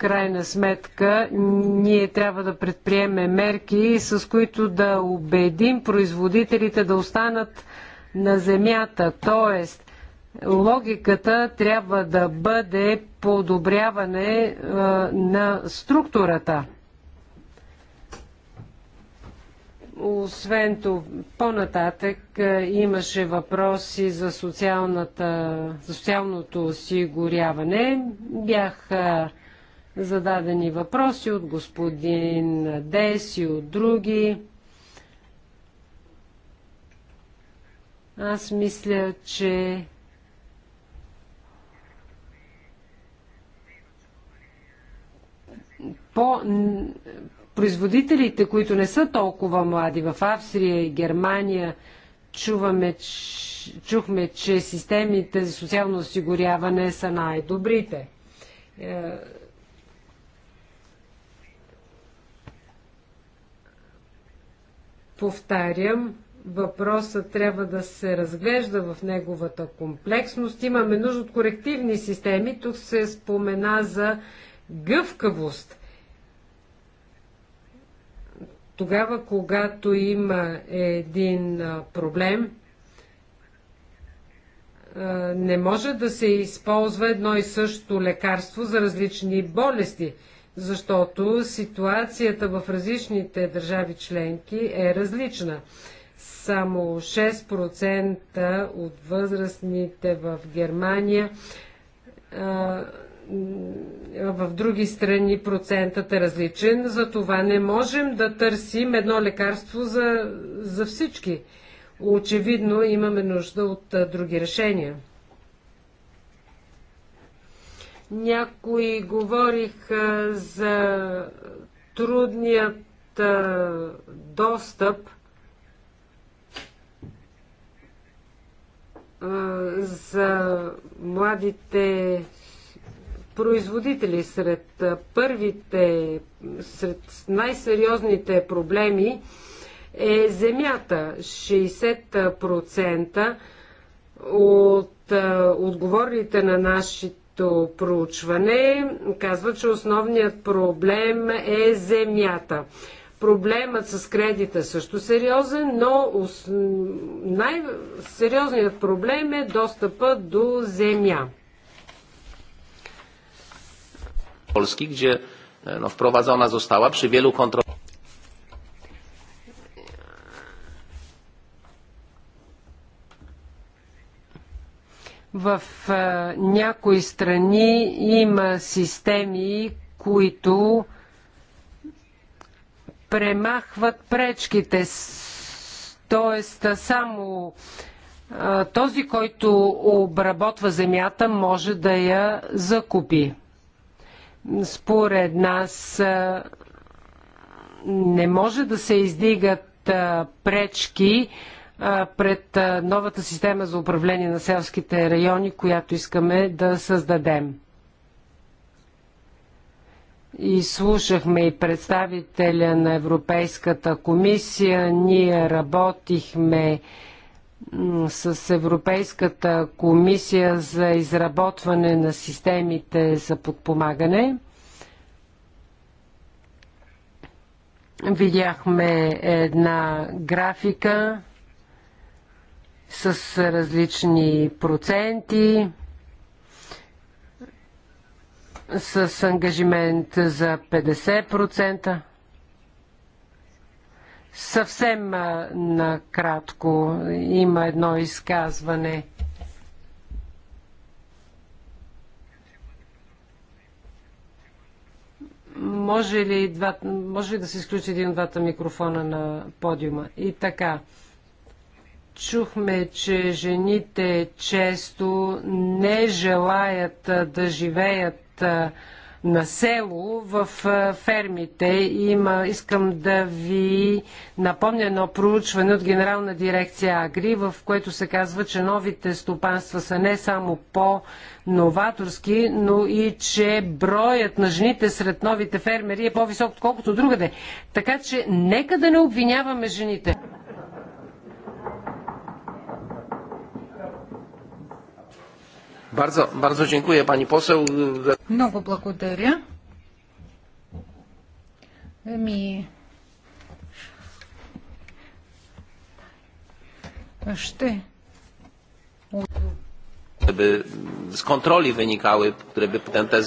крайна сметка ние трябва да предприемем мерки, с които да убедим производителите да останат на земята. Тоест, логиката трябва да бъде подобряване а, е, на структурата. Освен това, по-нататък е, имаше въпроси за, социалната, за социалното осигуряване. Бяха зададени въпроси от господин Дес и от други. Аз мисля, че по производителите, които не са толкова млади в Австрия и Германия, чуваме, чухме, че системите за социално осигуряване са най-добрите. Е, Повтарям, въпросът трябва да се разглежда в неговата комплексност. Имаме нужда от корективни системи. Тук се спомена за гъвкавост. Тогава, когато има един проблем, не може да се използва едно и също лекарство за различни болести – защото ситуацията в различните държави членки е различна. Само 6% от възрастните в Германия, а, в други страни процентът е различен, затова не можем да търсим едно лекарство за, за всички. Очевидно имаме нужда от други решения. Някои говориха за трудният достъп за младите производители. Сред първите, сред най-сериозните проблеми е земята. 60% от отговорите на нашите нашето проучване казва, че основният проблем е земята. Проблемът с кредита е също сериозен, но най-сериозният проблем е достъпа до земя. Полски, где e, no, została wielu kontrolach. В някои страни има системи, които премахват пречките. Тоест, само този, който обработва земята, може да я закупи. Според нас не може да се издигат пречки пред новата система за управление на селските райони, която искаме да създадем. И слушахме и представителя на Европейската комисия. Ние работихме с Европейската комисия за изработване на системите за подпомагане. Видяхме една графика с различни проценти, с ангажимент за 50%. Съвсем накратко има едно изказване. Може ли, два, може ли да се изключи един от двата микрофона на подиума? И така. Чухме, че жените често не желаят да живеят на село в фермите. Има, искам да ви напомня едно проучване от Генерална дирекция Агри, в което се казва, че новите стопанства са не само по-новаторски, но и че броят на жените сред новите фермери е по-висок, отколкото другаде. Така че нека да не обвиняваме жените. Bardzo, bardzo dziękuję pani poseł. Много благодаря. Ми... Ще. Żeby z kontroli wynikały, które by potem te...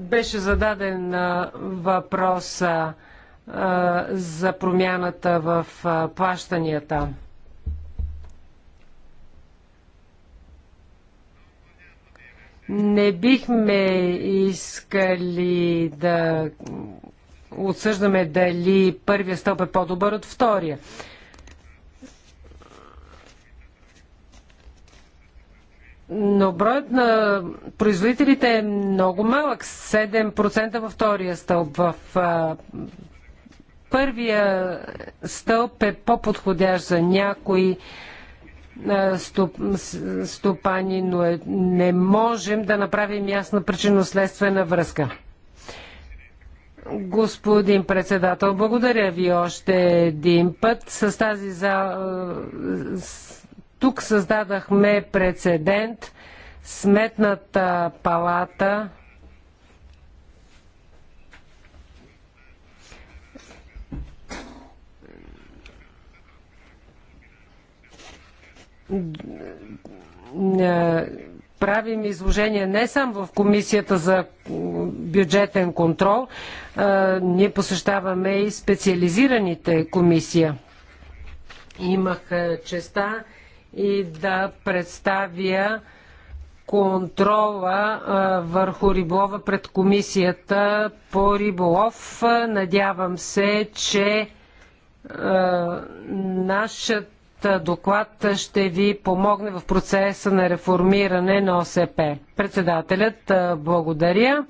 Беше зададен въпрос за промяната в плащанията. Не бихме искали да отсъждаме дали първия стълб е по-добър от втория. Но броят на производителите е много малък 7% във втория стълб. В а, първия стълб е по-подходящ за някои стопани, но е, не можем да направим ясна причинно-следствена връзка. Господин председател, благодаря ви още един път. С тази за... Тук създадахме прецедент. Сметната палата Е, правим изложение не само в Комисията за бюджетен контрол, ние посещаваме и специализираните комисия. Имах е, честа и да представя контрола а, върху риболова пред комисията по риболов. Надявам се, че а, нашата доклад ще ви помогне в процеса на реформиране на ОСП. Председателят, благодаря.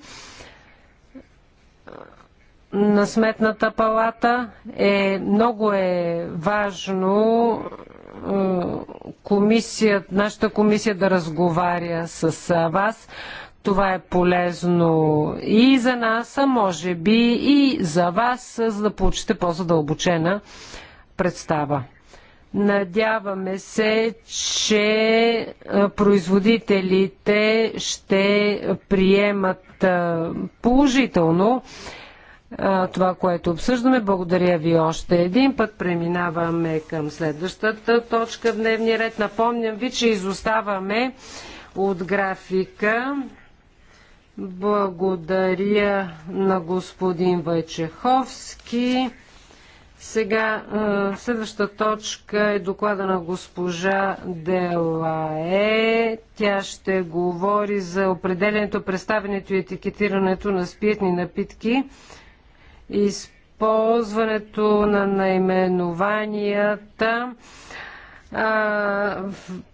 На Сметната палата е много е важно комисия, нашата комисия да разговаря с вас. Това е полезно и за нас, а може би и за вас, за да получите по-задълбочена представа. Надяваме се, че производителите ще приемат положително това, което обсъждаме. Благодаря ви още един път. Преминаваме към следващата точка в дневния ред. Напомням ви, че изоставаме от графика. Благодаря на господин Вайчеховски. Сега следващата точка е доклада на госпожа Делае. Тя ще говори за определенето, представенето и етикетирането на спиртни напитки, използването на наименованията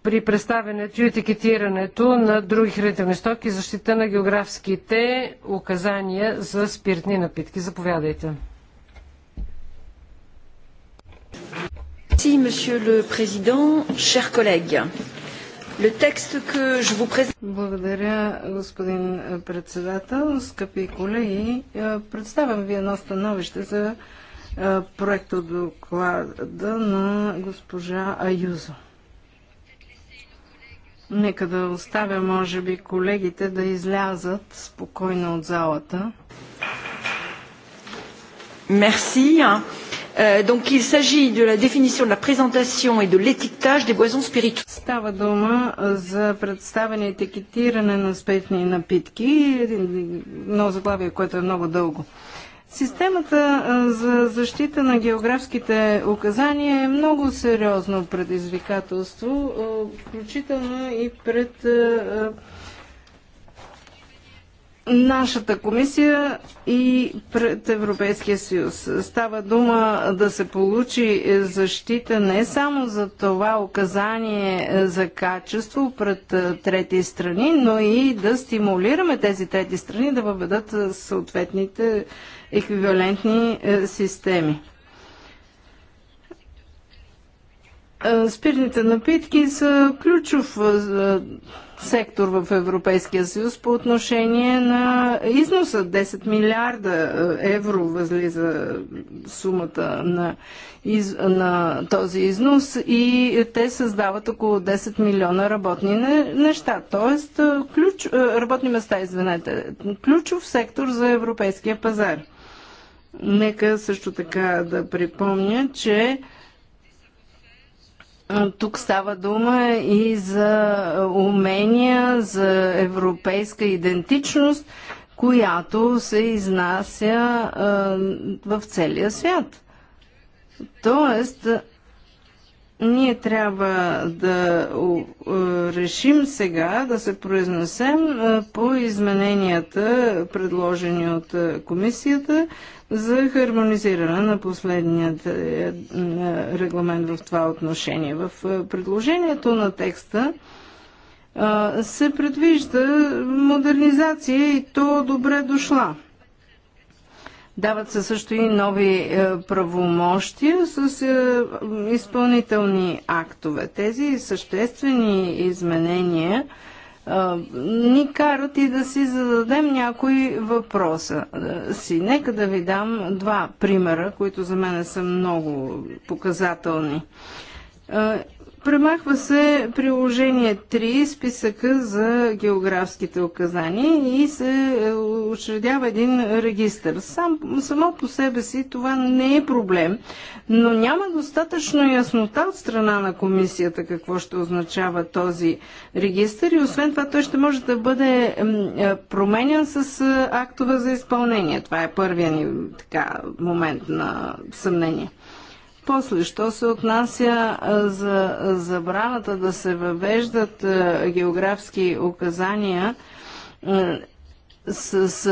при представенето и етикетирането на други хранителни стоки, защита на географските указания за спиртни напитки. Заповядайте. Благодаря, господин председател. Скъпи колеги, е, представям ви едно становище за е, проекта доклада на госпожа Аюзо. Нека да оставя, може би, колегите да излязат спокойно от залата. Мерси. Euh, donc il s'agit de la définition de la présentation et de l'étiquetage des boissons spiritueuses. Е Системата за защита на географските указания е много сериозно предизвикателство, включително и пред нашата комисия и пред Европейския съюз. Става дума да се получи защита не само за това указание за качество пред трети страни, но и да стимулираме тези трети страни да въведат съответните еквивалентни е, системи. Е, спирните напитки са ключов е, сектор в Европейския съюз по отношение на износа. 10 милиарда е, евро възлиза сумата на, из, на този износ и те създават около 10 милиона работни неща, т.е. Ключ, е, работни места, извинете, ключов сектор за европейския пазар. Нека също така да припомня, че тук става дума и за умения, за европейска идентичност, която се изнася в целия свят. Тоест, ние трябва да решим сега да се произнесем по измененията, предложени от комисията за хармонизиране на последният е, е, регламент в това отношение. В е, предложението на текста се предвижда модернизация и то добре дошла. Дават се също и нови правомощия с изпълнителни актове. Тези съществени изменения – ни карат и да си зададем някои въпроса си. Нека да ви дам два примера, които за мен са много показателни. Премахва се приложение 3, списъка за географските указания и се е, учредява един регистр. Сам, само по себе си това не е проблем, но няма достатъчно яснота от страна на комисията какво ще означава този регистр и освен това той ще може да бъде е, променен с е, актове за изпълнение. Това е първия ни така, момент на съмнение. После, що се отнася за забраната да се въвеждат географски указания с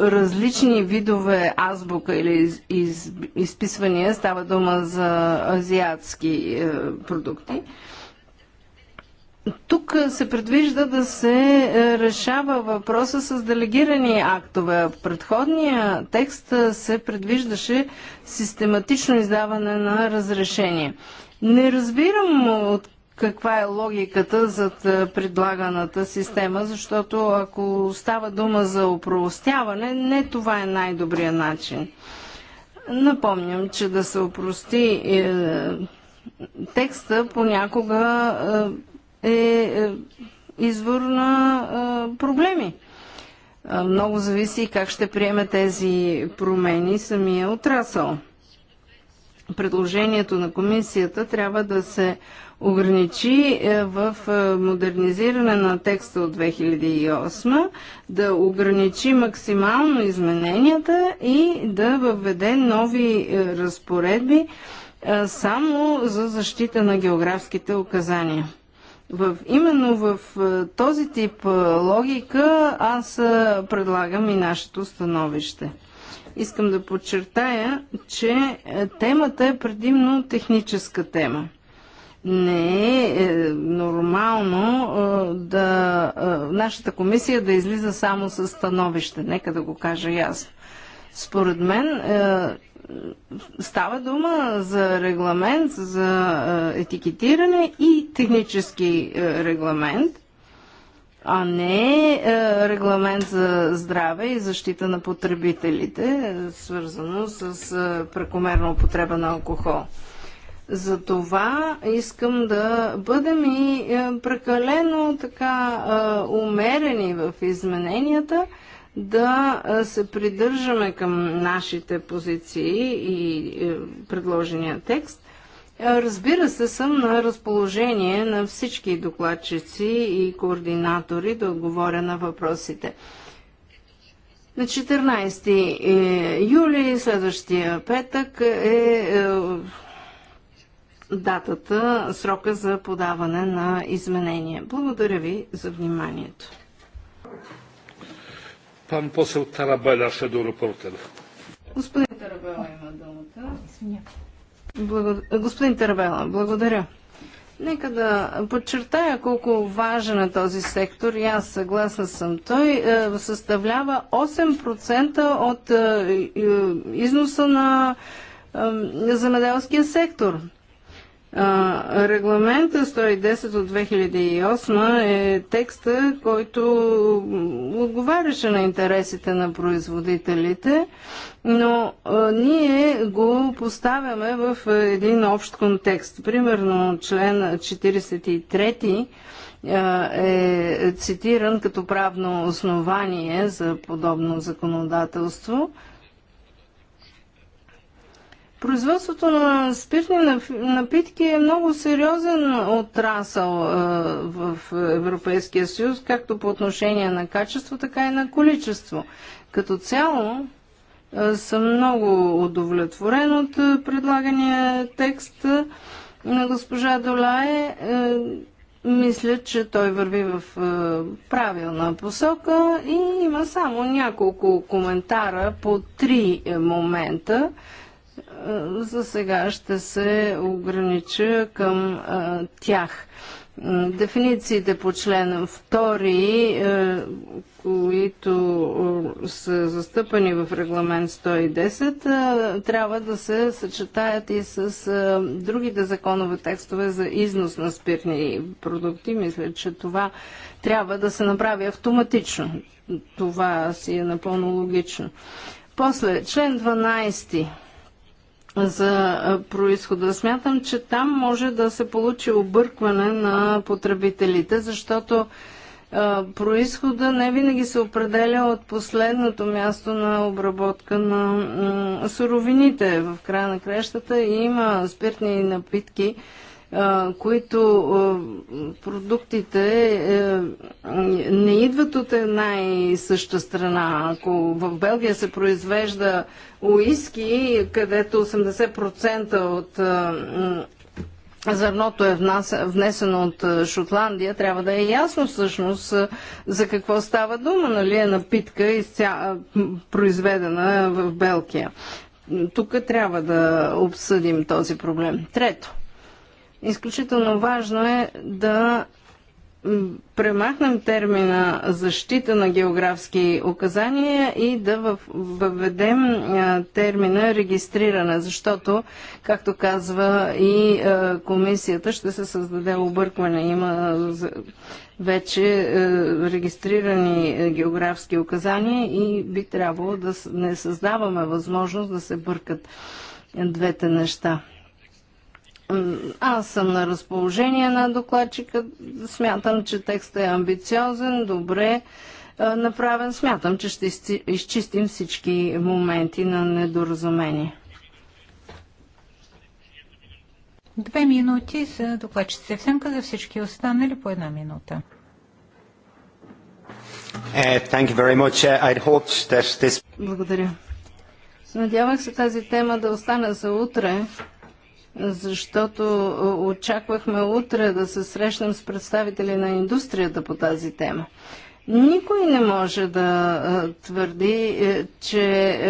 различни видове азбука или изписвания, става дума за азиатски продукти, тук се предвижда да се е, решава въпроса с делегирани актове. В предходния текст е, се предвиждаше систематично издаване на разрешение. Не разбирам от каква е логиката за е, предлаганата система, защото ако става дума за опростяване, не това е най-добрият начин. Напомням, че да се опрости е, текста понякога е, е, е извор на е, проблеми. Много зависи как ще приеме тези промени самия отрасъл. Предложението на комисията трябва да се ограничи е, в модернизиране на текста от 2008, да ограничи максимално измененията и да въведе нови разпоредби само за защита на географските указания. В, именно в този тип логика аз предлагам и нашето становище. Искам да подчертая, че е, темата е предимно техническа тема не е, е нормално да нашата комисия да излиза само с становище. Нека да го кажа ясно. Според мен е, става дума за регламент за е, етикетиране и технически е, регламент, а не е, регламент за здраве и защита на потребителите, свързано с прекомерна употреба на алкохол. За това искам да бъдем и прекалено така умерени в измененията – да се придържаме към нашите позиции и е, предложения текст. Разбира се, съм на разположение на всички докладчици и координатори да отговоря на въпросите. На 14 е, юли, следващия петък, е, е датата, срока за подаване на изменения. Благодаря ви за вниманието. Пан poseł Tarabella, shadow Господин Тарабела има думата. Господин Тарабела, благодаря. Нека да подчертая колко важен е този сектор и аз съгласна съм. Той е, съставлява 8% от е, е, износа на е, земеделския сектор. Регламента 110 от 2008 е текста, който отговаряше на интересите на производителите, но ние го поставяме в един общ контекст. Примерно член 43 е цитиран като правно основание за подобно законодателство – Производството на спиртни напитки е много сериозен отрасъл в Европейския съюз, както по отношение на качество, така и на количество. Като цяло съм много удовлетворен от предлагания текст на госпожа Долае. Мисля, че той върви в правилна посока и има само няколко коментара по три момента е, за сега ще се огранича към а, е, тях. Дефинициите по член 2, е, които са застъпани в регламент 110, трябва да се съчетаят и с другите законови текстове за износ на спиртни продукти. Мисля, че това трябва да се направи автоматично. Това си е напълно логично. После, член 12 за происхода. Смятам, че там може да се получи объркване на потребителите, защото происхода не винаги се определя от последното място на обработка на суровините. В края на кращата има спиртни напитки, които продуктите е, не идват от една и съща страна. Ако в Белгия се произвежда уиски, където 80% от зърното е внесено от Шотландия, трябва да е ясно всъщност за какво става дума, нали е напитка изця... произведена в Белгия. Тук трябва да обсъдим този проблем. Трето. Изключително важно е да премахнем термина защита на географски указания и да въведем термина регистриране, защото, както казва и комисията, ще се създаде объркване. Има вече регистрирани географски указания и би трябвало да не създаваме възможност да се бъркат двете неща. Аз съм на разположение на докладчика. Смятам, че текстът е амбициозен, добре е, направен. Смятам, че ще изчистим всички моменти на недоразумение. Две минути за докладчица Евсенка, за всички останали по една минута. Е, е, Благодаря. Надявах се тази тема да остане за утре, защото е, очаквахме утре да се срещнем с представители на индустрията по тази тема. Никой не може да твърди, е, че е,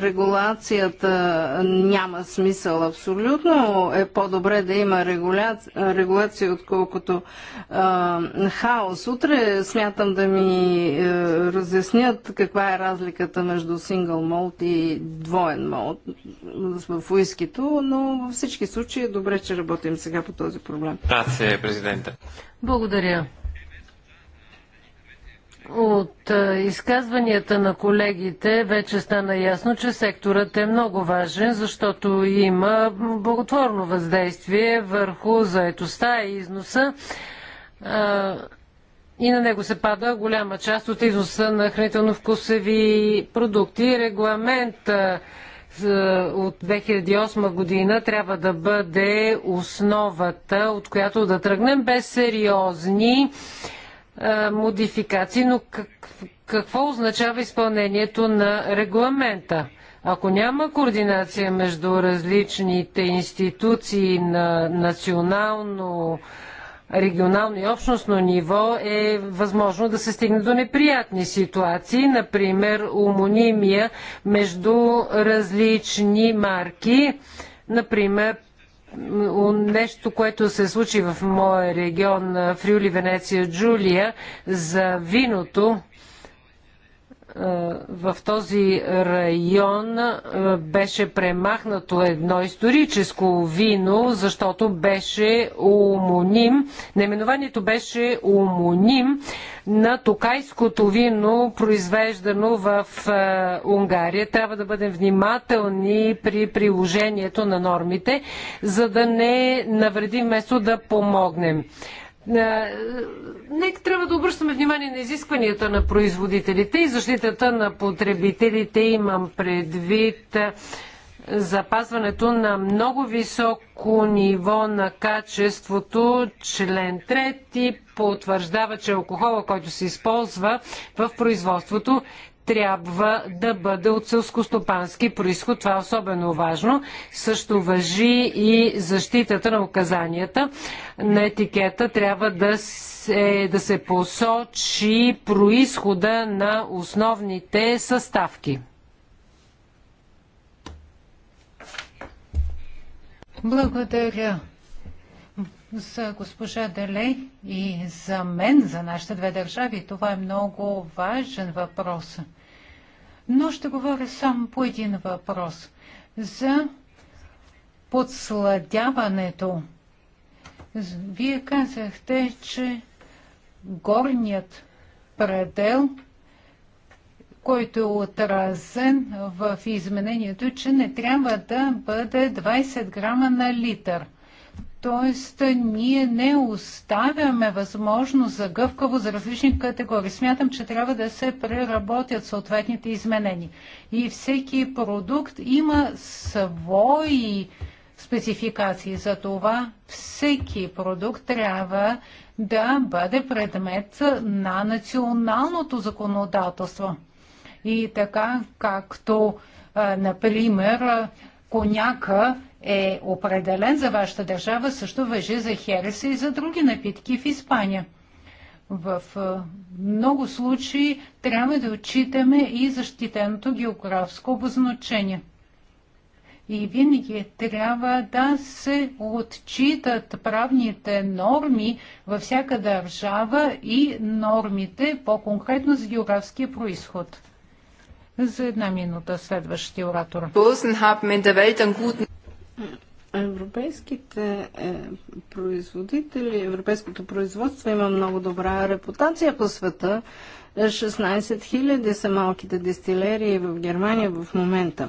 регулацията няма смисъл. Абсолютно е по-добре да има регуляция, регулация отколкото хаос. Утре смятам да ми е, разяснят каква е разликата между сингъл молт и двоен молт в уискито, но във всички случаи е добре, че работим сега по този проблем. е президента. Благодаря. От е, изказванията на колегите вече стана ясно, че секторът е много важен, защото има благотворно въздействие върху заетостта и износа. И на него се пада голяма част от износа на хранително-вкусови продукти. Регламент е, от 2008 година трябва да бъде основата, от която да тръгнем без сериозни модификации, но как, какво означава изпълнението на регламента? Ако няма координация между различните институции на национално, регионално и общностно ниво, е възможно да се стигне до неприятни ситуации, например умонимия между различни марки, например нещо, което се случи в моя регион Фриули, Венеция, Джулия за виното в този район беше премахнато едно историческо вино, защото беше умоним. Наименованието беше умоним на токайското вино, произвеждано в Унгария. Трябва да бъдем внимателни при приложението на нормите, за да не навредим вместо да помогнем. Нека трябва да обръщаме внимание на изискванията на производителите и защитата на потребителите. Имам предвид запазването на много високо ниво на качеството. Член 3 потвърждава, че алкохола, който се използва в производството, трябва да бъде от селскостопански происход. Това е особено важно. Също въжи и защитата на указанията на етикета. Трябва да се, да се посочи происхода на основните съставки. Благодаря за госпожа Деле и за мен, за нашите две държави. Това е много важен въпрос но ще говоря само по един въпрос. За подсладяването. Вие казахте, че горният предел, който е отразен в изменението, че не трябва да бъде 20 грама на литър – Тоест, ние не оставяме възможност за гъвкаво за различни категории. Смятам, че трябва да се преработят съответните изменения. И всеки продукт има свои спецификации. За това всеки продукт трябва да бъде предмет на националното законодателство. И така, както, например, коняка е определен за вашата държава, също въжи за хереса и за други напитки в Испания. В много случаи трябва да отчитаме и защитеното географско обозначение. И винаги трябва да се отчитат правните норми във всяка държава и нормите по-конкретно с географския происход. За една минута следващия оратор. Европейските е, производители, европейското производство има много добра репутация по света. 16 000 са малките дистилерии в Германия в момента.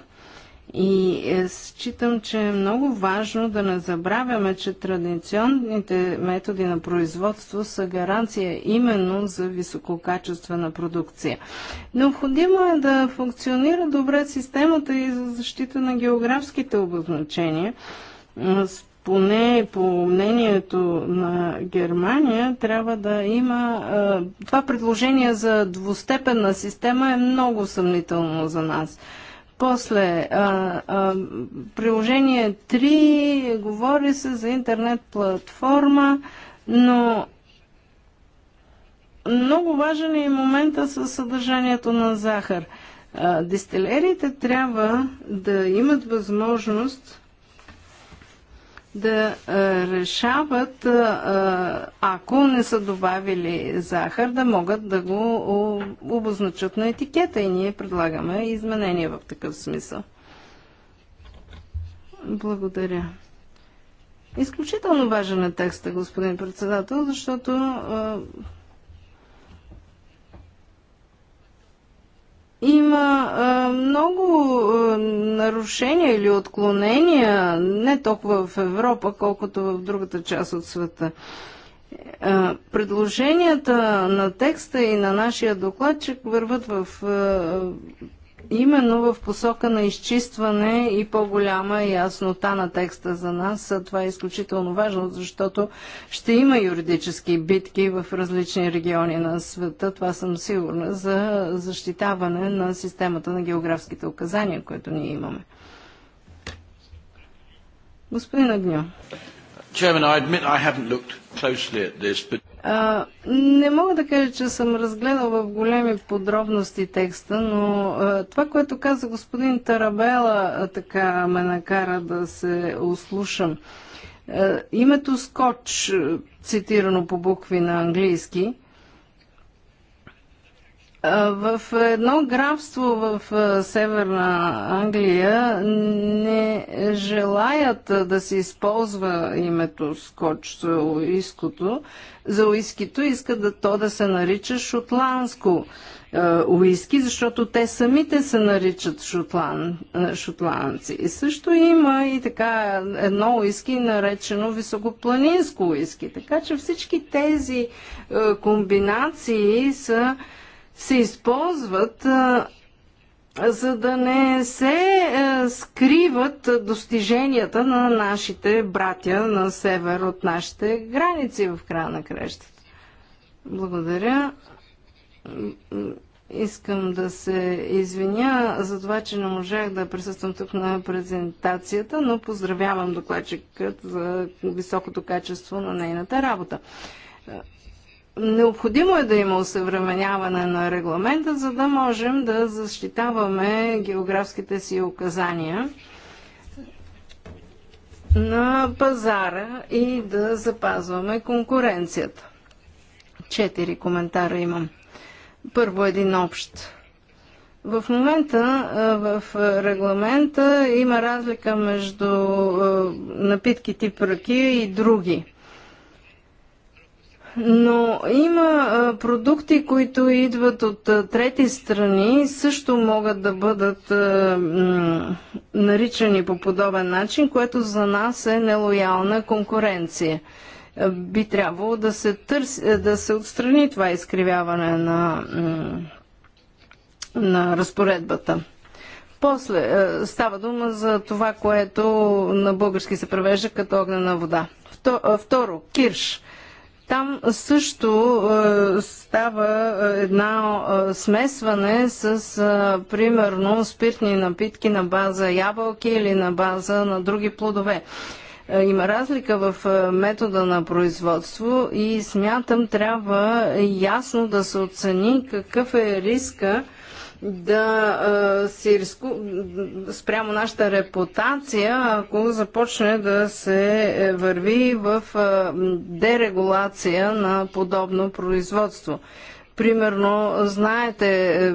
И е, считам, че е много важно да не забравяме, че традиционните методи на производство са гаранция именно за висококачествена продукция. Необходимо е да функционира добре системата и за защита на географските обозначения. Поне по мнението на Германия трябва да има... Е, това предложение за двустепенна система е много съмнително за нас. После, а, а, приложение 3 говори се за интернет платформа, но много важен е и момента с съдържанието на захар. Дистилериите трябва да имат възможност да е, решават, е, е, ако не са добавили захар, да могат да го обозначат на етикета и ние предлагаме изменения в такъв смисъл. Благодаря. Изключително важен е текста, господин председател, защото има а, много а, нарушения или отклонения, не толкова в Европа, колкото в другата част от света. А, предложенията на текста и на нашия докладчик върват в а, именно в посока на изчистване и по-голяма яснота на текста за нас. Това е изключително важно, защото ще има юридически битки в различни региони на света. Това съм сигурна за защитаване на системата на географските указания, които ние имаме. Господин Агньо не мога да кажа, че съм разгледал в големи подробности текста, но това, което каза господин Тарабела, така ме накара да се услушам. името Скотч, цитирано по букви на английски, в едно графство в Северна Англия не желаят да се използва името Скотч за уиското, за уискито искат да то да се нарича шотландско уиски, защото те самите се наричат шотлан, шотландци. И също има и така едно уиски, наречено високопланинско уиски. Така че всички тези комбинации са се използват за да не се скриват достиженията на нашите братя на север от нашите граници в края на крещата. Благодаря. Искам да се извиня за това, че не можах да присъствам тук на презентацията, но поздравявам докладчикът за високото качество на нейната работа. Необходимо е да има усъвременяване на регламента, за да можем да защитаваме географските си указания на пазара и да запазваме конкуренцията. Четири коментара имам. Първо един общ. В момента в регламента има разлика между напитки тип ръки и други. Но има продукти, които идват от трети страни, също могат да бъдат наричани по подобен начин, което за нас е нелоялна конкуренция. Би трябвало да се, търси, да се отстрани това изкривяване на, на разпоредбата. После става дума за това, което на български се превежда като огнена вода. Второ, кирш там също е, става е, една е, смесване с, примерно, спиртни напитки на база ябълки или на база на други плодове има разлика в метода на производство и смятам трябва ясно да се оцени какъв е риска да си риску... спрямо нашата репутация, ако започне да се е, върви в дерегулация на подобно производство. Примерно, знаете, е,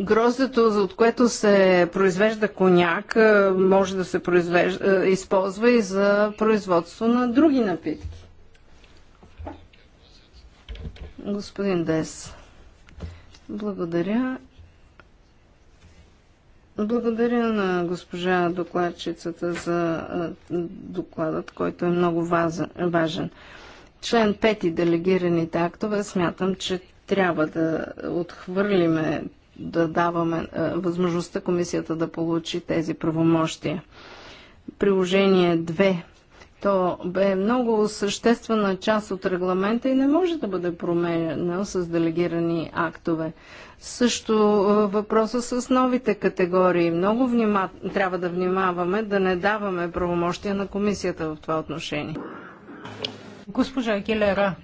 Гроздето, от което се произвежда коняк, е, може да се произвежда, използва и за производство на други напитки. Господин Дес. Благодаря. Благодаря на госпожа докладчицата за докладът, който е много важен. Член 5 делегираните актове смятам, че трябва да отхвърлиме, да даваме възможността комисията да получи тези правомощия. Приложение то бе много съществена част от регламента и не може да бъде променено с делегирани актове. Също е, въпроса с новите категории. Много внима... трябва да внимаваме да не даваме правомощия на комисията в това отношение. Госпожа Гилера,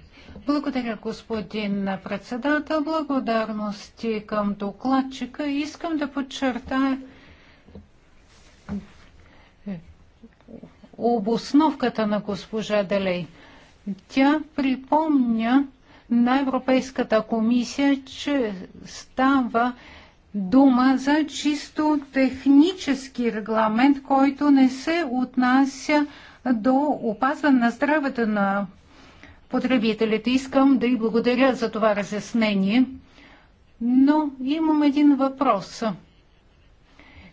благодаря, господин председател. Благодарности към докладчика. Искам да подчертая, обосновката на госпожа Делей. Тя припомня на Европейската комисия, че става дума за чисто технически регламент, който не се отнася до опазване на здравето на потребителите. Искам да и благодаря за това разяснение, но имам един въпрос –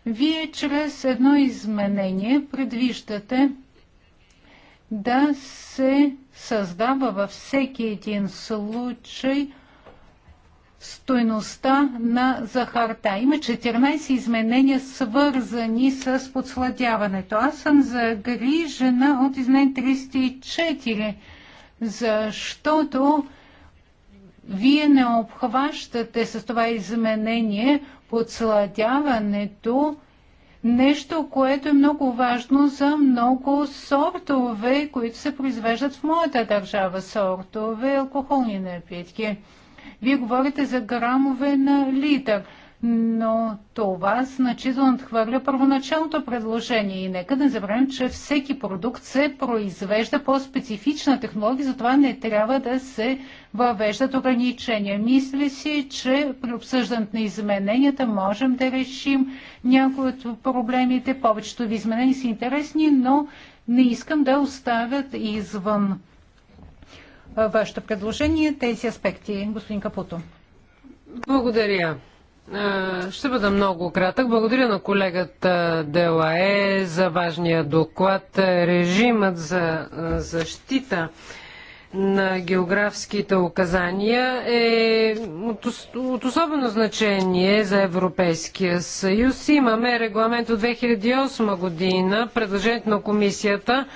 вие чрез едно изменение предвиждате да се създава във всеки един случай стойността на захарта. Има 14 изменения, свързани с подсладяването. Аз съм загрижена от изменение 34, защото вие не обхващате с това изменение подсладяването нещо, което е много важно за много сортове, които се произвеждат в моята държава, сортове алкохолни напитки. Вие говорите за грамове на литър но това значително отхвърля първоначалното предложение. И нека да не забравим, че всеки продукт се произвежда по специфична технология, затова не трябва да се въвеждат ограничения. Мисля си, че при обсъждането на измененията можем да решим някои от проблемите. Повечето ви изменения са интересни, но не искам да оставят извън вашето предложение тези аспекти. Господин Капуто. Благодаря. Ще бъда много кратък. Благодаря на колегата Делае за важния доклад. Режимът за защита на географските указания е от, от особено значение за Европейския съюз. Имаме регламент от 2008 година, предложението на комисията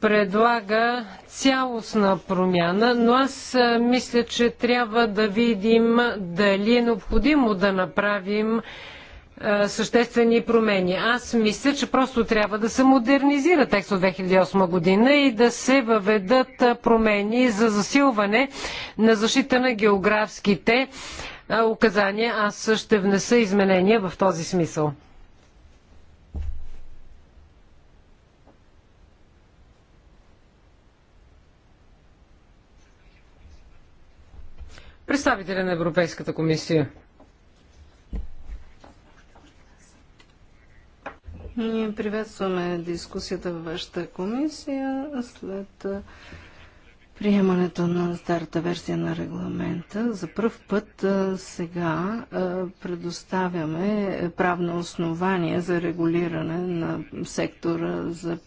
предлага цялостна промяна, но аз мисля, че трябва да видим дали е необходимо да направим съществени промени. Аз мисля, че просто трябва да се модернизира текст от 2008 година и да се въведат промени за засилване на защита на географските указания. Аз ще внеса изменения в този смисъл. Представителя на Европейската комисия. Ние приветстваме дискусията във вашата комисия след приемането на старата версия на регламента. За първ път сега предоставяме правно основание за регулиране на сектора за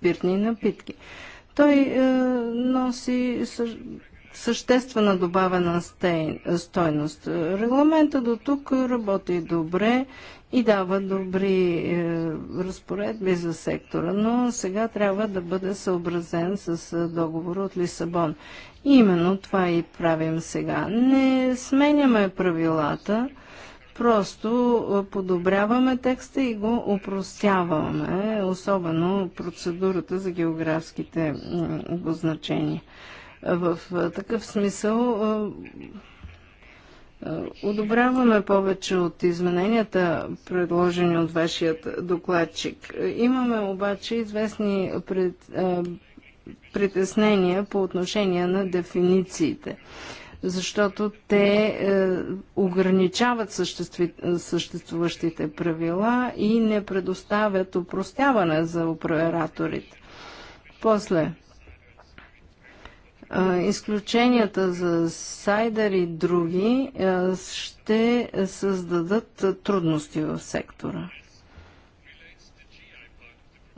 спиртни напитки. Той носи съществена добавена стойност. Регламента до тук работи добре и дава добри е, разпоредби за сектора, но сега трябва да бъде съобразен с е, договор от Лисабон. И именно това и правим сега. Не сменяме правилата, просто е, подобряваме текста и го упростяваме, особено процедурата за географските обозначения. В такъв смисъл Одобряваме повече от измененията, предложени от вашият докладчик. Имаме обаче известни пред, притеснения по отношение на дефинициите, защото те е, ограничават съществуващите правила и не предоставят упростяване за операторите. После, Изключенията за Сайдър и други ще създадат трудности в сектора.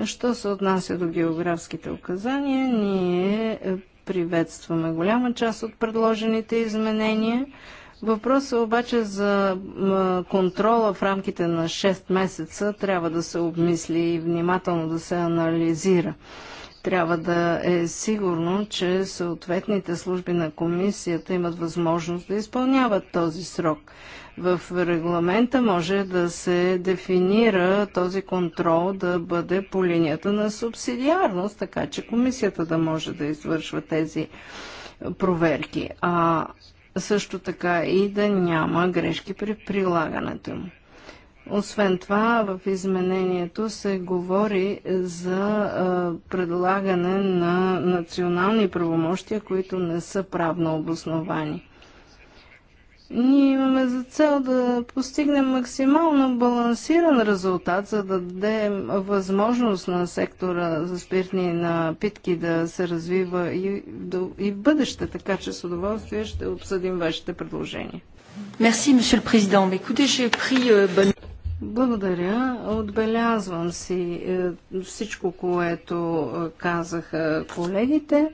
Що се отнася до географските указания, ние приветстваме голяма част от предложените изменения. Въпросът е обаче за контрола в рамките на 6 месеца трябва да се обмисли и внимателно да се анализира трябва да е сигурно, че съответните служби на комисията имат възможност да изпълняват този срок. В регламента може да се дефинира този контрол да бъде по линията на субсидиарност, така че комисията да може да извършва тези проверки, а също така и да няма грешки при прилагането му. Освен това, в изменението се говори за предлагане на национални правомощия, които не са правно обосновани. Ние имаме за цел да постигнем максимално балансиран резултат, за да дадем възможност на сектора за спиртни напитки да се развива и, и в бъдеще, така че с удоволствие ще обсъдим вашите предложения. Merci, monsieur le président. Écoutez, j'ai pris euh, bonne... Благодаря. Отбелязвам си е, всичко, което е, казаха колегите.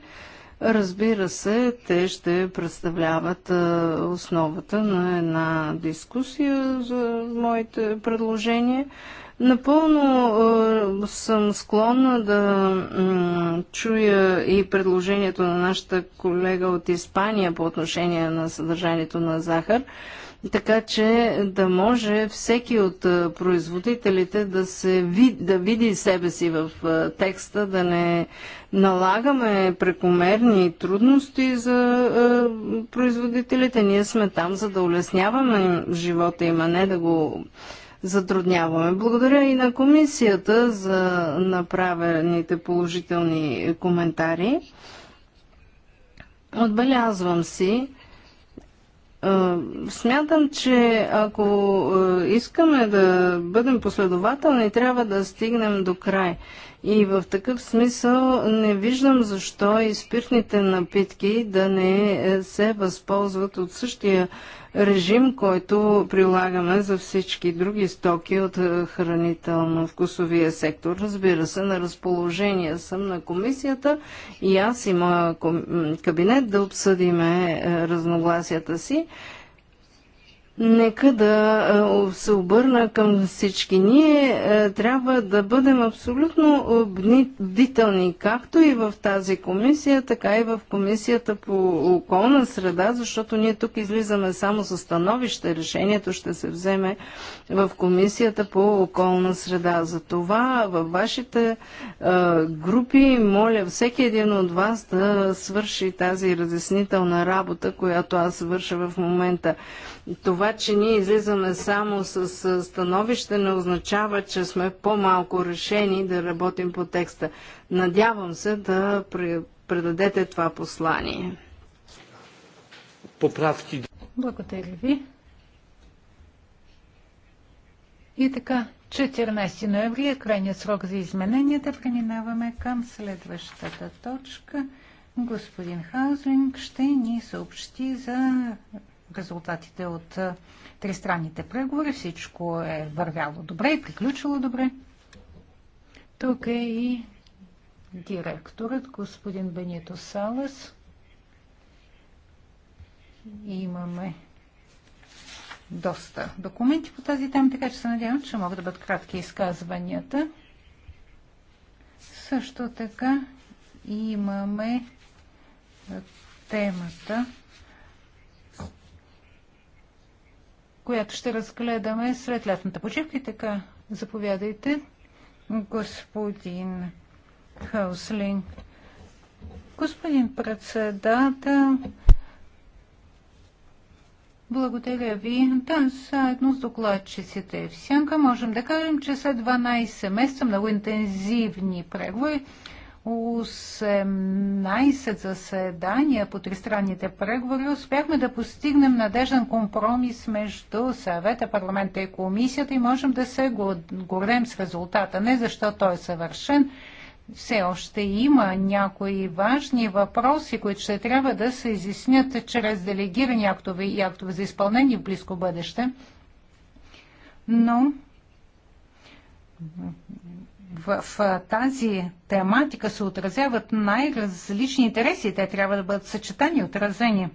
Разбира се, те ще представляват е, основата на една дискусия за моите предложения. Напълно съм склонна да чуя и предложението на нашата колега от Испания по отношение на съдържанието на захар така че да може всеки от производителите да, се вид, да види себе си в текста, да не налагаме прекомерни трудности за производителите. Ние сме там, за да улесняваме живота им, а не да го затрудняваме. Благодаря и на комисията за направените положителни коментари. Отбелязвам си, е, смятам, че ако е, искаме да бъдем последователни, трябва да стигнем до край. И в такъв смисъл не виждам защо и спиртните напитки да не е, се възползват от същия режим, който прилагаме за всички други стоки от е, хранително-вкусовия сектор. Разбира се, на разположение съм на комисията и аз и моя кабинет да обсъдиме е, разногласията си. Нека да е, се обърна към всички. Ние е, трябва да бъдем абсолютно бдителни, както и в тази комисия, така и в комисията по околна среда, защото ние тук излизаме само с становище. Решението ще се вземе в комисията по околна среда. За това във вашите е, групи моля всеки един от вас да свърши тази разяснителна работа, която аз свърша в момента. Това това, че ние излизаме само с становище, не означава, че сме по-малко решени да работим по текста. Надявам се да предадете това послание. Поправки. Благодаря ви. И така, 14 ноември е крайният срок за измененията. Преминаваме към следващата точка. Господин Хаузвинг ще ни съобщи за резултатите от тристранните преговори. Всичко е вървяло добре и приключило добре. Тук е и директорът, господин Бенито Салас. Имаме доста документи по тази тема, така че се надявам, че могат да бъдат кратки изказванията. Също така имаме темата която ще разгледаме след лятната почивка. И така, заповядайте, господин Хауслин. Господин председател, благодаря ви. Да, заедно с докладчиците в Сянка можем да кажем, че след 12 месеца много интензивни преговори 18 заседания по тристранните преговори успяхме да постигнем надежден компромис между съвета, парламента и комисията и можем да се гордем с резултата. Не защото той е съвършен, все още има някои важни въпроси, които ще трябва да се изяснят чрез делегирани актове и актове за изпълнение в близко бъдеще. Но в тази тематика се отразяват най-различни интереси. Те трябва да бъдат съчетани, отразени.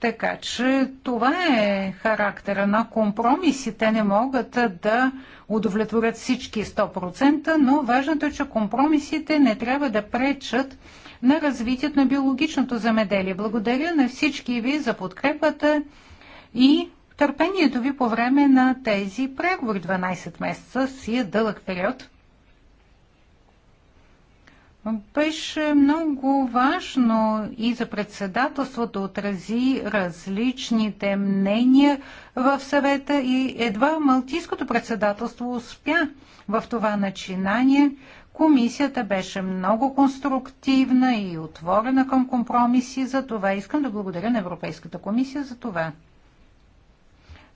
Така че това е характера на компромиси. Те не могат да удовлетворят всички 100%, но важното е, че компромисите не трябва да пречат на развитието на биологичното замеделие. Благодаря на всички ви за подкрепата и търпението ви по време на тези преговори. 12 месеца си е дълъг период. Беше много важно и за председателството да отрази различните мнения в съвета и едва Малтийското председателство успя в това начинание. Комисията беше много конструктивна и отворена към компромиси, за това искам да благодаря на Европейската комисия за това.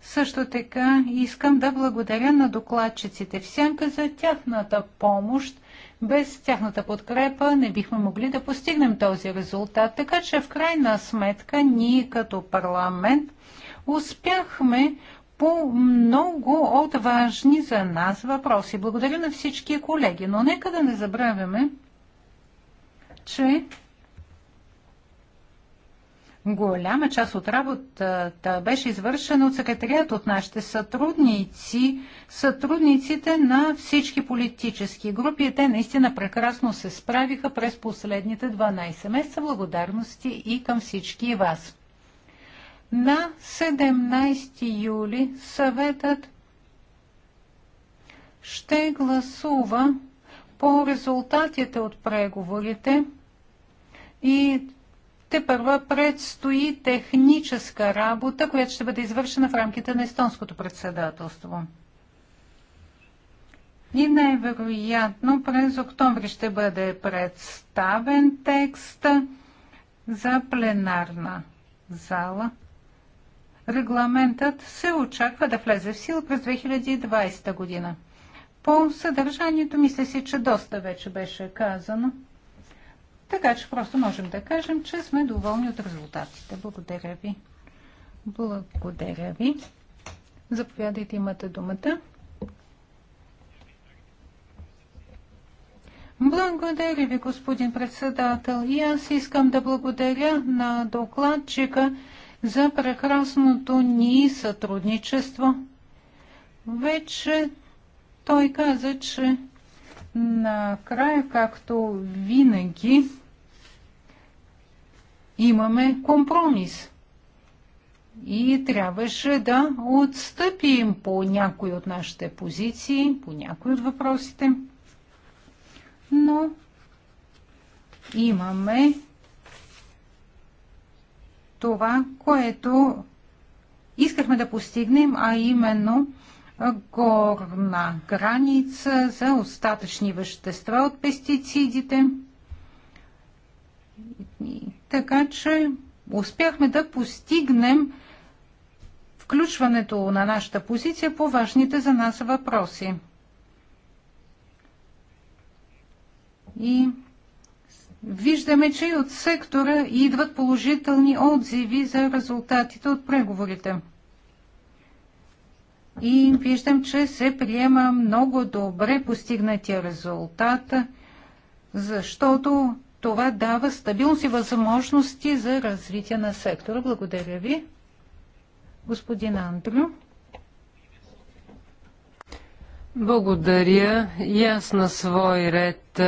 Също така искам да благодаря на докладчиците в сянка за тяхната помощ. Без тяхната подкрепа не бихме могли да постигнем този резултат, така че в крайна сметка ние като парламент успяхме по много от важни за нас въпроси. Благодаря на всички колеги, но нека да не забравяме, че Голяма част от работата беше извършена от секретарият от нашите сътрудници, сътрудниците на всички политически групи. Те наистина прекрасно се справиха през последните 12 месеца. Благодарности и към всички вас. На 17 юли съветът ще гласува по резултатите от преговорите и те първа предстои техническа работа, която ще бъде извършена в рамките на естонското председателство. И най-вероятно през октомври ще бъде представен текст за пленарна зала. Регламентът се очаква да влезе в сила през 2020 година. По съдържанието мисля си, че доста вече беше казано. Така че просто можем да кажем, че сме доволни от резултатите. Благодаря ви. Благодаря ви. Заповядайте, имате думата. Благодаря ви, господин председател. И аз искам да благодаря на докладчика за прекрасното ни сътрудничество. Вече той каза, че накрая, както винаги, имаме компромис. И трябваше да отстъпим по някои от нашите позиции, по някои от въпросите. Но имаме това, което искахме да постигнем, а именно горна граница за остатъчни вещества от пестицидите. Така че успяхме да постигнем включването на нашата позиция по важните за нас въпроси. И виждаме, че и от сектора идват положителни отзиви за резултатите от преговорите и виждам, че се приема много добре постигнатия резултат, защото това дава стабилност и възможности за развитие на сектора. Благодаря ви. Господин Андрю. Благодаря. И аз на свой ред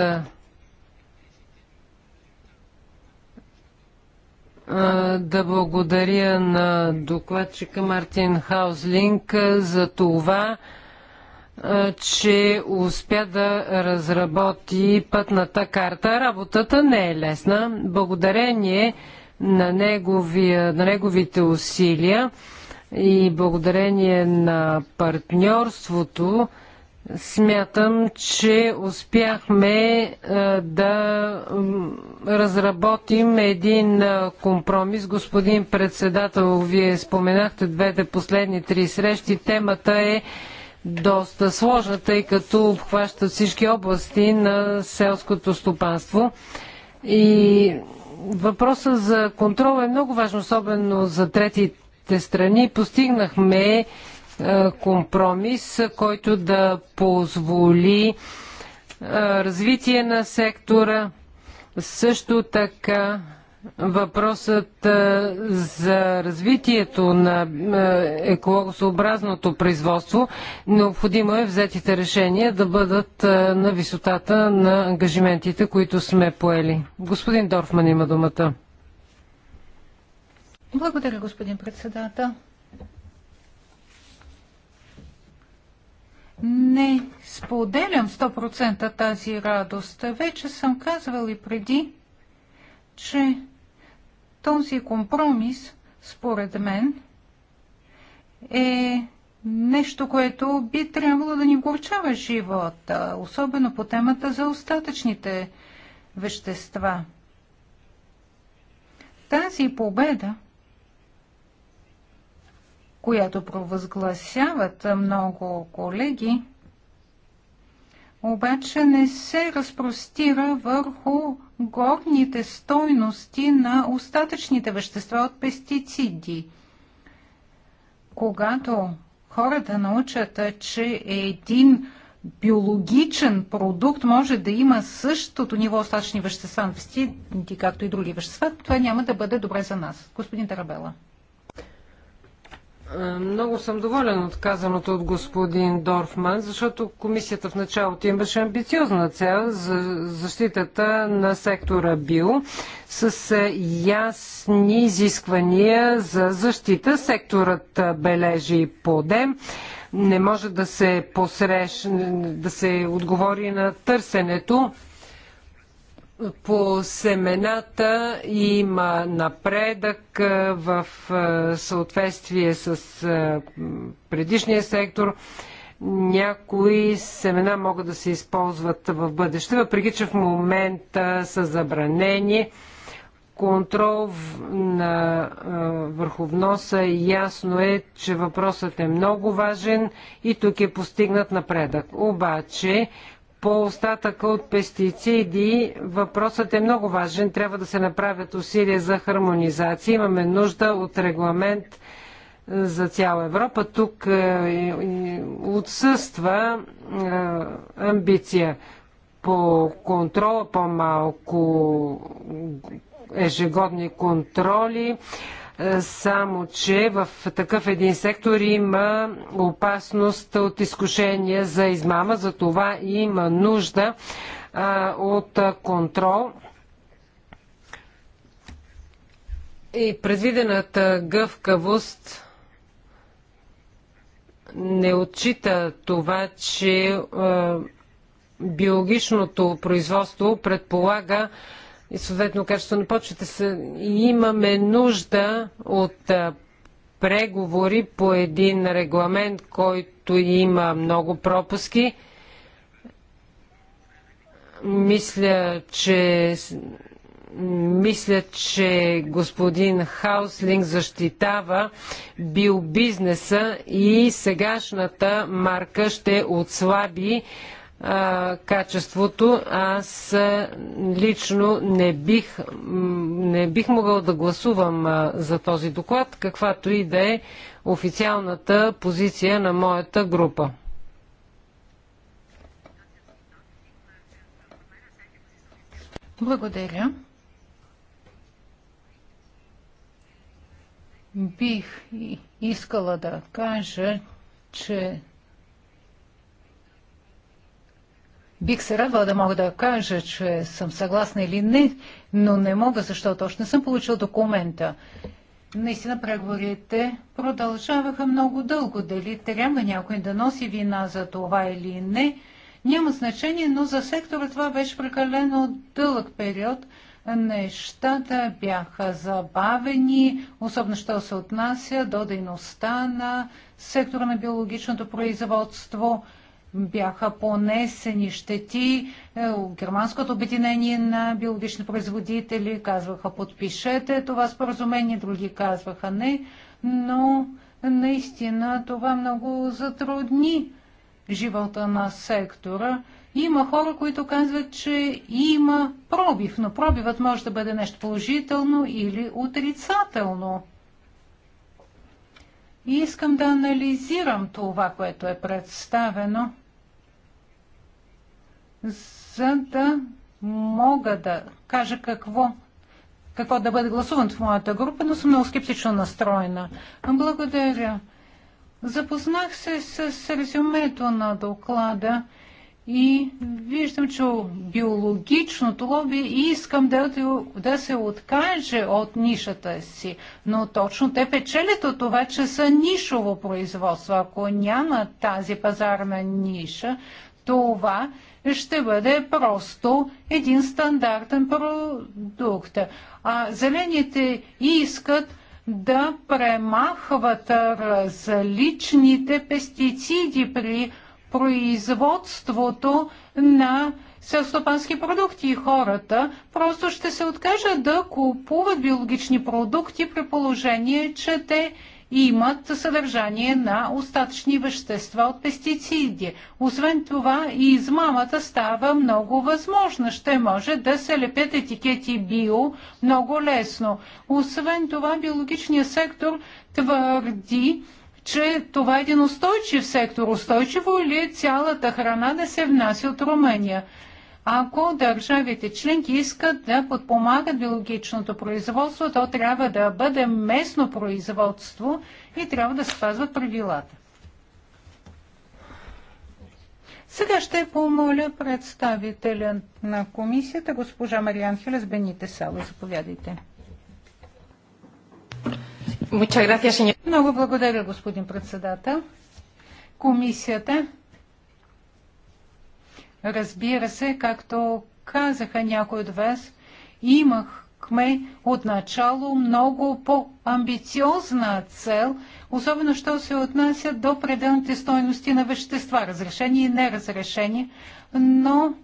да благодаря на докладчика Мартин Хаузлинг за това, че успя да разработи пътната карта. Работата не е лесна. Благодарение на, неговия, на неговите усилия и благодарение на партньорството, Смятам, че успяхме е, да разработим един е, компромис. Господин председател, вие споменахте двете последни три срещи. Темата е доста сложна, тъй като обхваща всички области на селското стопанство. И въпросът за контрол е много важен, особено за третите страни. Постигнахме е, компромис, който да позволи е, развитие на сектора. Също така въпросът е, за развитието на екологосъобразното производство, необходимо е взетите решения да бъдат на висотата на ангажиментите, които сме поели. Господин Дорфман има думата. Благодаря, господин председател. не споделям 100% тази радост. Вече съм казвал и преди, че този компромис, според мен, е нещо, което би трябвало да ни горчава живота, особено по темата за остатъчните вещества. Тази победа която провъзгласяват много колеги, обаче не се разпростира върху горните стойности на остатъчните вещества от пестициди. Когато хората научат, че един биологичен продукт може да има същото ниво остатъчни вещества на пестициди, както и други вещества, това няма да бъде добре за нас. Господин Тарабела. Е, много съм доволен от казаното от господин Дорфман, защото комисията в началото имаше амбициозна цел за защитата на сектора био с е, ясни изисквания за защита. Секторът е, бележи подем. Не може да се посрещне, да се отговори на търсенето по семената има напредък в съответствие с предишния сектор. Някои семена могат да се използват в бъдеще, въпреки че в момента са забранени. Контрол на върху вноса ясно е, че въпросът е много важен и тук е постигнат напредък. Обаче по остатъка от пестициди въпросът е много важен. Трябва да се направят усилия за хармонизация. Имаме нужда от регламент е, за цяла Европа. Тук е, отсъства е, амбиция по контрола, по-малко ежегодни контроли, е, само, че в такъв един сектор има опасност от изкушения за измама, за това има нужда е, от контрол. И предвидената гъвкавост не отчита това, че е, биологичното производство предполага и съответно качество на почвата са, имаме нужда от преговори по един регламент, който има много пропуски. Мисля, че мисля, че господин Хауслинг защитава биобизнеса и сегашната марка ще отслаби качеството. Аз лично не бих, не бих могъл да гласувам за този доклад, каквато и да е официалната позиция на моята група. Благодаря. Бих искала да кажа, че Бих се радвала да мога да кажа, че съм съгласна или не, но не мога, защото още не съм получил документа. Наистина преговорите продължаваха много дълго. Дали трябва някой да носи вина за това или не, няма значение, но за сектора това беше прекалено дълъг период. Нещата бяха забавени, особено що се отнася до дейността на сектора на биологичното производство – бяха понесени щети. Е, германското обединение на биологични производители казваха подпишете това споразумение, други казваха не, но наистина това много затрудни живота на сектора. Има хора, които казват, че има пробив, но пробивът може да бъде нещо положително или отрицателно. И искам да анализирам това, което е представено за да мога да кажа какво, какво да бъде гласуван в моята група, но съм много скептично настроена. Благодаря. Запознах се с резюмето на доклада и виждам, че биологичното лоби искам да, да се откаже от нишата си. Но точно те печелят от това, че са нишово производство. Ако няма тази пазарна ниша, това ще бъде просто един стандартен продукт. А зелените искат да премахват различните пестициди при производството на селстопански продукти и хората просто ще се откажат да купуват биологични продукти при положение, че те имат съдържание на остатъчни вещества от пестициди. Освен това, и измамата става много възможна. Ще може да се лепят етикети био много лесно. Освен това, биологичният сектор твърди, че това е един устойчив сектор. Устойчиво ли е цялата храна да се внася от Румъния? Ако държавите членки искат да подпомагат биологичното производство, то трябва да бъде местно производство и трябва да спазват правилата. Сега ще помоля представителя на комисията, госпожа Мариан Хилес Бените Сало. Заповядайте. Много благодаря, господин председател. Комисията Разбира се, както казаха някои от вас, имахме отначало много по-амбициозна цел, особено що се отнася до пределните стойности на вещества, разрешени и неразрешени, но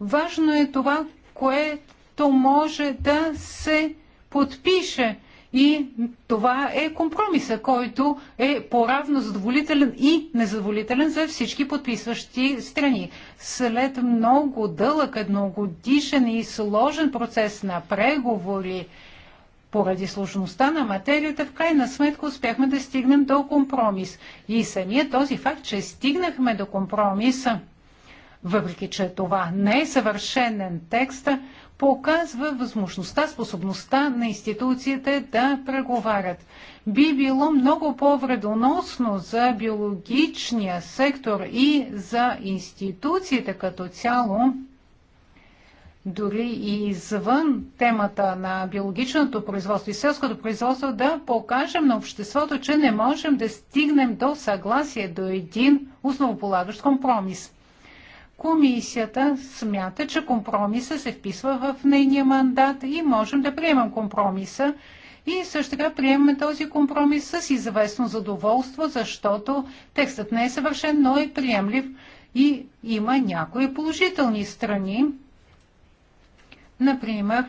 важно е това, което може да се подпише и това е компромиса, който е по-равно задоволителен и незадоволителен за всички подписващи страни. След много дълъг, едногодишен и сложен процес на преговори, поради сложността на материята, в крайна сметка успяхме да стигнем до компромис. И самия този факт, че стигнахме до компромиса, въпреки че това не е съвършенен текст, показва възможността, способността на институциите да преговарят. Би било много по-вредоносно за биологичния сектор и за институциите като цяло, дори и извън темата на биологичното производство и селското производство, да покажем на обществото, че не можем да стигнем до съгласие, до един основополагащ компромис. Комисията смята, че компромиса се вписва в нейния мандат и можем да приемам компромиса. И също така приемаме този компромис с известно задоволство, защото текстът не е съвършен, но е приемлив и има някои положителни страни. Например,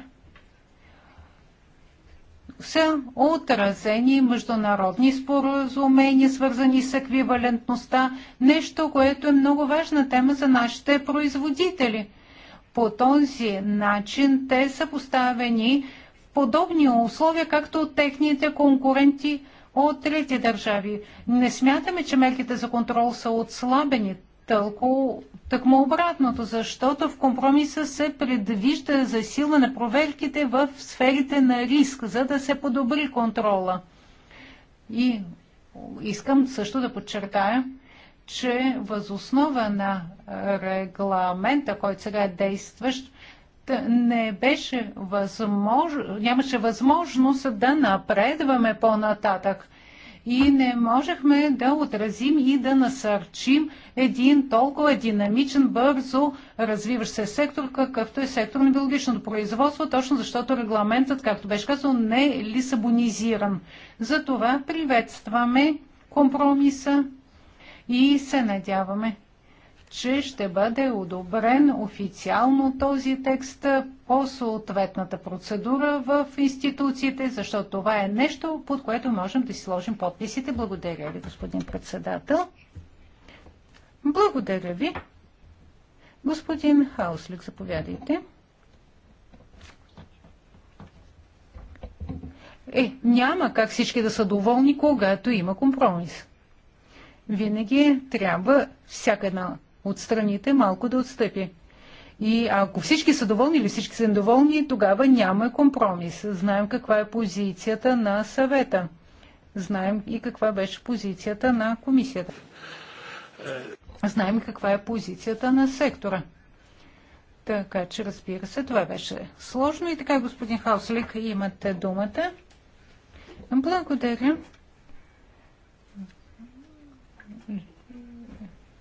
са отразени международни споразумения, свързани с еквивалентността, нещо, което е много важна тема за нашите производители. По този начин те са поставени в подобни условия, както от техните конкуренти от трети държави. Не смятаме, че мерките за контрол са отслабени. Тълко Так му обратното, защото в компромиса се предвижда сила на проверките в сферите на риск, за да се подобри контрола. И искам също да подчертая, че възоснова на регламента, който сега е действащ, не беше възможно, нямаше възможност да напредваме по-нататък – и не можехме да отразим и да насърчим един толкова динамичен, бързо развиващ се сектор, какъвто е сектор на биологичното производство, точно защото регламентът, както беше казано, не е лисабонизиран. Затова приветстваме компромиса и се надяваме, че ще бъде одобрен официално този текст по съответната процедура в институциите, защото това е нещо, под което можем да си сложим подписите. Благодаря ви, господин председател. Благодаря ви. Господин Хауслик, заповядайте. Е, няма как всички да са доволни, когато има компромис. Винаги трябва всяка една от страните малко да отстъпи. И ако всички са доволни или всички са недоволни, тогава няма компромис. Знаем каква е позицията на съвета. Знаем и каква беше позицията на комисията. Знаем каква е позицията на сектора. Така че, разбира се, това беше сложно. И така, господин Хауслик, имате думата. Благодаря.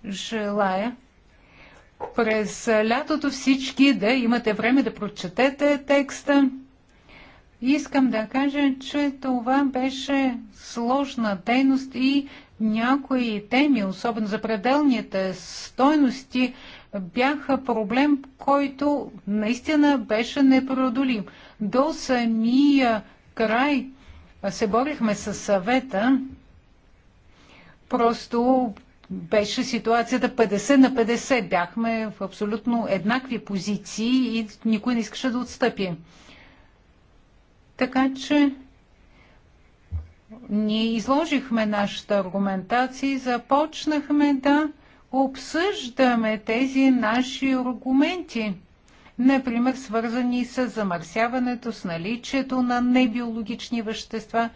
желая през лятото всички да имате време да прочетете текста. Искам да кажа, че това беше сложна дейност и някои теми, особено за пределните стойности, бяха проблем, който наистина беше непреодолим. До самия край се борихме с съвета. Просто беше ситуацията 50 на 50. Бяхме в абсолютно еднакви позиции и никой не искаше да отстъпи. Така че ние изложихме нашата аргументация и започнахме да обсъждаме тези наши аргументи. Например, свързани с замърсяването, с наличието на небиологични вещества.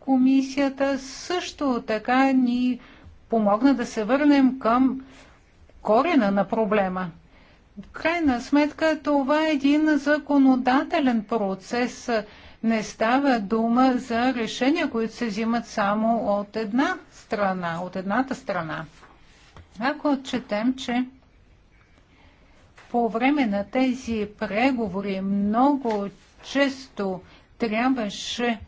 Комисията също така ни помогна да се върнем към корена на проблема. В крайна сметка това е един законодателен процес. Не става дума за решения, които се взимат само от една страна, от едната страна. Ако отчетем, че по време на тези преговори много често трябваше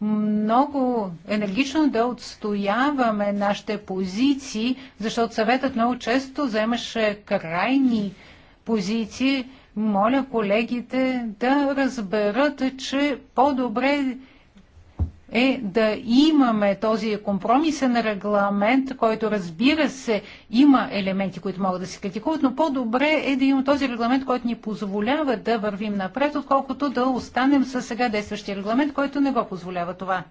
много енергично да отстояваме нашите позиции, защото съветът много често вземаше крайни позиции. Моля колегите да разберат, че по-добре е да имаме този компромисен регламент, който разбира се има елементи, които могат да се критикуват, но по-добре е да имаме този регламент, който ни позволява да вървим напред, отколкото да останем с сега действащия регламент, който не го позволява това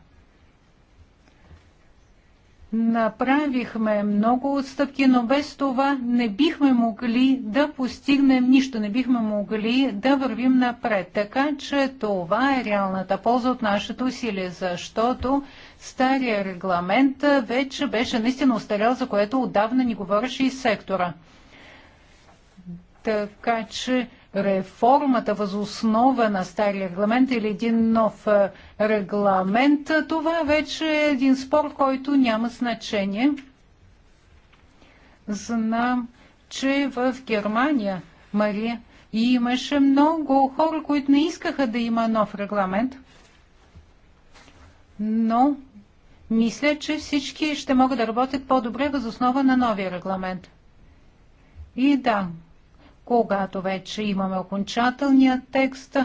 направихме много отстъпки, но без това не бихме могли да постигнем нищо, не бихме могли да вървим напред. Така че това е реалната полза от нашето усилие, защото стария регламент вече беше наистина устарял, за което отдавна ни говореше и сектора. Така че реформата основа на стария регламент или един нов е, регламент, това вече е един спор, който няма значение. Знам, че в Германия, Мария, имаше много хора, които не искаха да има нов регламент. Но мисля, че всички ще могат да работят по-добре въз основа на новия регламент. И да, когато вече имаме окончателния текст,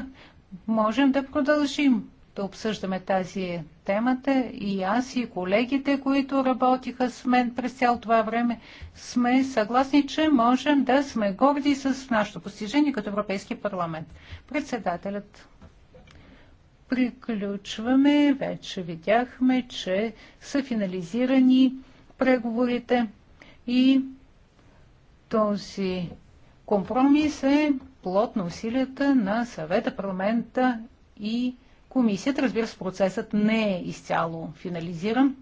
можем да продължим да обсъждаме тази темата. И аз, и колегите, които работиха с мен през цяло това време, сме съгласни, че можем да сме горди с нашето постижение като Европейски парламент. Председателят. Приключваме. Вече видяхме, че са финализирани преговорите и този Компромис е плод на усилията на съвета, парламента и комисията. Разбира се, процесът не е изцяло финализиран.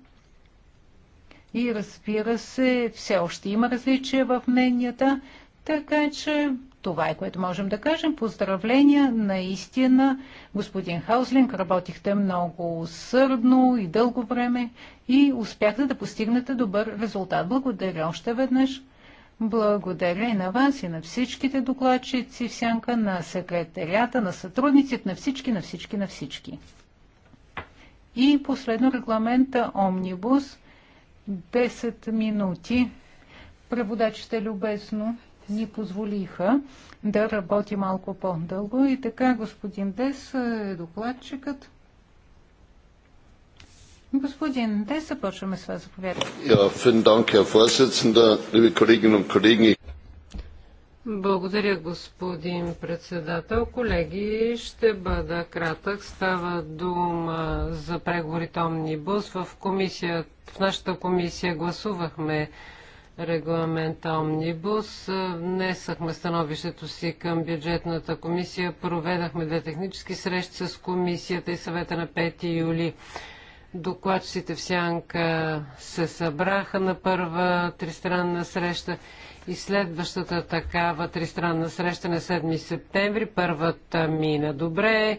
И разбира се, все още има различия в мненията, така че това е което можем да кажем. Поздравления, наистина, господин Хаузлинг, работихте много усърдно и дълго време и успяхте да постигнете добър резултат. Благодаря още веднъж. Благодаря и на вас и на всичките докладчици всянка на секретарията, на сътрудниците, на всички, на всички, на всички. И последно регламента Омнибус. 10 минути. Преводачите любезно ни позволиха да работи малко по-дълго. И така, господин Дес е докладчикът. Господин Дес, започваме с вас. Заповядайте. Благодаря, господин председател. Колеги, ще бъда кратък. Става дума за преговорите Омнибус. В, комисия, в нашата комисия гласувахме регламент Омнибус. Внесахме становището си към бюджетната комисия. Проведахме две технически срещи с комисията и съвета на 5 юли Докладчиците в Сянка се събраха на първа тристранна среща и следващата такава тристранна среща на 7 септември. Първата мина добре.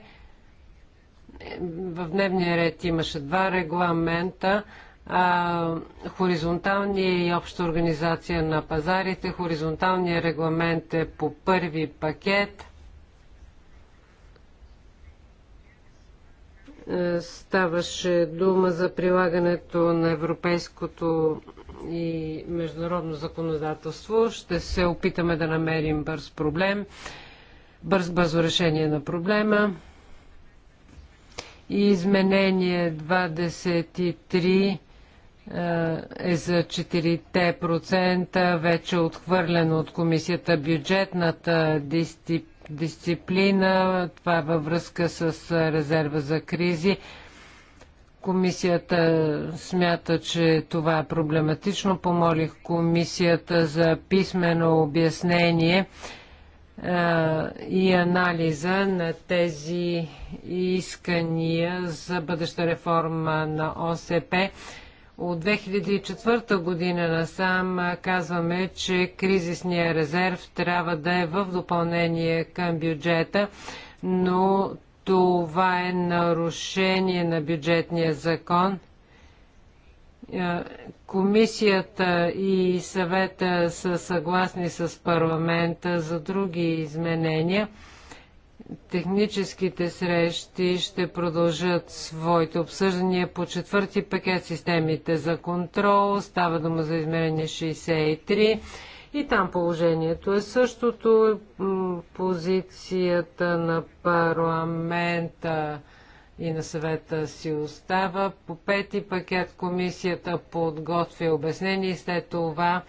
В дневния ред имаше два регламента. А, хоризонталния и обща организация на пазарите. Хоризонталният регламент е по първи пакет – ставаше дума за прилагането на европейското и международно законодателство. Ще се опитаме да намерим бърз проблем, бърз, бързо решение на проблема. И изменение 23 е за 4% вече отхвърлено от комисията бюджетната дисциплина дисциплина, това е във връзка с резерва за кризи. Комисията смята, че това е проблематично. Помолих комисията за писмено обяснение и анализа на тези искания за бъдеща реформа на ОСП от 2004 година насам казваме, че кризисния резерв трябва да е в допълнение към бюджета, но това е нарушение на бюджетния закон. Комисията и съвета са съгласни с парламента за други изменения – техническите срещи ще продължат своите обсъждания по четвърти пакет системите за контрол. Става дума за измерение 63. И там положението е същото. Позицията на парламента и на съвета си остава. По пети пакет комисията подготвя обяснение и след това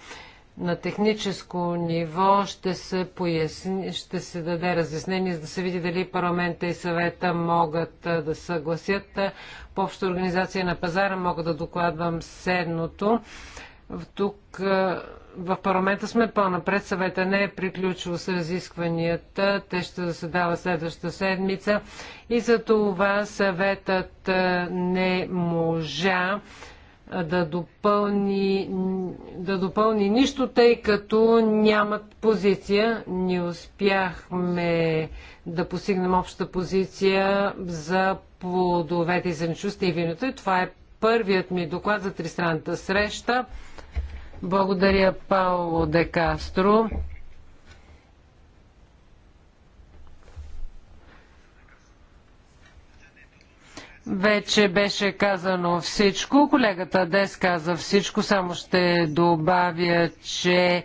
на техническо ниво ще се, поясни, ще се даде разяснение, за да се види дали парламента и съвета могат да съгласят. По обща организация на пазара мога да докладвам седното. Тук в парламента сме по-напред. Съвета не е приключил с разискванията. Те ще заседават следващата седмица. И за това съветът не можа да допълни, да допълни нищо, тъй като нямат позиция. Не успяхме да постигнем обща позиция за плодовете и зеленчуците и виното. И това е първият ми доклад за тристранната среща. Благодаря Пауло Де Кастро. Вече беше казано всичко. Колегата Дес каза всичко. Само ще добавя, че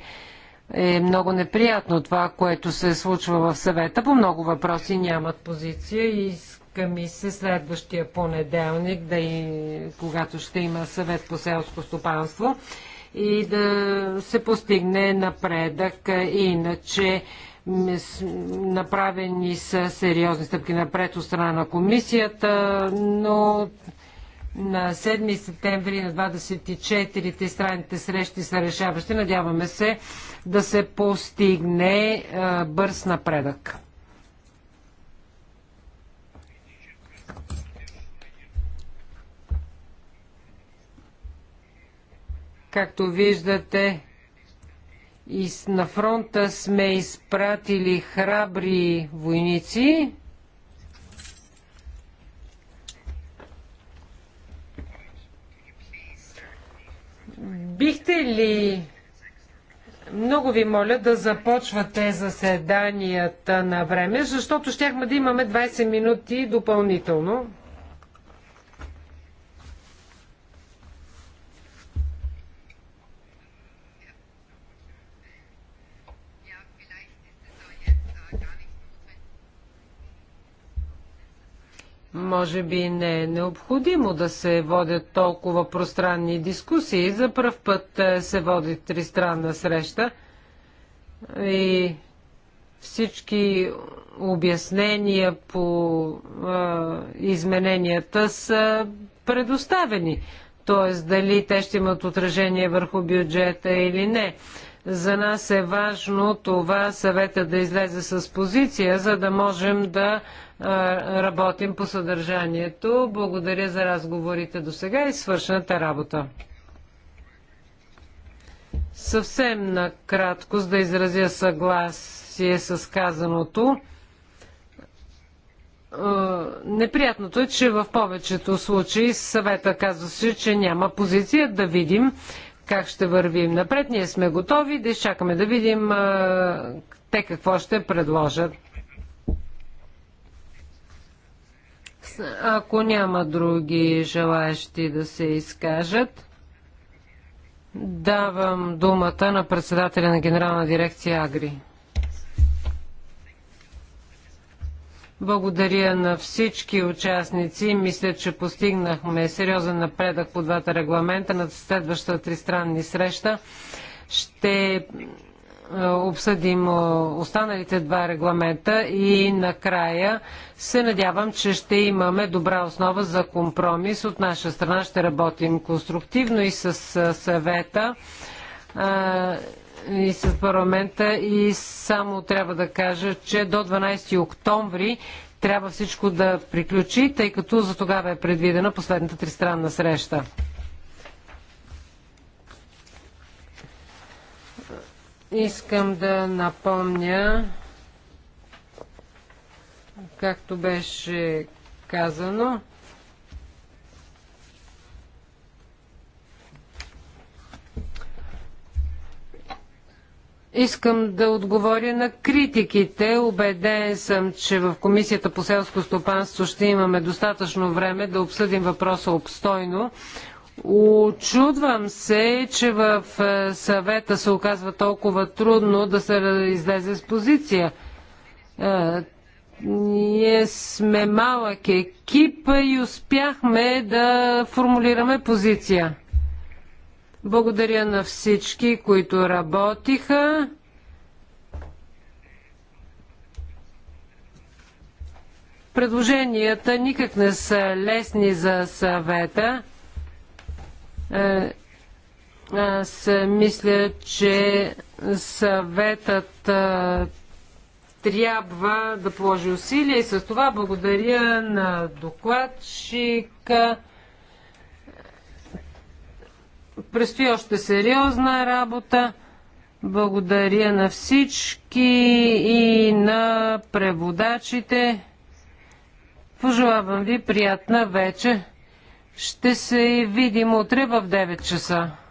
е много неприятно това, което се случва в съвета. По много въпроси нямат позиция и иска ми се следващия понеделник, да и, когато ще има съвет по селско стопанство и да се постигне напредък. Иначе Направени са сериозни стъпки напред от страна на комисията, но на 7 септември на 24-те страните срещи са решаващи. Надяваме се да се постигне е, бърз напредък. Както виждате, и на фронта сме изпратили храбри войници. Бихте ли много ви моля да започвате заседанията на време, защото щяхме да имаме 20 минути допълнително. Може би не е необходимо да се водят толкова пространни дискусии. За първ път е, се води тристранна среща и всички обяснения по а, е, измененията са предоставени. Т.е. дали те ще имат отражение върху бюджета или не. За нас е важно това съвета да излезе с позиция, за да можем да работим по съдържанието. Благодаря за разговорите до сега и свършената работа. Съвсем накратко, за да изразя съгласие с казаното. Неприятното е, че в повечето случаи съвета казва се, че няма позиция. Да видим как ще вървим напред. Ние сме готови да изчакаме да видим а, те какво ще предложат. Ако няма други желаящи да се изкажат, давам думата на председателя на Генерална дирекция Агри. Благодаря на всички участници. Мисля, че постигнахме сериозен напредък по двата регламента. На следващата тристранни среща ще е, обсъдим е, останалите два регламента и накрая се надявам, че ще имаме добра основа за компромис. От наша страна ще работим конструктивно и с е, съвета и с парламента и само трябва да кажа, че до 12 октомври трябва всичко да приключи, тъй като за тогава е предвидена последната тристранна среща. Искам да напомня, както беше казано, Искам да отговоря на критиките. Обеден съм, че в Комисията по селско стопанство ще имаме достатъчно време да обсъдим въпроса обстойно. Очудвам се, че в е, съвета се оказва толкова трудно да се излезе с позиция. Е, ние сме малък екип и успяхме да формулираме позиция. Благодаря на всички, които работиха. Предложенията никак не са лесни за съвета. Е, аз мисля, че съветът е, трябва да положи усилия и с това благодаря на докладчика. Предстои още сериозна работа. Благодаря на всички и на преводачите. Пожелавам ви приятна вечер. Ще се видим утре в 9 часа.